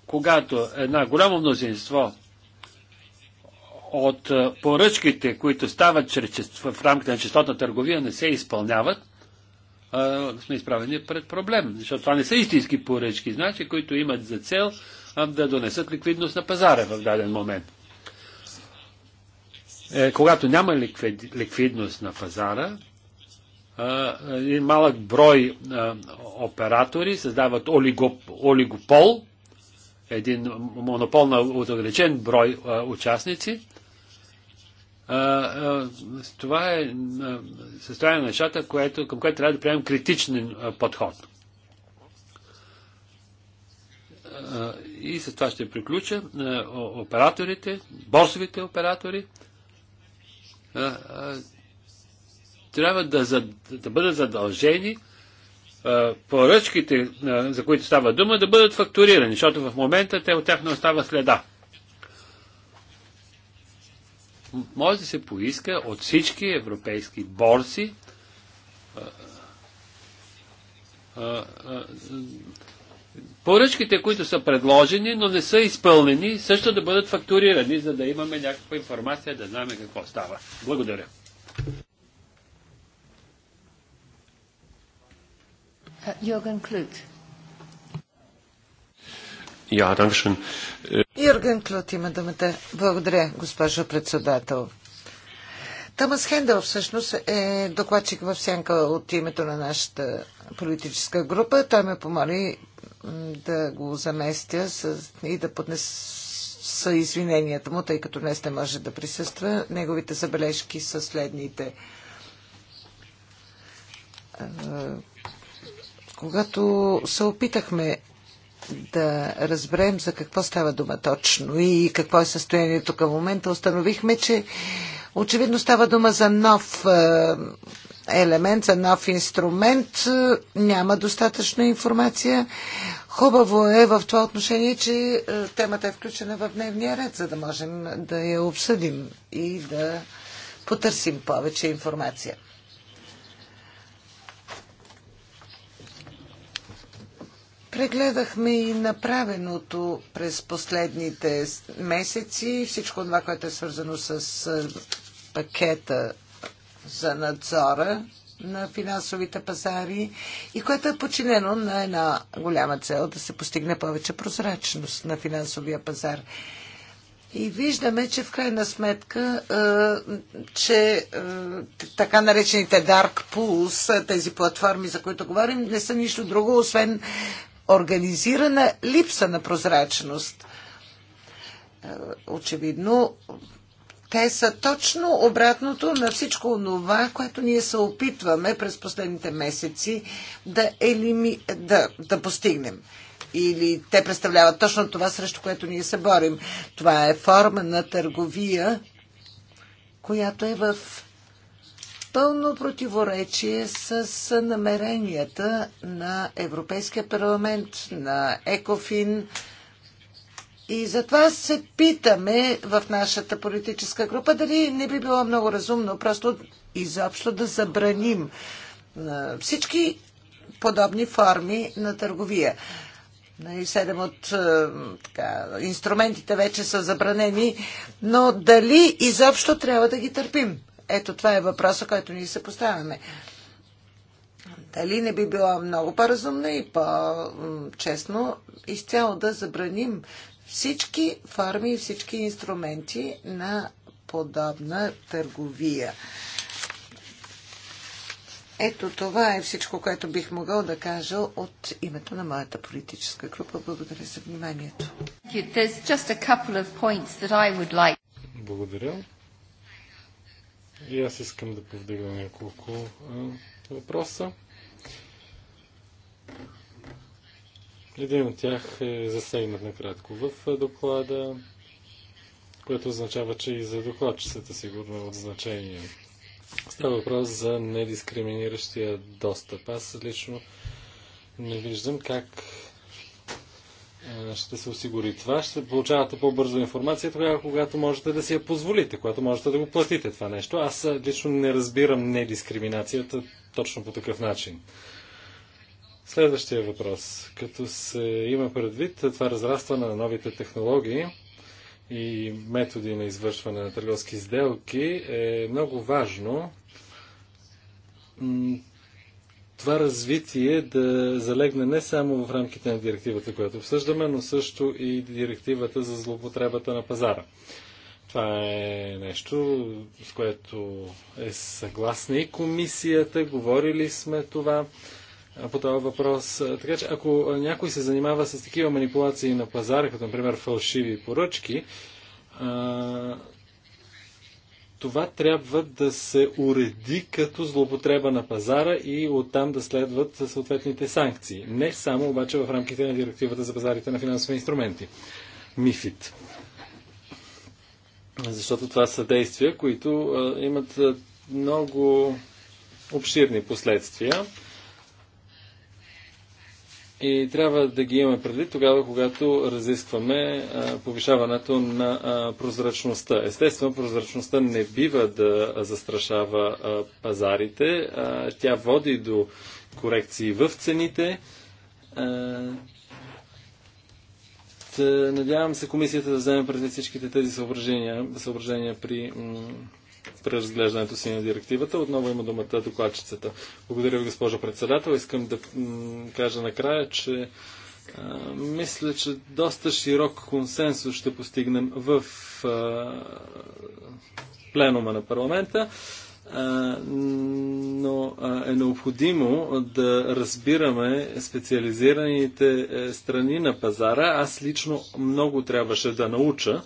Когато една голямо мнозинство от поръчките, които стават чрез, в рамките на частотна търговия, не се изпълняват, а, сме изправени пред проблем. Защото това не са истински поръчки, значи, които имат за цел да донесат ликвидност на пазара в даден момент. Е, когато няма ликвидност на пазара, един малък брой оператори създават олигопол, един монопол на ограничен брой участници. това е състояние на нещата, към което трябва да приемем критичен подход и с това ще приключа, операторите, борсовите оператори трябва да, за, да бъдат задължени поръчките, за които става дума, да бъдат фактурирани, защото в момента те от тях не остава следа. Може да се поиска от всички европейски борси а, а, а, поръчките, които са предложени, но не са изпълнени, също да бъдат фактурирани, за да имаме някаква информация, да знаем какво става. Благодаря. Е, Йорген Клют. Ja, danke Юрген е, Клют има думата. Благодаря, госпожо председател. Тамас Хендел всъщност е докладчик в сянка от името на нашата политическа група. Той ме помоли да го заместя и да поднеса извиненията му, тъй като днес не може да присъства. Неговите забележки са следните. Когато се опитахме да разберем за какво става дума точно и какво е състоянието към момента, установихме, че очевидно става дума за нов елемент, за нов инструмент. Е, няма достатъчно информация. Хубаво е в това отношение, че е, темата е включена в дневния ред, за да можем да я обсъдим и да потърсим повече информация. Прегледахме и направеното през последните месеци, всичко това, което е свързано с е, пакета за надзора на финансовите пазари и което е подчинено на една голяма цел да се постигне повече прозрачност на финансовия пазар. И виждаме, че в крайна сметка, е, че е, така наречените Dark Pools, е, тези платформи, за които говорим, не са нищо друго, освен организирана липса на прозрачност. Очевидно, те са точно обратното на всичко това, което ние се опитваме през последните месеци да, елими... да, да постигнем. Или те представляват точно това, срещу което ние се борим. Това е форма на търговия, която е в пълно противоречие с намеренията на Европейския парламент, на ЕКОФИН, и затова се питаме в нашата политическа група дали не би било много разумно просто изобщо да забраним всички подобни форми на търговия. Нали, седем от така, инструментите вече са забранени, но дали изобщо трябва да ги търпим? Ето това е въпроса, който ние се поставяме. Дали не би било много по-разумно и по-честно изцяло да забраним всички форми и всички инструменти на подобна търговия. Ето това е всичко, което бих могъл да кажа от името на моята политическа група. Благодаря за вниманието. Благодаря. И аз искам да повдигам няколко въпроса. Един от тях е засегнат накратко в доклада, което означава, че и за докладчицата сигурно е от значение. Става въпрос за недискриминиращия достъп. Аз лично не виждам как ще се осигури това. Ще получавате по-бързо информация тогава, когато можете да си я позволите, когато можете да го платите това нещо. Аз лично не разбирам недискриминацията точно по такъв начин. Следващия въпрос. Като се има предвид това разрастване на новите технологии и методи на извършване на търговски сделки, е много важно това развитие да залегне не само в рамките на директивата, която обсъждаме, но също и директивата за злоупотребата на пазара. Това е нещо, с което е съгласна и комисията, говорили сме това по този въпрос. Така че ако някой се занимава с такива манипулации на пазара, като например фалшиви поръчки, а, това трябва да се уреди като злопотреба на пазара и оттам да следват съответните санкции. Не само обаче в рамките на директивата за пазарите на финансови инструменти. МИФИТ. Защото това са действия, които а, имат много обширни последствия и трябва да ги имаме предвид тогава, когато разискваме а, повишаването на а, прозрачността. Естествено, прозрачността не бива да застрашава а, пазарите. Тя води до корекции в цените. Надявам се комисията да вземе предвид всичките тези съображения, съображения при преразглеждането си на директивата. Отново има думата докладчицата. Благодаря ви, госпожо председател. Искам да кажа накрая, че а, мисля, че доста широк консенсус ще постигнем в а, пленума на парламента но е необходимо да разбираме специализираните е, страни на пазара. Аз лично много трябваше да науча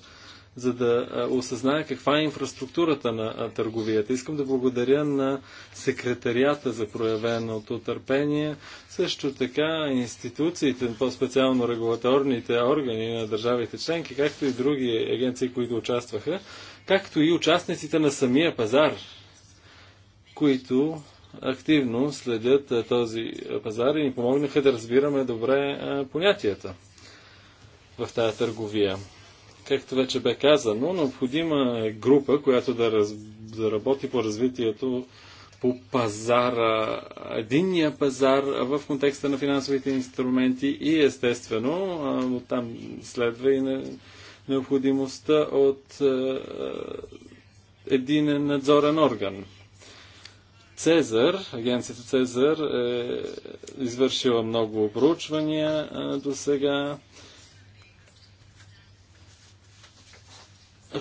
за да осъзная каква е инфраструктурата на търговията. Искам да благодаря на секретарията за проявеното търпение, също така институциите, по-специално регулаторните органи на държавите членки, както и други агенции, които участваха, както и участниците на самия пазар, които активно следят този пазар и ни помогнаха да разбираме добре понятията в тази търговия. Както вече бе казано, необходима е група, която да, раз, да работи по развитието по пазара, единния пазар в контекста на финансовите инструменти и естествено там следва и необходимостта от един единен надзорен орган. Цезар, агенцията Цезар е извършила много обручвания до сега.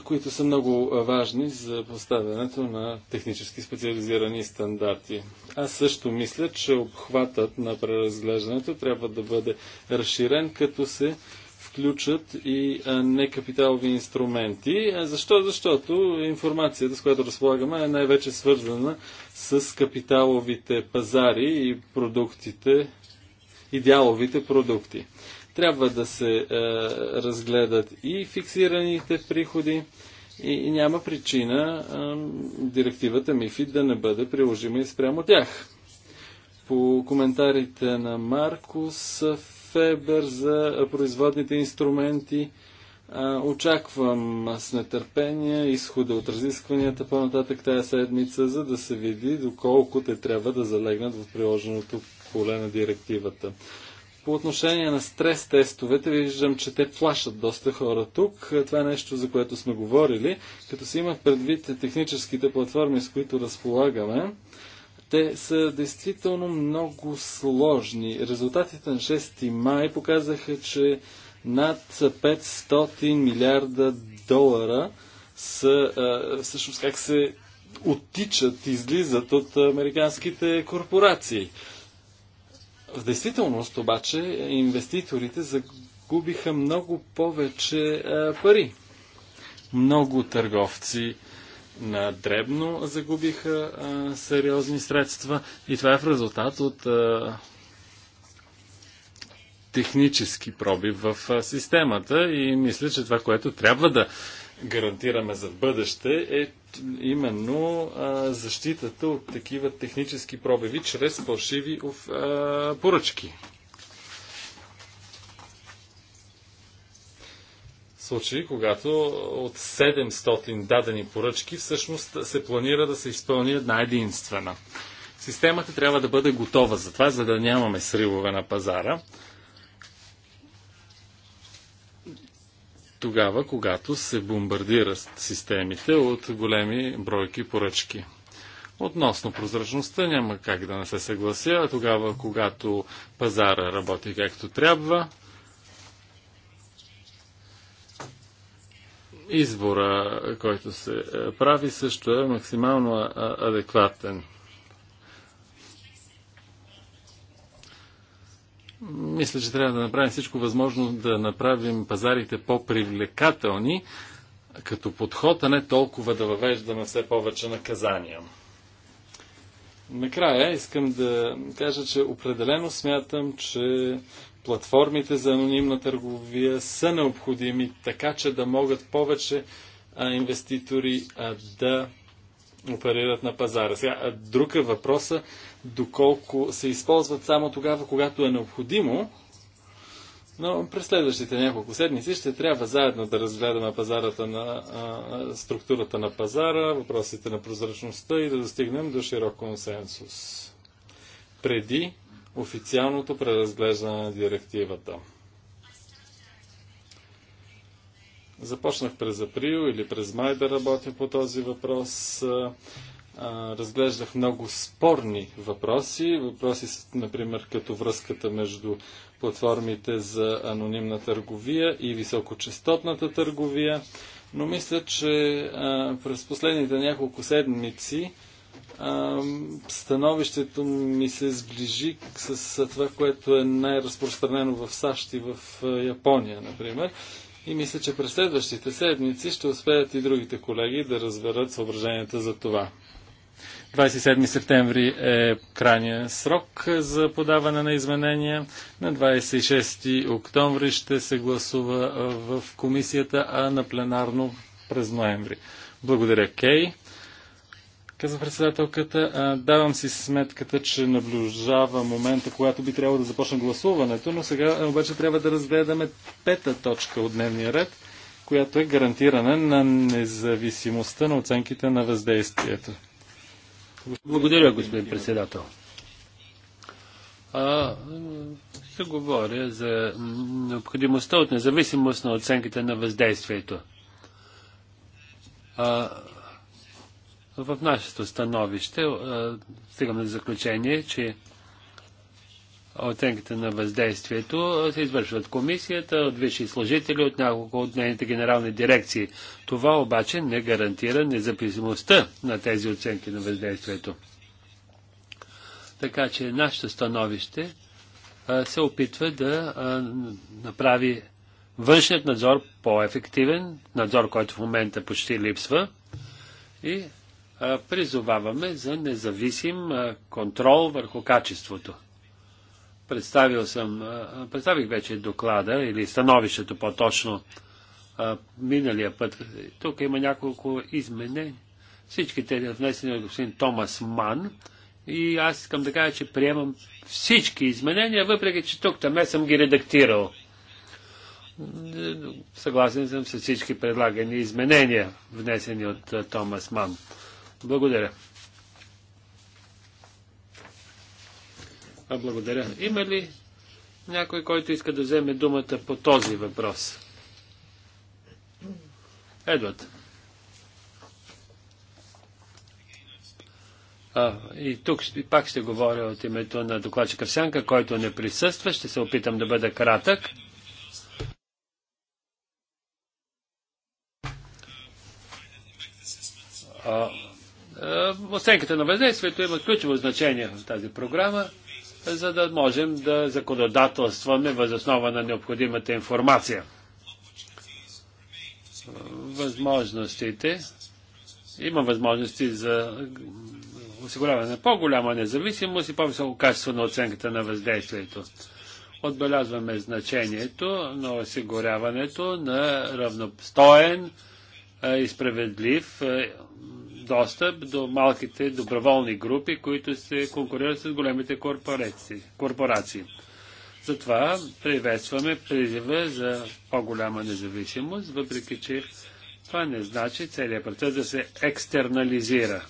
които са много важни за поставянето на технически специализирани стандарти. Аз също мисля, че обхватът на преразглеждането трябва да бъде разширен, като се включат и некапиталови инструменти. Защо? Защото информацията, с която разполагаме, е най-вече свързана с капиталовите пазари и продуктите, идеаловите продукти. Трябва да се е, разгледат и фиксираните приходи, и няма причина а, е, директивата МИФИД да не бъде приложима и спрямо тях. По коментарите на Маркус Фебер за производните инструменти, а, е, очаквам с нетърпение изхода от разискванията по-нататък тая седмица, за да се види доколко те трябва да залегнат в приложеното поле на директивата. По отношение на стрес тестовете, виждам, че те плашат доста хора тук. Това е нещо, за което сме говорили. Като се има предвид техническите платформи, с които разполагаме, те са действително много сложни. Резултатите на 6 май показаха, че над 500 милиарда долара са всъщност как се оттичат, излизат от американските корпорации. В действителност обаче инвеститорите загубиха много повече а, пари. Много търговци на дребно загубиха а, сериозни средства и това е в резултат от а, технически пробив в а, системата и мисля, че това, което трябва да гарантираме за бъдеще е, именно а, защитата от такива технически пробиви чрез фалшиви а, поръчки. случаи, когато от 700 дадени поръчки всъщност се планира да се изпълни една единствена. Системата трябва да бъде готова за това, за да нямаме сривове на пазара. тогава, когато се бомбардират системите от големи бройки поръчки. Относно прозрачността няма как да не се съглася. Тогава, когато пазара работи както трябва, избора, който се е, прави, също е максимално адекватен. Мисля, че трябва да направим всичко възможно да направим пазарите по-привлекателни като подход, а не толкова да въвеждаме все повече наказания. Накрая искам да кажа, че определено смятам, че платформите за анонимна търговия са необходими, така че да могат повече инвеститори да оперират на пазара. Сега, друг е въпроса доколко се използват само тогава, когато е необходимо, но през следващите няколко седмици ще трябва заедно да разгледаме пазарата на, а, структурата на пазара, въпросите на прозрачността и да достигнем до широк консенсус преди официалното преразглеждане на директивата. Започнах през април или през май да работя по този въпрос. Разглеждах много спорни въпроси. Въпроси, например, като връзката между платформите за анонимна търговия и високочастотната търговия. Но мисля, че през последните няколко седмици становището ми се сближи с това, което е най-разпространено в САЩ и в Япония, например. И мисля, че през следващите седмици ще успеят и другите колеги да разберат съображенията за това. 27 септември е крайния срок за подаване на изменения. На 26 октомври ще се гласува в комисията, а на пленарно през ноември. Благодаря, Кей казва председателката. Давам си сметката, че наблюдава момента, когато би трябвало да започне гласуването, но сега обаче трябва да разгледаме пета точка от дневния ред, която е гарантиране на независимостта на оценките на въздействието. Благодаря, господин председател. А, ще говоря за необходимостта от независимост на оценките на въздействието. А, в нашето становище стигаме до заключение, че оценките на въздействието се извършват от комисията, от висши служители, от няколко от нейните генерални дирекции. Това обаче не гарантира независимостта на тези оценки на въздействието. Така че нашето становище се опитва да направи външният надзор по-ефективен, надзор, който в момента почти липсва, и призоваваме за независим контрол върху качеството. Представил съм, представих вече доклада или становището по-точно миналия път. Тук има няколко изменения. Всички те внесени от господин Томас Ман. И аз искам да кажа, че приемам всички изменения, въпреки че тук там съм ги редактирал. Съгласен съм с всички предлагани изменения, внесени от Томас Ман. Благодаря. А, благодаря. Има ли някой, който иска да вземе думата по този въпрос? Едвард. А, и тук и пак ще говоря от името на докладчика Сянка, който не присъства. Ще се опитам да бъда кратък. Оценката на въздействието има ключово значение в тази програма, за да можем да законодателстваме възоснова на необходимата информация. Възможностите. Има възможности за осигуряване на по-голяма независимост и по-високо качество на оценката на въздействието. Отбелязваме значението на осигуряването на равностоен и справедлив достъп до малките доброволни групи, които се конкурират с големите корпорации. Затова приветстваме призива за по-голяма независимост, въпреки че това не значи целият процес да се екстернализира.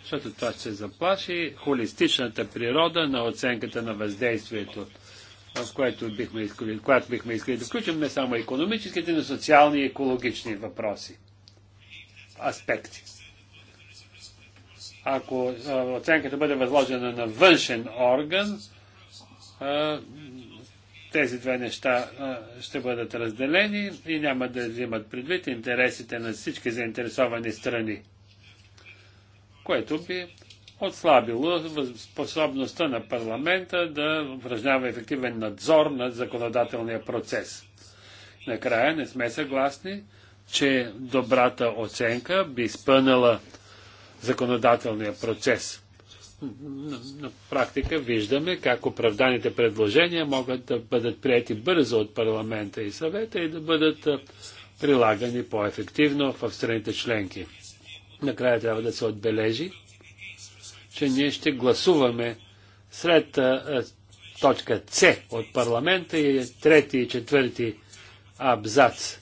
Защото това ще заплаши холистичната природа на оценката на въздействието, в което бихме искали, която бихме искали да включим не само економическите, но социални и екологични въпроси, аспекти ако оценката бъде възложена на външен орган, тези две неща ще бъдат разделени и няма да взимат предвид интересите на всички заинтересовани страни, което би отслабило способността на парламента да упражнява ефективен надзор над законодателния процес. Накрая не сме съгласни, че добрата оценка би спънала законодателния процес. На практика виждаме как оправданите предложения могат да бъдат прияти бързо от парламента и съвета и да бъдат прилагани по-ефективно в страните членки. Накрая трябва да се отбележи, че ние ще гласуваме сред а, точка С от парламента и трети и четвърти абзац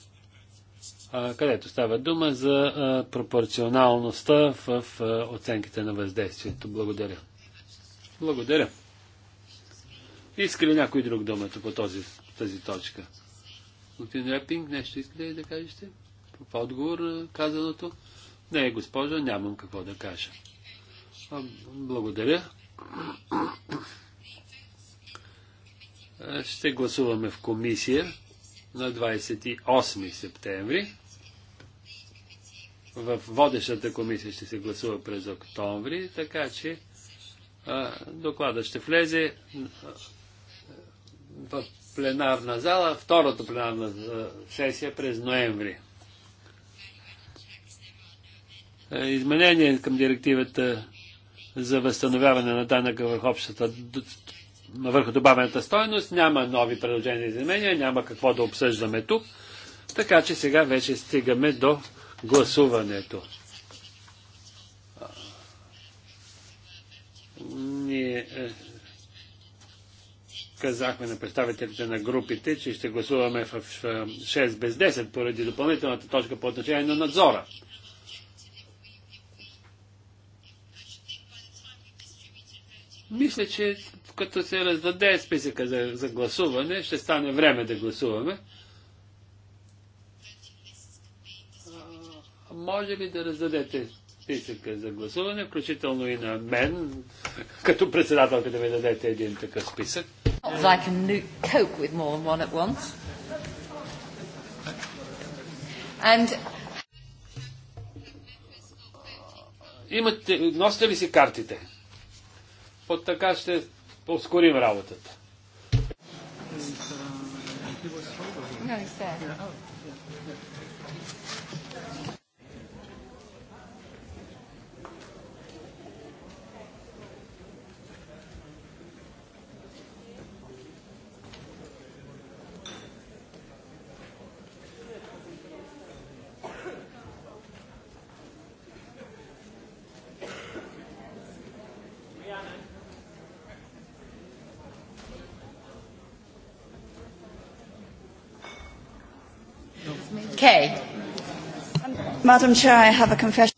където става дума за пропорционалността в оценките на въздействието. Благодаря. Благодаря. Иска ли някой друг думата по този, тази точка? Господин Репинг, нещо искате ли да кажете? По отговор на казаното? Не, госпожа, нямам какво да кажа. Благодаря. Ще гласуваме в комисия на 28 септември в водещата комисия ще се гласува през октомври, така че а, доклада ще влезе в пленарна зала, втората пленарна сесия през ноември. Изменение към директивата за възстановяване на данъка върху общата върху добавената стойност, няма нови предложения и изменения, няма какво да обсъждаме тук, така че сега вече стигаме до гласуването. Ние е, казахме на представителите на групите, че ще гласуваме в 6 е, без 10 поради допълнителната точка по отношение на надзора. Мисля, че като се раздаде списъка за, за гласуване, ще стане време да гласуваме. може ли да раздадете списъка за гласуване, включително и на мен, като председателка да ми дадете един такъв списък? Имате, носите ли си картите? От така ще ускорим работата. No, Kay. Madam Chair, I have a confession.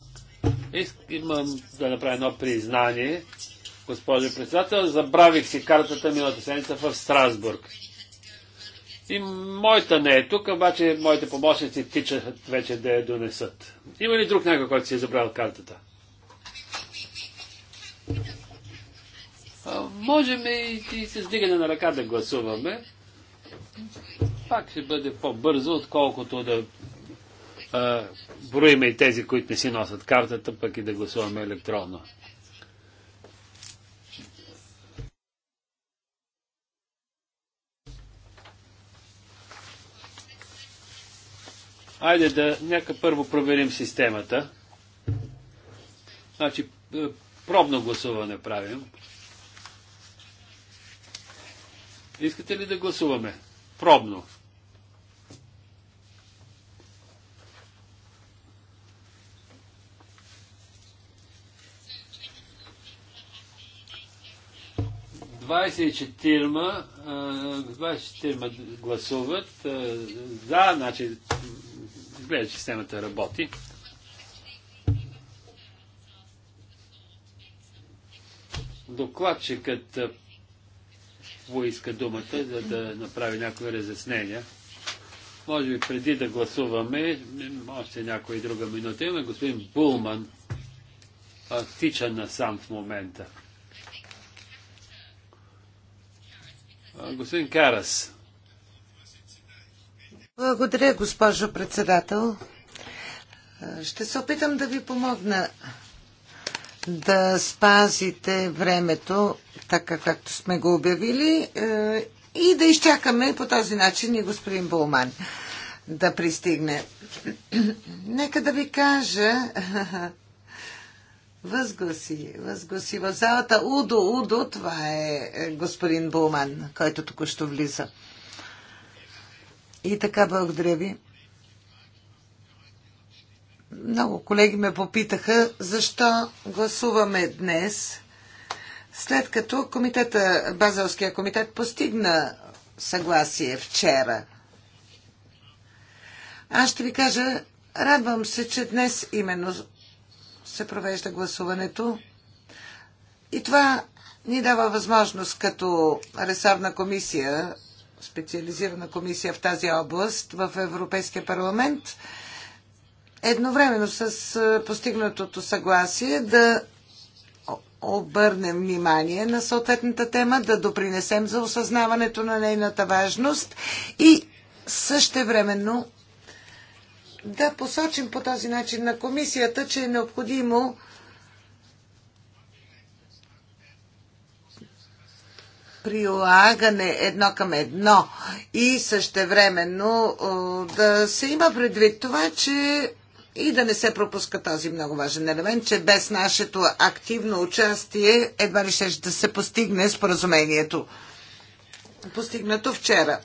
Имам да направя едно признание, госпожо председател. Забравих си картата миналата седмица в Страсбург. И моята не е тук, обаче моите помощници тичат вече да я донесат. Има ли друг някой, който си е забравил картата? А, можем и, и се сдигане на ръка да гласуваме пак ще бъде по-бързо, отколкото да а, броиме и тези, които не си носят картата, пък и да гласуваме електронно. Айде да, нека първо проверим системата. Значи, е, пробно гласуване правим. Искате ли да гласуваме? Пробно. 24, 24 гласуват за, значи гледа, че системата работи. Докладчикът поиска думата, за да направи някои разяснения. Може би преди да гласуваме, още някоя друга минута имаме господин Булман, тича насам в момента. Господин Карас. Благодаря, госпожо председател. Ще се опитам да ви помогна да спазите времето, така както сме го обявили, и да изчакаме по този начин и господин Булман да пристигне. Нека да ви кажа възгласи, възгласи в залата. Удо, Удо, това е, е господин Булман, който току-що влиза. И така, благодаря ви. Много колеги ме попитаха защо гласуваме днес, след като комитета, Базелския комитет постигна съгласие вчера. Аз ще ви кажа, радвам се, че днес именно се провежда гласуването. И това ни дава възможност като ресорна комисия, специализирана комисия в тази област в Европейския парламент, едновременно с постигнатото съгласие да обърнем внимание на съответната тема, да допринесем за осъзнаването на нейната важност и също времено да посочим по този начин на комисията, че е необходимо прилагане едно към едно и същевременно да се има предвид това, че и да не се пропуска този много важен елемент, че без нашето активно участие едва ли ще да се постигне споразумението. Постигнато вчера.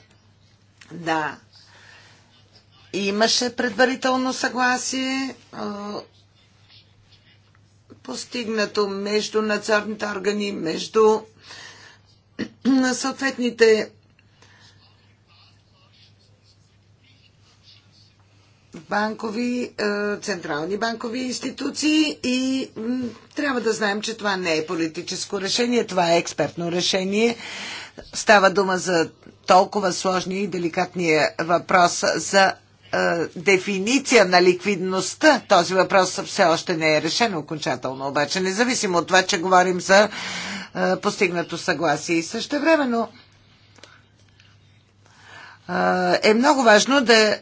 Да, Имаше предварително съгласие постигнато между надзорните органи, между съответните банкови, централни банкови институции и трябва да знаем, че това не е политическо решение, това е експертно решение. Става дума за толкова сложния и деликатния въпрос за дефиниция на ликвидността. Този въпрос все още не е решен окончателно, обаче независимо от това, че говорим за постигнато съгласие. И също е много важно да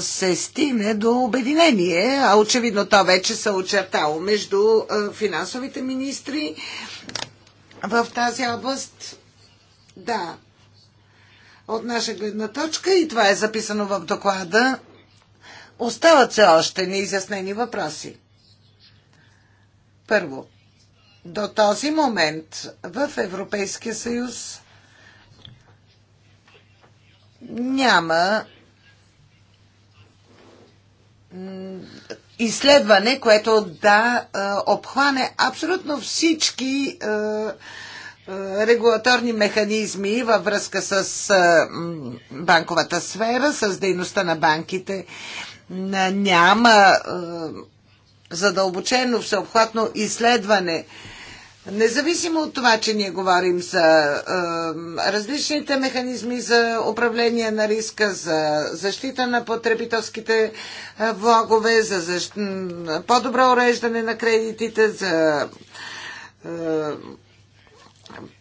се стигне до обединение, а очевидно то вече се очертало между финансовите министри в тази област. Да, от наша гледна точка и това е записано в доклада. Остават се още неизяснени въпроси. Първо, до този момент в Европейския съюз няма изследване, което да обхване абсолютно всички е, регулаторни механизми във връзка с е, банковата сфера, с дейността на банките. Няма е, задълбочено, всеобхватно изследване. Независимо от това, че ние говорим за различните механизми за управление на риска, за защита на потребителските влогове, за защ... по-добро уреждане на кредитите, за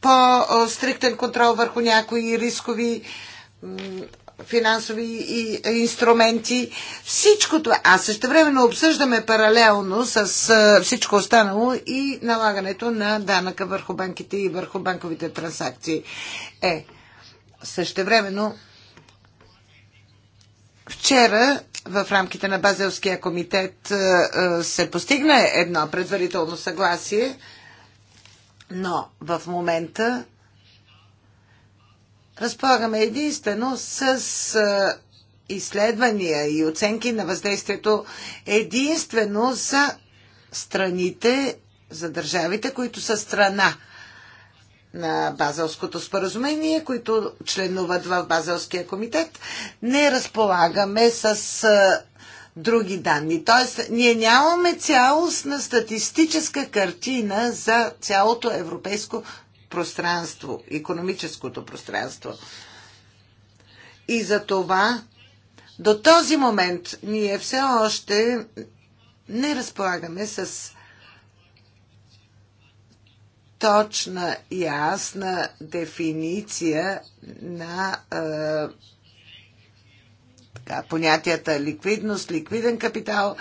по-стриктен контрол върху някои рискови финансови инструменти. Всичко това. А също времено обсъждаме паралелно с всичко останало и налагането на данъка върху банките и върху банковите транзакции. Е, също времено вчера в рамките на Базелския комитет се постигна едно предварително съгласие – но в момента разполагаме единствено с изследвания и оценки на въздействието единствено за страните, за държавите, които са страна на Базелското споразумение, които членуват в Базелския комитет. Не разполагаме с други данни. Тоест, ние нямаме цялостна статистическа картина за цялото европейско пространство, економическото пространство. И за това до този момент ние все още не разполагаме с точна, и ясна дефиниция на е, така, понятията ликвидност, ликвиден капитал,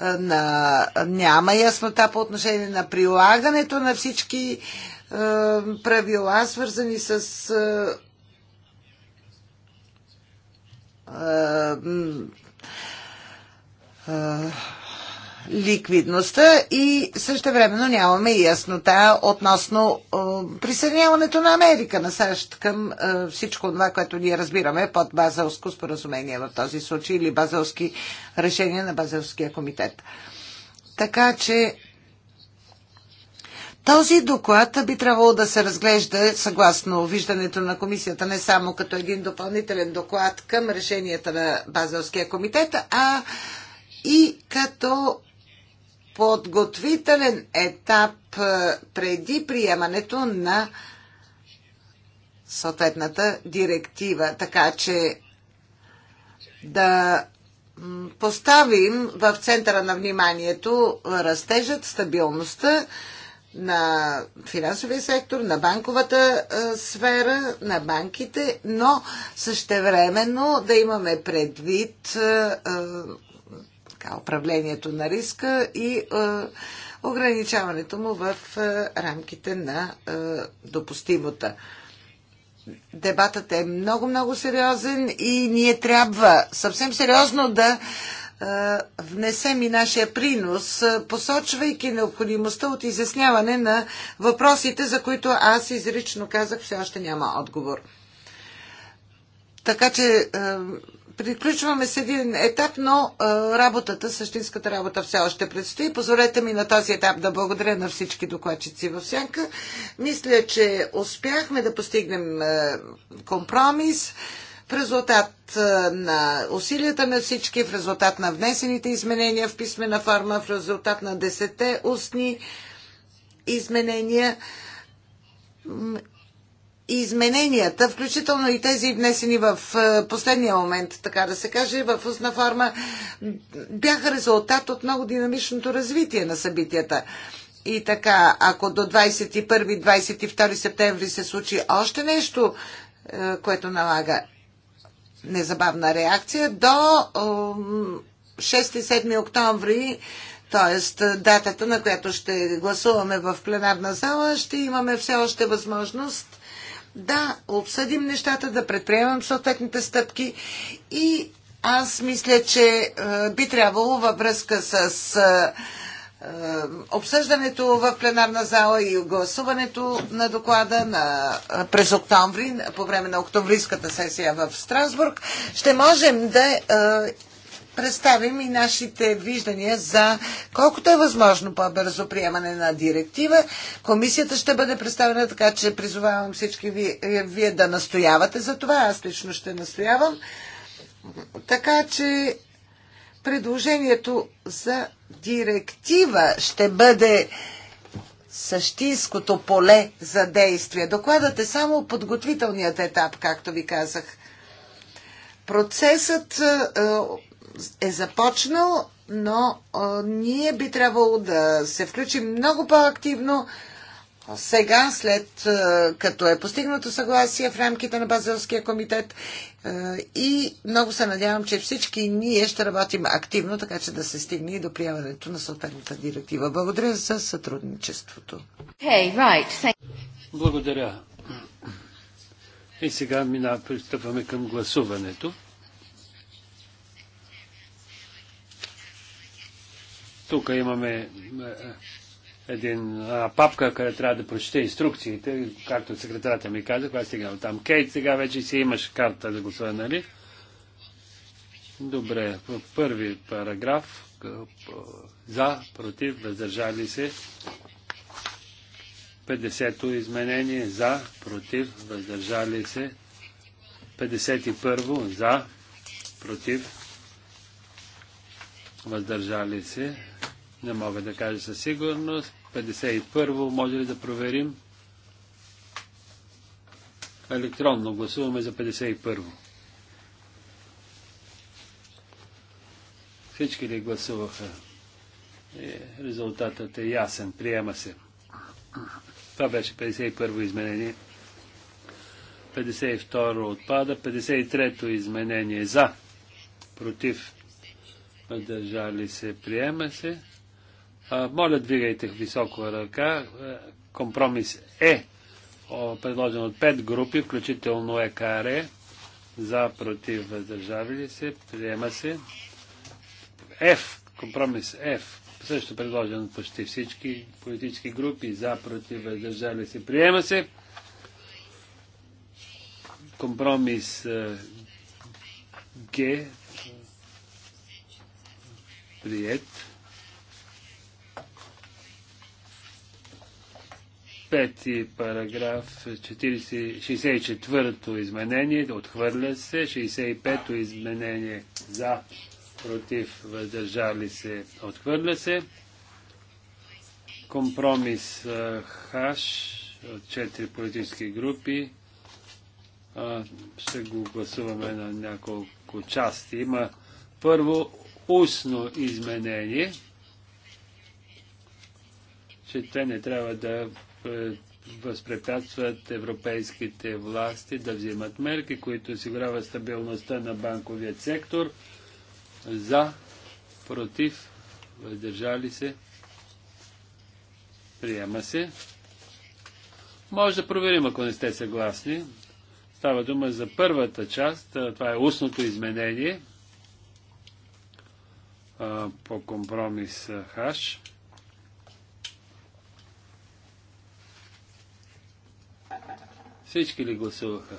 на, няма яснота по отношение на прилагането на всички е, правила, свързани с е, е, ликвидността и също времено нямаме яснота относно присъединяването на Америка, на САЩ към всичко това, което ние разбираме под базелско споразумение в този случай или базелски решение на базелския комитет. Така че този доклад би трябвало да се разглежда, съгласно виждането на комисията, не само като един допълнителен доклад към решенията на Базелския комитет, а и като подготвителен етап е, преди приемането на съответната директива. Така че да поставим в центъра на вниманието растежът, стабилността на финансовия сектор, на банковата е, сфера, на банките, но същевременно да имаме предвид е, така, управлението на риска и е, ограничаването му в е, рамките на е, допустимота. Дебатът е много-много сериозен и ние трябва съвсем сериозно да е, внесем и нашия принос, е, посочвайки необходимостта от изясняване на въпросите, за които аз изрично казах, все още няма отговор. Така че е, приключваме с един етап, но работата, същинската работа все още предстои. Позволете ми на този етап да благодаря на всички докладчици в Сянка. Мисля, че успяхме да постигнем компромис в резултат на усилията на всички, в резултат на внесените изменения в писмена форма, в резултат на десете устни изменения измененията, включително и тези внесени в е, последния момент, така да се каже, в устна форма, бяха резултат от много динамичното развитие на събитията. И така, ако до 21-22 септември се случи още нещо, е, което налага незабавна реакция, до 6-7 е, октомври т.е. датата, на която ще гласуваме в пленарна зала, ще имаме все още възможност да обсъдим нещата, да предприемам съответните стъпки и аз мисля, че е, би трябвало във връзка с е, е, обсъждането в пленарна зала и гласуването на доклада на, през октомври, по време на октомврийската сесия в Страсбург, ще можем да представим и нашите виждания за колкото е възможно по-бързо приемане на директива. Комисията ще бъде представена, така че призовавам всички ви, е, вие да настоявате за това. Аз лично ще настоявам. Така че предложението за директива ще бъде същинското поле за действие. Докладът е само подготвителният етап, както ви казах. Процесът е, е, е започнал, но а, ние би трябвало да се включим много по-активно сега, след а, като е постигнато съгласие в рамките на Базелския комитет а, и много се надявам, че всички ние ще работим активно, така че да се стигне и до приемането на съответната директива. Благодаря за сътрудничеството. Hey, right. Благодаря. И сега мина, пристъпваме към гласуването. Тук имаме е, е, един а, папка, където трябва да прочете инструкциите, както секретарата ми каза, когато е стигна там. Кейт, сега вече си имаш карта за гласуване, нали? Добре, в първи параграф за, против, въздържали се. 50-то изменение за, против, въздържали се. 51-во за, против, въздържали се. Не мога да кажа със сигурност. 51-во може ли да проверим? Електронно гласуваме за 51-во. Всички ли гласуваха? Е, резултатът е ясен, приема се. Това беше 51-во изменение. 52-ро отпада, 53-то изменение за, против, въздържали се, приема се. А, моля, двигайте високо ръка. Е, компромис Е, предложен от пет групи, включително ЕКР, за, против, въздържали се, приема се. Ф, компромис Ф, също предложен от почти всички политически групи, за, против, въздържали се, приема се. Компромис е, Г, прият. Пети параграф 64-то изменение отхвърля се, 65-то изменение за, против, въздържали се, отхвърля се. Компромис ХАШ от 4 политически групи. Ще го гласуваме на няколко части. Има първо устно изменение, че те не трябва да е, възпрепятстват европейските власти да взимат мерки, които осигуряват стабилността на банковия сектор за, против, въздържали се, приема се. Може да проверим, ако не сте съгласни. Става дума за първата част, това е устното изменение – по компромис ХАШ. Всички ли гласуваха?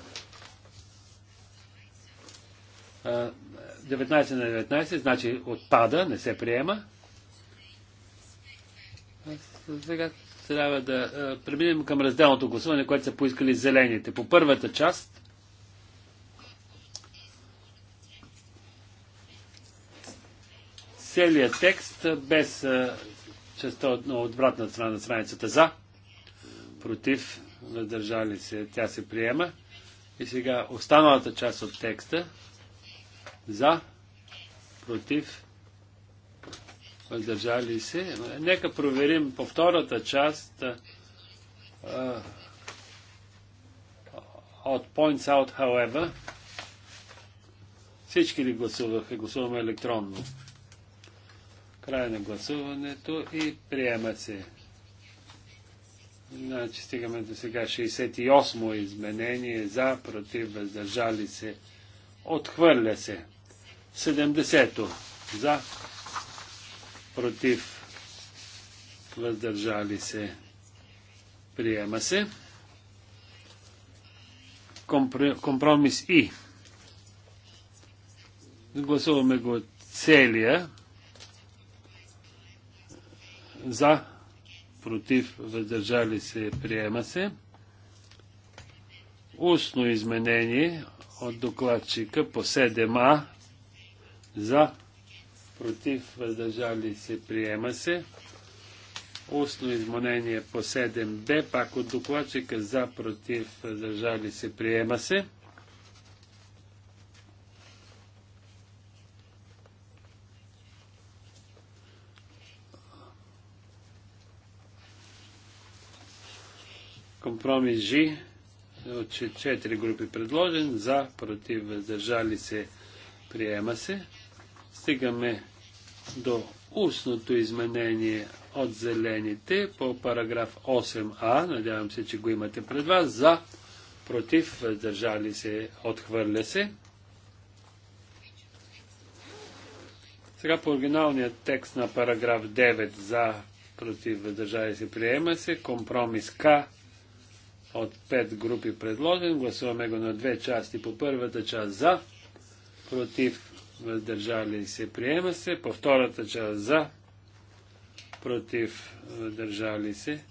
19 на 19, значи отпада, не се приема. Сега трябва да преминем към разделното гласуване, което са поискали зелените. По първата част целият текст без частта на обратна страна на страницата за, против, въздържали се, тя се приема. И сега останалата част от текста за, против, въздържали се. Нека проверим по втората част от Points Out, however. Всички ли гласуваха? Гласуваме електронно. Край на гласуването и приема се. Значи стигаме до сега 68-о изменение за, против, въздържали се, отхвърля се. 70-то за, против, въздържали се, приема се. Компромис И. Гласуваме го целия за, против, въздържали се, приема се. Устно изменение от докладчика по 7А. За, против, въздържали се, приема се. Устно изменение по 7Б, пак от докладчика за, против, въздържали се, приема се. Компромис Жи от четири групи предложен. За, против, въздържали се, приема се. Стигаме до устното изменение от зелените по параграф 8а. Надявам се, че го имате пред вас. За, против, въздържали се, отхвърля се. Сега по оригиналния текст на параграф 9 за, против, въздържали се, приема се. Компромис К от пет групи предложен. Гласуваме го на две части. По първата част за, против, въздържали се, приема се. По втората част за, против, въздържали се.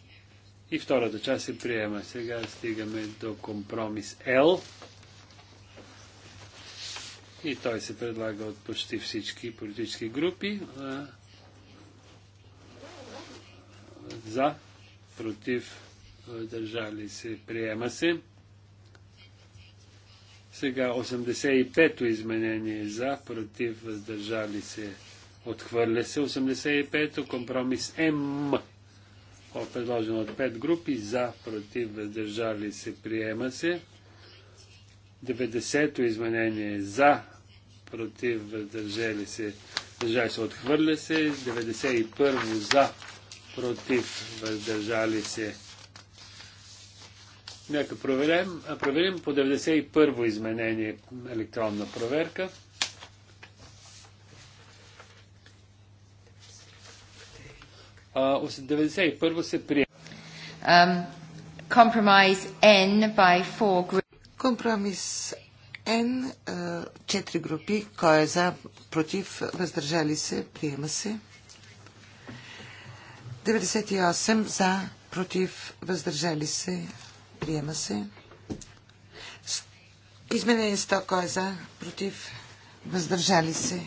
И втората част се приема. Сега стигаме до компромис L. И той се предлага от почти всички политически групи. За, против, държали се, приема се. Сега 85-то изменение за, против, въздържали се, отхвърля се. 85-то компромис М, предложен от 5 групи, за, против, въздържали се, приема се. 90-то изменение за, против, въздържали се, въздържали се, отхвърля се. 91 то за, против, въздържали се, Нека проверим, а проверим по 91-во изменение електронна проверка. А, 91-во се прие. Um, N by four group. Компромис N, четири групи. Кой е за, против, въздържали се, приема се. 98 за, против, въздържали се, Приема се. Изменение 100. Кой е за? Против? Въздържали се?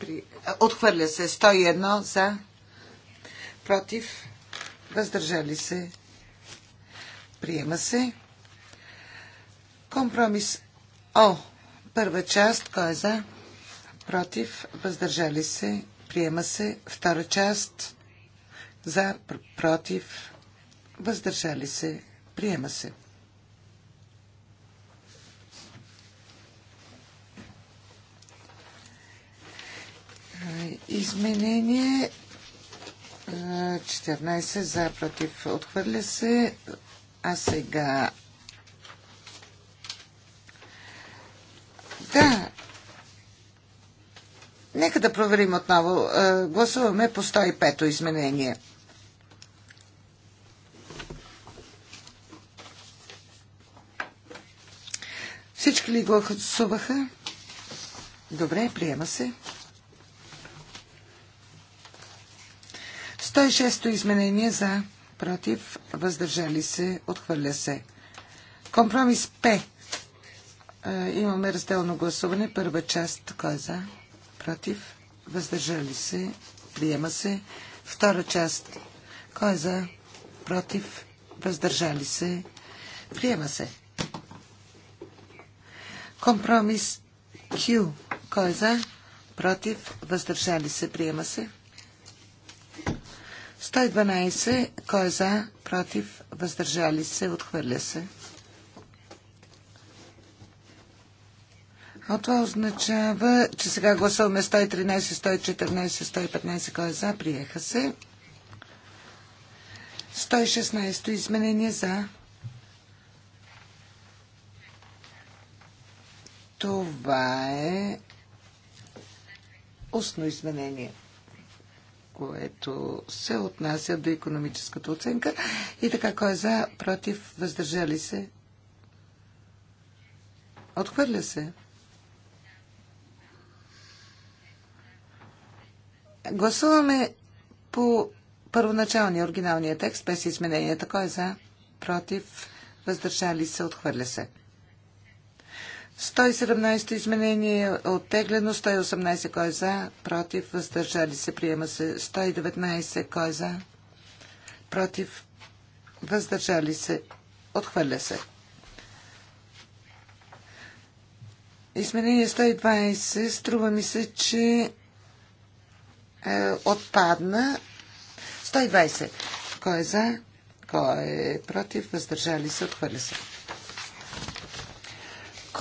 При... Отхвърля се. 101 за? Против? Въздържали се? Приема се. Компромис О. Първа част. Кой е за? Против? Въздържали се? Приема се. Втора част. За? Против? Въздържали се? Приема се. Изменение 14 за против отхвърля се. А сега. Да. Нека да проверим отново. Гласуваме по 105-то изменение. Всички ли гласуваха? Добре, приема се. 106-то изменение за, против, въздържали се, отхвърля се. Компромис П. Е, имаме разделно гласуване. Първа част, кой е за, против, въздържали се, приема се. Втора част, кой е за, против, въздържали се, приема се. Компромис Q. Кой е за? Против? Въздържали се? Приема се. 112. Кой е за? Против? Въздържали се? Отхвърля се. А това означава, че сега гласуваме 113, 114, 115. Кой е за? Приеха се. 116 изменение за Това е устно изменение, което се отнася до економическата оценка. И така, кой е за, против, въздържали се? Отхвърля се. Гласуваме по първоначалния, оригиналния текст, без измененията. Кой е за, против, въздържали се, отхвърля се. 117 изменение е оттеглено, 118 кой е за, против, въздържали се, приема се 119 кой е за, против, въздържали се, отхвърля се. Изменение 120 струва ми се, че е, отпадна. 120. Кой е за? Кой е против? Въздържали се? Отхвърля се.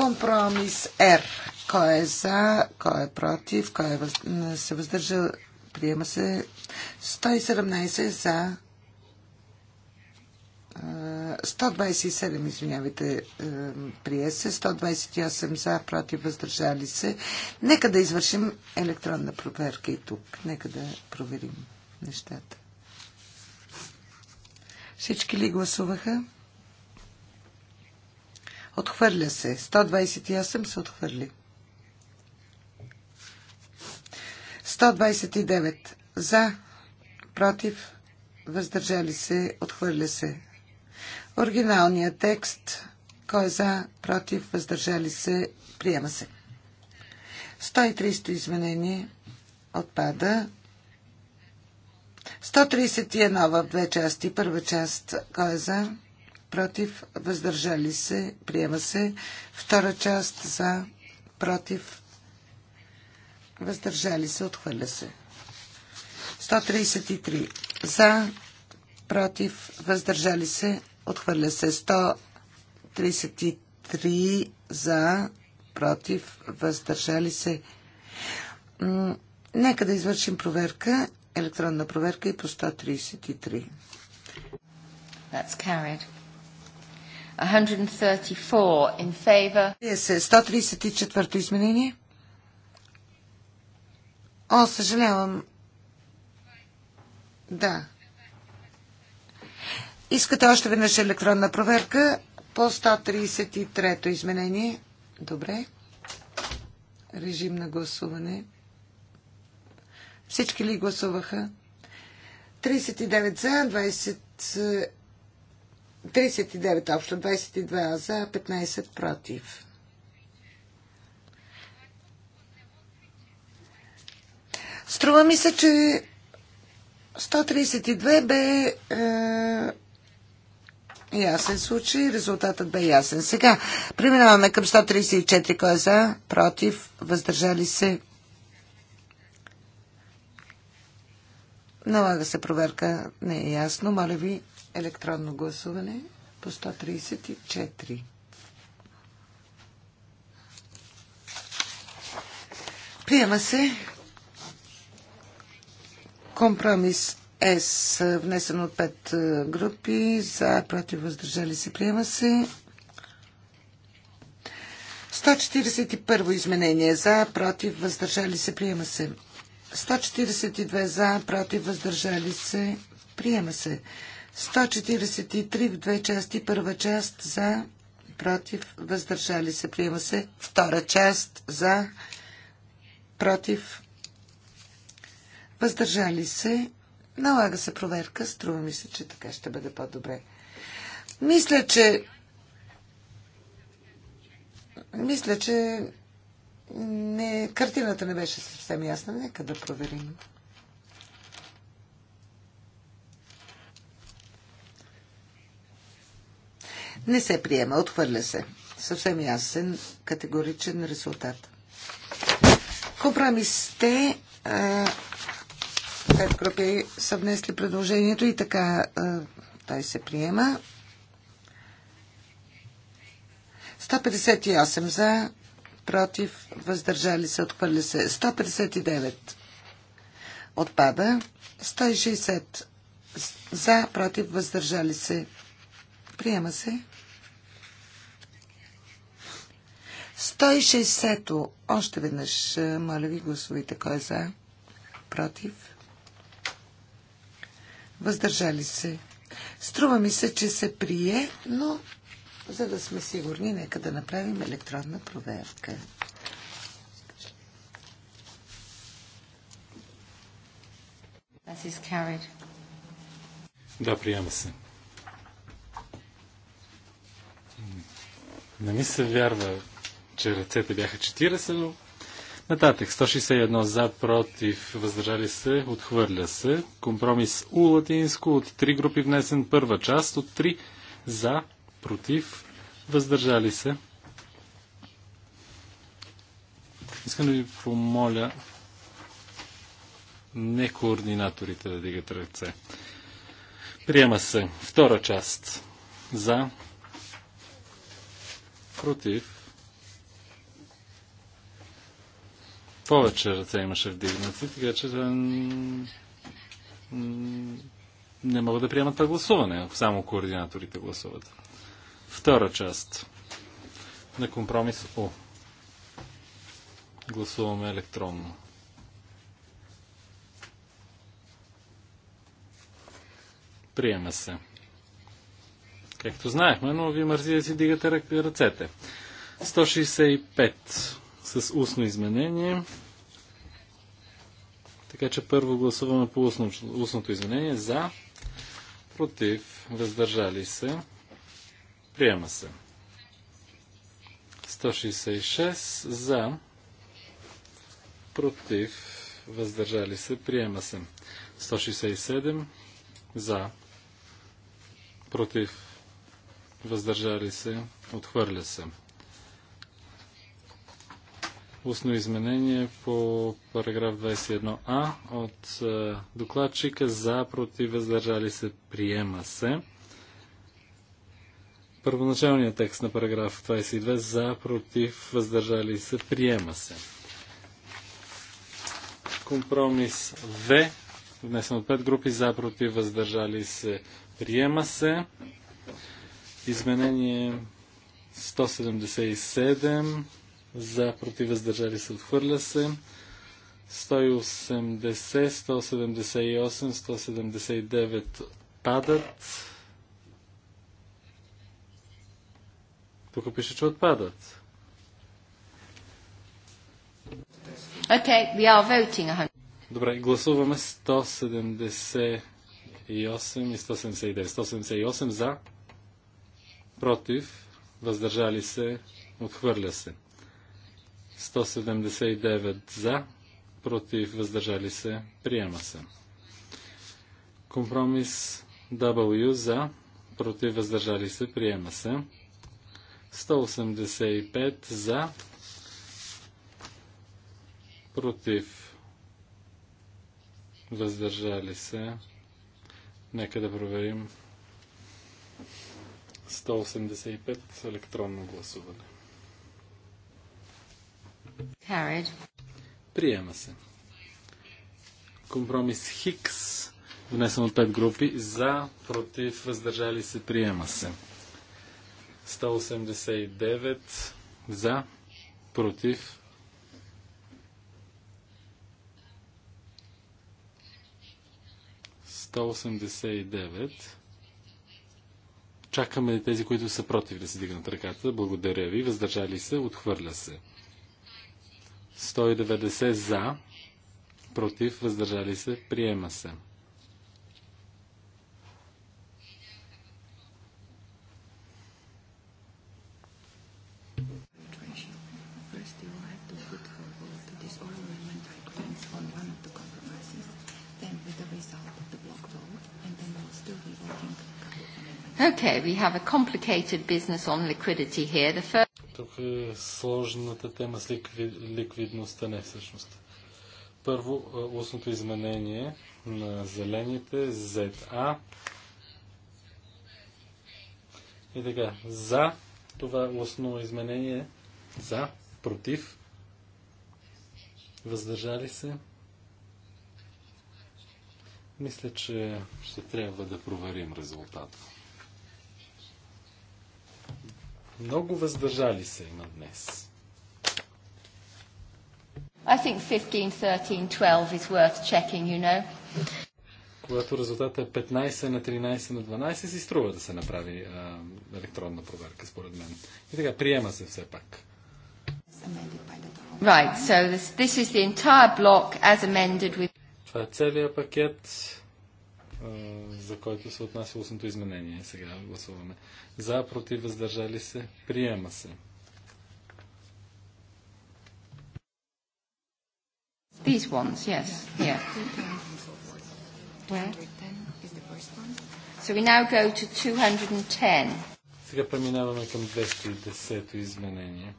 Компромис Р. Кой е за, кой е против, кой е въз... се въздържа, приема се 117 за 127, е, извинявайте, е, прие се, 128 за, против, въздържали се. Нека да извършим електронна проверка и тук. Нека да проверим нещата. Всички ли гласуваха? Отхвърля се. 128 се отхвърли. 129 за, против, въздържали се, отхвърля се. Оригиналният текст, кой е за, против, въздържали се, приема се. 130 изменение отпада. 131 в две части. Първа част, кой е за, против, въздържали се, приема се. Втора част за, против, въздържали се, отхвърля се. 133 за, против, въздържали се, отхвърля се. 133 за, против, въздържали се. Нека да извършим проверка, електронна проверка и по 133. That's carried. 134 in favor. 134 изменение. О, съжалявам. Да. Искате още веднъж електронна проверка по 133-то изменение. Добре. Режим на гласуване. Всички ли гласуваха? 39 за, 20 39 общо, 22 за, 15 против. Струва ми се, че 132 бе е, ясен случай, резултатът бе ясен. Сега преминаваме към 134, кой е за, против, въздържали се. Налага се проверка, не е ясно, моля ви, електронно гласуване по 134. Приема се компромис С, внесен от пет е, групи, за, против, въздържали се, приема се. 141 изменение за, против, въздържали се, приема се. 142 за, против, въздържали се, приема се. 143 в две части. Първа част за, против, въздържали се, приема се. Втора част за, против, въздържали се. Налага се проверка. Струва ми се, че така ще бъде по-добре. Мисля, че мисля, че не, картината не беше съвсем ясна. Нека да проверим. Не се приема, отхвърля се. Съвсем ясен, категоричен резултат. Компромисте пет групи са внесли предложението и така той се приема. 158 за, против, въздържали се, отхвърля се. 159 отпада. 160 за, против, въздържали се, Приема се. 160-то. Още веднъж, моля ви, гласовите. Кой е за? Против? Въздържали се. Струва ми се, че се прие, но за да сме сигурни, нека да направим електронна проверка. Да, приема се. Не ми се вярва, че ръцете бяха 40, но нататък. 161 за, против, въздържали се, отхвърля се. Компромис У латинско от три групи внесен първа част, от три за, против, въздържали се. Искам да ви помоля не координаторите да дигат ръце. Приема се втора част за, Против. Повече ръце имаше вдигнати, така че да... не мога да приемат това гласуване, ако само координаторите гласуват. Втора част на компромис О. Гласуваме електронно. Приема се както знаехме, но ви мързи да си дигате ръцете. 165 с устно изменение. Така че първо гласуваме по устно, устното изменение. За, против, въздържали се. Приема се. 166 за, против, въздържали се, приема се. 167 за, против, въздържали се, отхвърля се. Устно изменение по параграф 21а от е, докладчика за, против, въздържали се, приема се. Първоначалният текст на параграф 22 за, против, въздържали се, приема се. Компромис В, внесен от 5 групи за, против, въздържали се, приема се. Изменение 177 за против въздържали се отхвърля се. 180, 178, 179 падат. Тук пише, че отпадат. Okay, we are voting. Добре, гласуваме 178 и 179. 178 за, против, въздържали се, отхвърля се. 179 за, против, въздържали се, приема се. Компромис W за, против, въздържали се, приема се. 185 за, против, въздържали се. Нека да проверим 185 електронно гласуване. Carried. Приема се. Компромис Хикс, внесен от 5 групи, за, против, въздържали се, приема се. 189 за, против, сто осемдесет и девет Чакаме тези, които са против да си дигнат ръката. Благодаря ви. Въздържали се. Отхвърля се. 190 за. Против. Въздържали се. Приема се. Okay, we have a complicated business on liquidity here. The first... Тук е сложната тема с ликви... ликвидността, не всъщност. Първо, устното изменение на зелените, ZA. И така, за това устно изменение, за, против, въздържали се. Мисля, че ще трябва да проверим резултата. Много въздържали се има днес. I think 15, 13, 12 is worth checking, you know. Когато резултатът е 15 на 13 на 12, си струва да се направи а, електронна проверка, според мен. И така, приема се все пак. Right, so this, this is the entire block as amended with... Това е целият пакет за който се отнася устното изменение. Сега гласуваме. За, против, въздържали се, приема се. These ones, yes, yeah. Where? So we now go to 210. Сега преминаваме към 210-то изменение.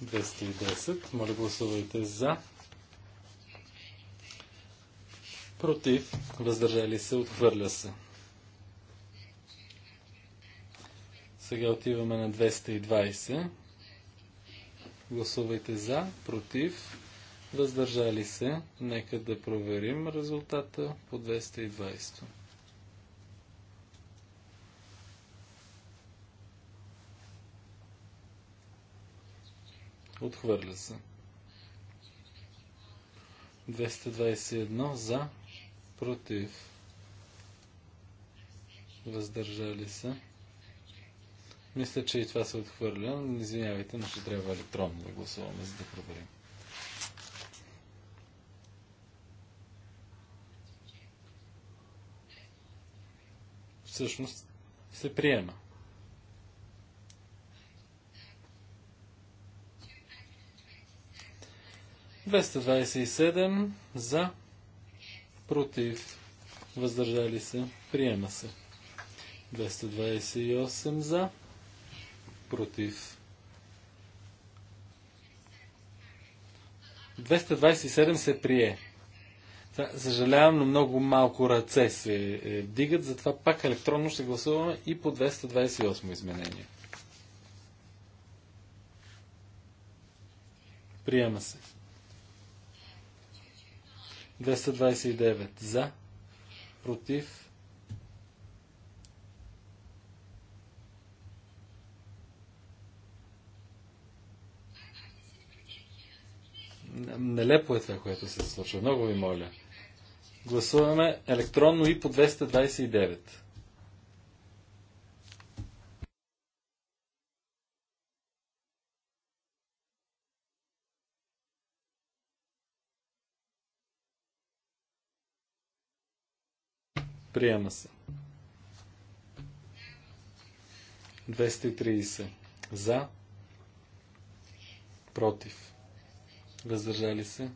Двести и десет. Моля гласувайте за. против, въздържали се, отхвърля се. Сега отиваме на 220. Гласувайте за, против, въздържали се. Нека да проверим резултата по 220. Отхвърля се. 221 за, против, въздържали се. Мисля, че и това се отхвърля. Извинявайте, но ще трябва електронно да гласуваме, за да проверим. Всъщност се приема. Двеста за против, въздържали се, приема се. 228 за, против. 227 се прие. съжалявам, но много малко ръце се е, дигат, затова пак електронно ще гласуваме и по 228 изменение. Приема се. 229 за, против, Нелепо е това, което се случва. Много ви моля. Гласуваме електронно и по 229. Приема се. 230. За. Против. Въздържали се.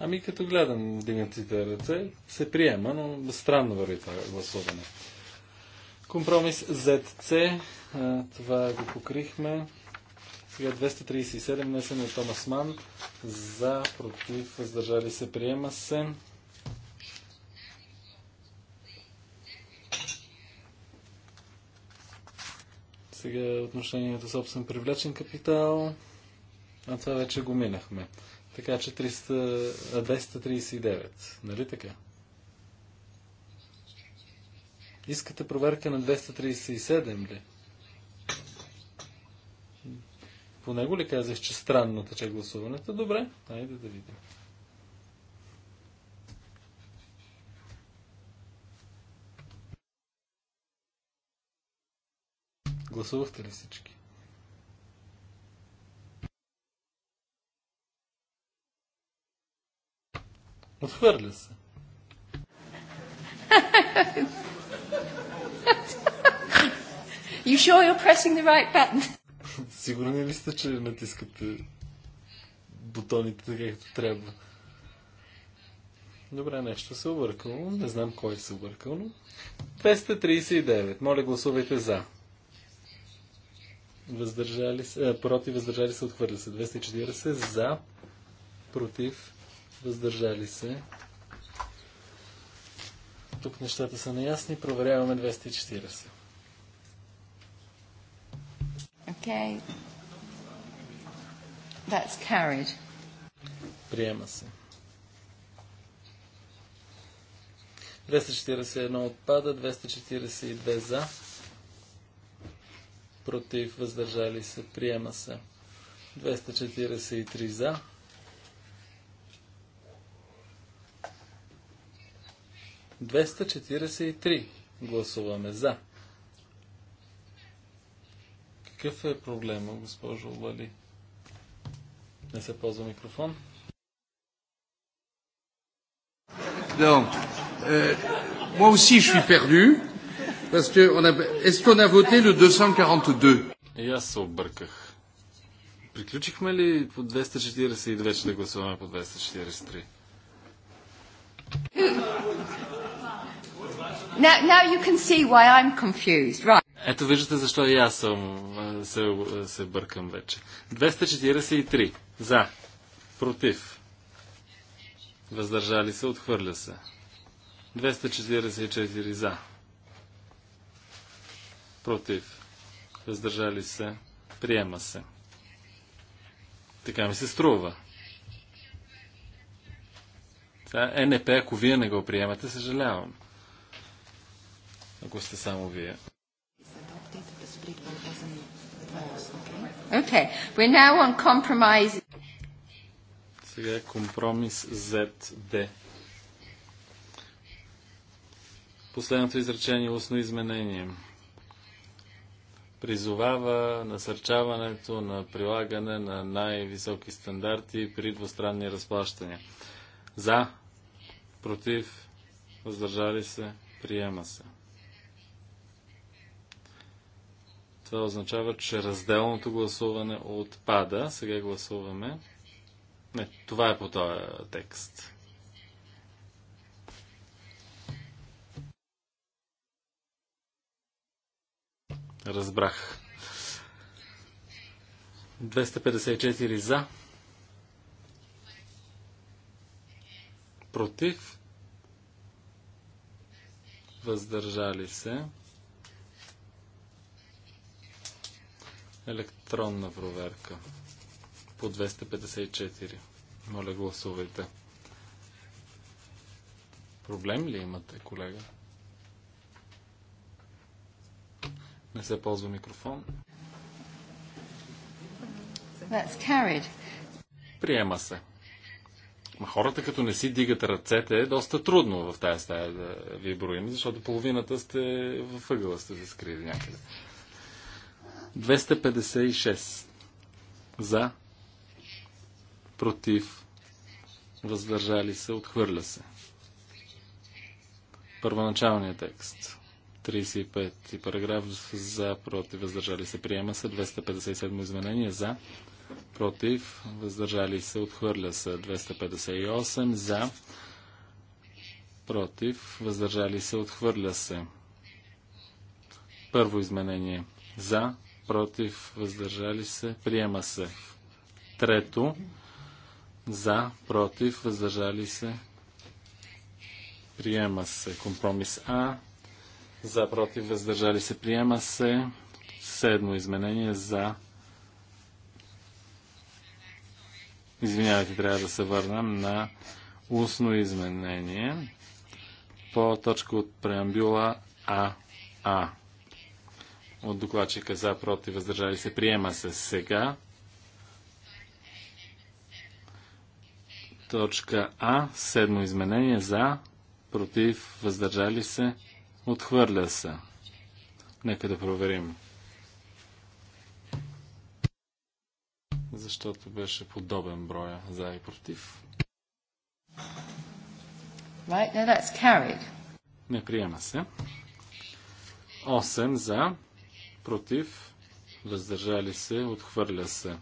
Ами като гледам вдигнатите ръце, се приема, но странно върви това гласуване. Компромис ZC, това го покрихме. Сега 237, внесен от Томас Ман. За, против, въздържали се, приема се. Сега отношението собствен привлечен капитал. А това вече го минахме. Така че 300, 239. Нали така? Искате проверка на 237 ли? по него ли казах, че странно тече гласуването? Добре, айде да видим. Гласувахте ли всички? Отхвърля се. you sure you're pressing the right button? Сигурен ли сте, че натискате бутоните така, както трябва? Добре, нещо се е объркало. Не знам кой се объркал, но... 239. Моля, гласувайте за. Въздържали се, а, е, против, въздържали се, отхвърля се. 240 за, против, въздържали се. Тук нещата са неясни. Проверяваме 240. Okay. That's carried. Приема се. 241 отпада, 242 за, против, въздържали се, приема се. 243 за. Двеста гласуваме за. Какъв е проблема, госпожо Лали? Не се ползва микрофон. Non. Euh, moi aussi, je suis perdu. Parce que on a... Est-ce qu'on a voté le 242 И аз се обърках. Приключихме ли по 242 и вече да гласуваме по 243? Now, now you can see why I'm confused, right? Ето виждате защо и аз съм, се, се бъркам вече. 243. За. Против. Въздържали се. Отхвърля се. 244. За. Против. Въздържали се. Приема се. Така ми се струва. Това е НП, ако вие не го приемате, съжалявам. Ако сте само вие. Okay. We're now on compromise. Сега е компромис ZD. Последното изречение е устно изменение. Призовава насърчаването на прилагане на най-високи стандарти при двустранни разплащания. За, против, въздържали се, приема се. Това означава, че разделното гласуване отпада. Сега гласуваме. Не, това е по този текст. Разбрах. 254 за. Против. Въздържали се. Електронна проверка по 254. Моля, гласувайте. Проблем ли имате, колега? Не се ползва микрофон. Приема се. Ма хората, като не си дигат ръцете, е доста трудно в тази стая да ви броим, защото половината сте във ъгъла сте се скрили някъде. 256 за, против, въздържали се, отхвърля се. Първоначалният текст. 35 и параграф за, против, въздържали се, приема се. 257 изменение за, против, въздържали се, отхвърля се. 258 за, против, въздържали се, отхвърля се. Първо изменение за, против, въздържали се, приема се. Трето, за, против, въздържали се, приема се. Компромис А, за, против, въздържали се, приема се. Седмо изменение, за. Извинявайте, трябва да се върнем на устно изменение по точка от преамбюла АА от докладчика за, против, въздържали се, приема се сега. Точка А, седмо изменение за, против, въздържали се, отхвърля се. Нека да проверим. Защото беше подобен броя за и против. Right, now that's carried. Не приема се. 8 за, против, въздържали се, отхвърля се.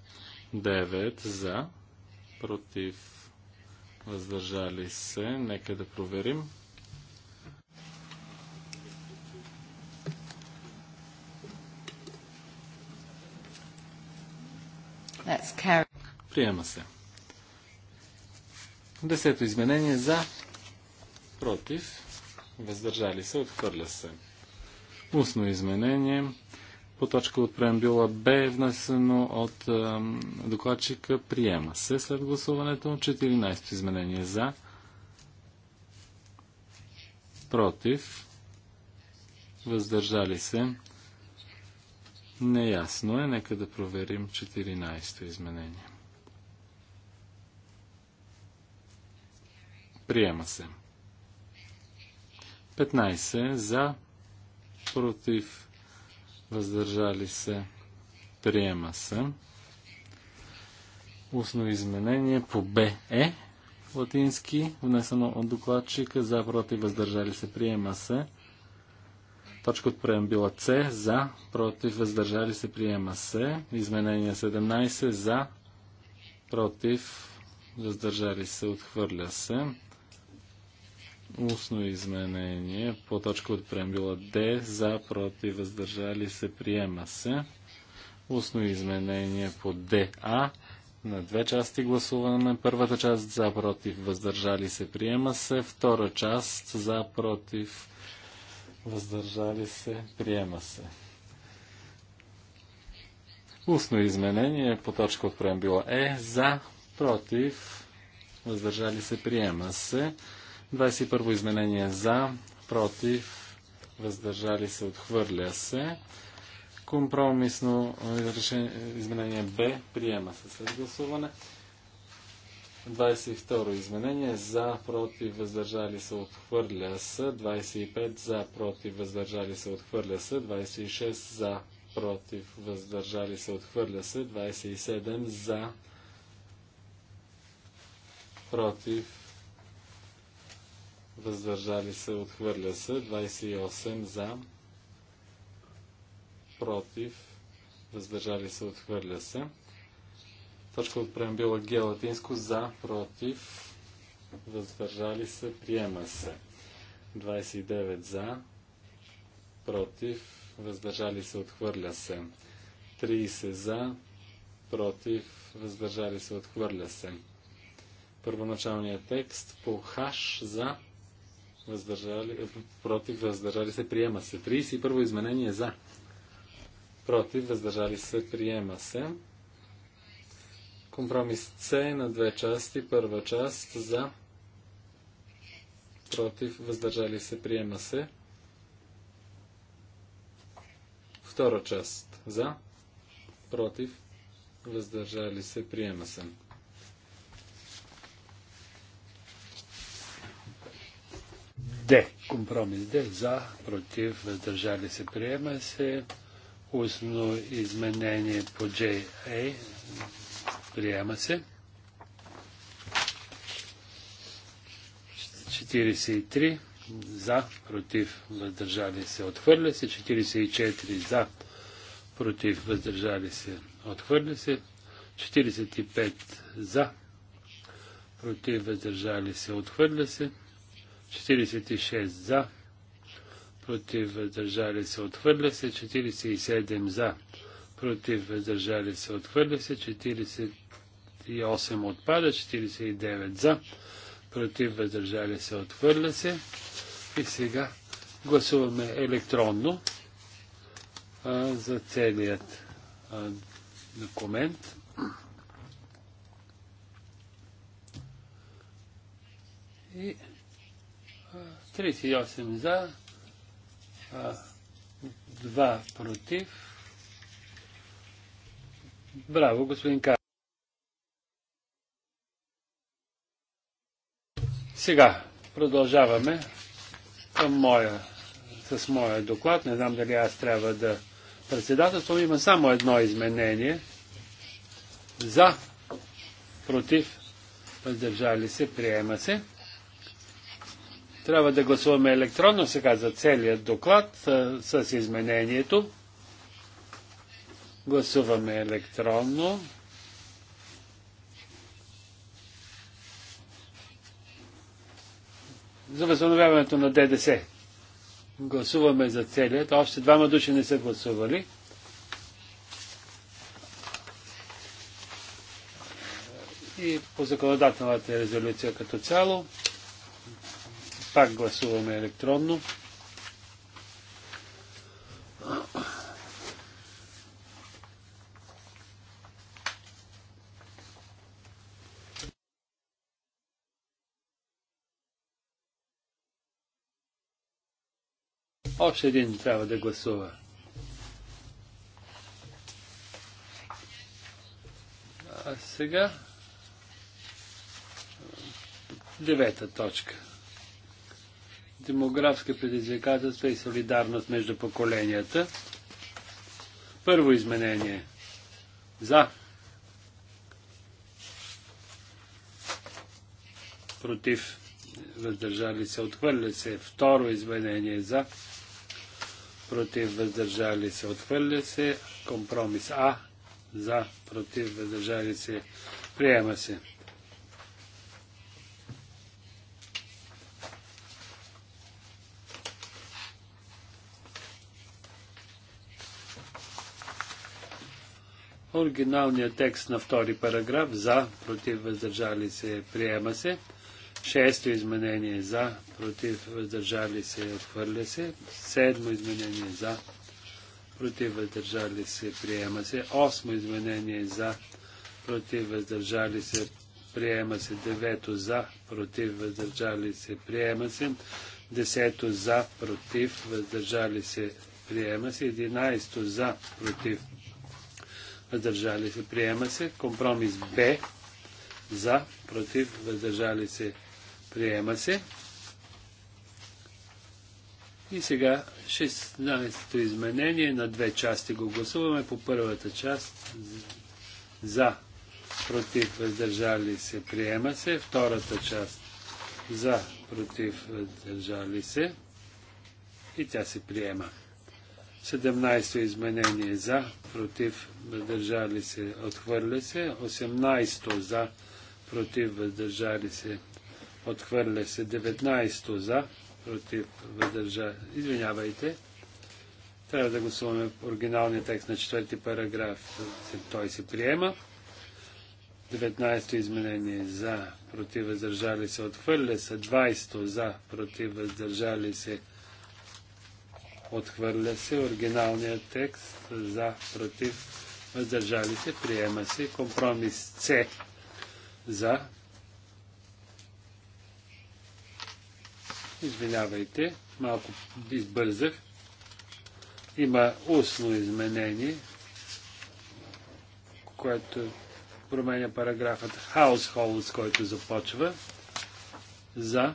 9 за, против, въздържали се. Нека да проверим. Приема се. Десето изменение за, против, въздържали се, отхвърля се. Устно изменение по точка от преамбюла Б, внесено от е, докладчика, приема се след гласуването. 14 изменение за, против, въздържали се. Неясно е, нека да проверим 14-то изменение. Приема се. 15 за, против, въздържали се, приема се. Устно изменение по БЕ, латински, внесено от докладчика, за, против, въздържали се, приема се. Точка от преамбила С, за, против, въздържали се, приема се. Изменение 17, за, против, въздържали се, отхвърля се. Устно изменение по точка от преамбюла Д. За, против, въздържали се, приема се. Устно изменение по ДА. На две части гласуваме. Първата част за, против, въздържали се, приема се. Втора част за, против, въздържали се, приема се. Устно изменение по точка от преамбюла Е. За, против, въздържали се, приема се. 21 изменение за, против, въздържали се, отхвърля се. Компромисно изменение Б приема се след гласуване. 22 изменение за, против, въздържали се, отхвърля се. 25 за, против, въздържали се, отхвърля се. 26 за, против, въздържали се, отхвърля се. 27 за, против, въздържали се, отхвърля се, 28 за, против, въздържали се, отхвърля се. Точка от преамбила Г е латинско за, против, въздържали се, приема се. 29 за, против, въздържали се, отхвърля се. 30 за, против, въздържали се, отхвърля се. Първоначалният текст по хаш за, въздържали, е, против, въздържали се, приема се. 31 изменение за, против, въздържали се, приема се. Компромис С на две части. Първа част за, против, въздържали се, приема се. Втора част за, против, въздържали се, приема се. Д. Компромис Д. За, против, въздържали се, приема се. Устно изменение по JA. Е. Приема се. 43 за, против, въздържали се, отхвърля се. 44 за, против, въздържали се, отхвърля се. 45 за, против, въздържали се, отхвърля се. 46 за, против въздържали се, отхвърля се, 47 за, против въздържали се, отхвърля се, 48 отпада, 49 за, против въздържали се, отхвърля се. И сега гласуваме електронно а, за целият а, документ. И 38 за, 2 против. Браво, господин Кар. Сега продължаваме към моя, с моя доклад. Не знам дали аз трябва да председателствам. Има само едно изменение. За, против, въздържали се, приема се. Трябва да гласуваме електронно сега за целият доклад с, изменението. Гласуваме електронно. За възстановяването на ДДС. Гласуваме за целият. Още двама души не са гласували. И по законодателната резолюция като цяло. Пак гласуваме електронно. Още един трябва да гласува. А сега девета точка демографски предизвикателства и солидарност между поколенията. Първо изменение. За. Против. Въздържали се. Отхвърля се. Второ изменение. За. Против. Въздържали се. Отхвърля се. Компромис А. За. Против. Въздържали се. Приема се. Оригиналният текст на втори параграф за, против, въздържали се, приема се. Шесто изменение за, против, въздържали се, отхвърля се. Седмо изменение за, против, въздържали се, приема се. Осмо изменение за, против, въздържали се, приема се. Девето за, против, въздържали се, приема се. Десето за, против, въздържали се, приема се. Единайсто за, против, въздържали се, приема се. Компромис Б за, против, въздържали се, приема се. И сега 16-то изменение на две части го гласуваме. По първата част за, против, въздържали се, приема се. Втората част за, против, въздържали се и тя се приема. 17-то изменение за, против, въздържали се, отхвърля се. 18-то за, против, въздържали се, отхвърля се. 19-то за, против, въздържали Извинявайте. Трябва да гласуваме оригиналния текст на четвърти параграф. Той се приема. 19-то изменение за, против, въздържали се, отхвърля се. 20-то за, против, въздържали се, отхвърля се Отхвърля се оригиналният текст за, против, въздържали се, приема се. Компромис С за. Извинявайте, малко избързах. Има устно изменение, което променя параграфът Households, който започва за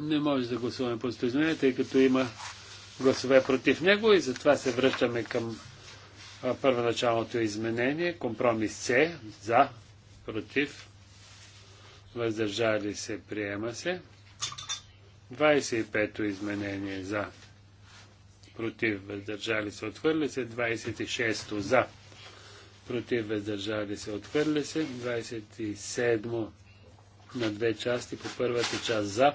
не може да гласуваме по споразумение, тъй като има гласове против него и затова се връщаме към първоначалното изменение. Компромис С. За. Против. Въздържали се. Приема се. 25-то изменение. За. Против. Въздържали се. Отхвърля се. 26-то. За. Против. Въздържали се. Отхвърля се. 27-то на две части. По първата част за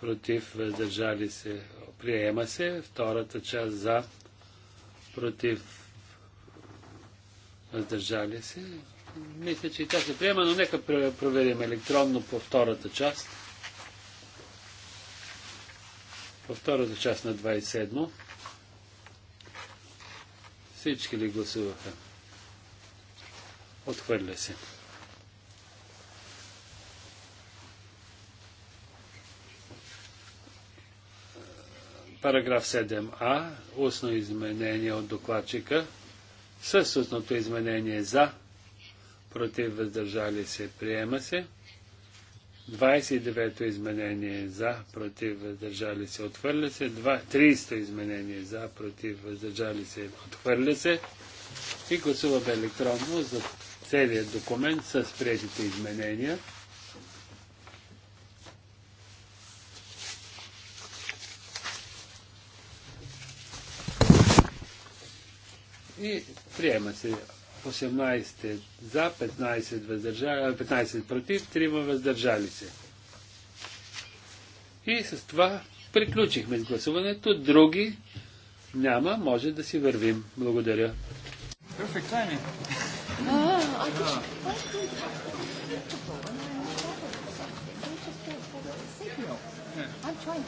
против, въздържали се, приема се. Втората част за, против, въздържали се. Мисля, че и тя се приема, но нека проверим електронно по втората част. По втората част на 27. Всички ли гласуваха? Отхвърля се. Параграф 7а, устно изменение от докладчика. със устното изменение за, против въздържали се, приема се. 29-то изменение за, против въздържали се, отхвърля се. 30-то изменение за, против въздържали се, отхвърля се. И гласуваме електронно за целият документ с приятите изменения. И приема се 18 за, 15, въздържали, 15 против, 3 въздържали се. И с това приключихме с гласуването. Други няма, може да си вървим. Благодаря. I'm trying.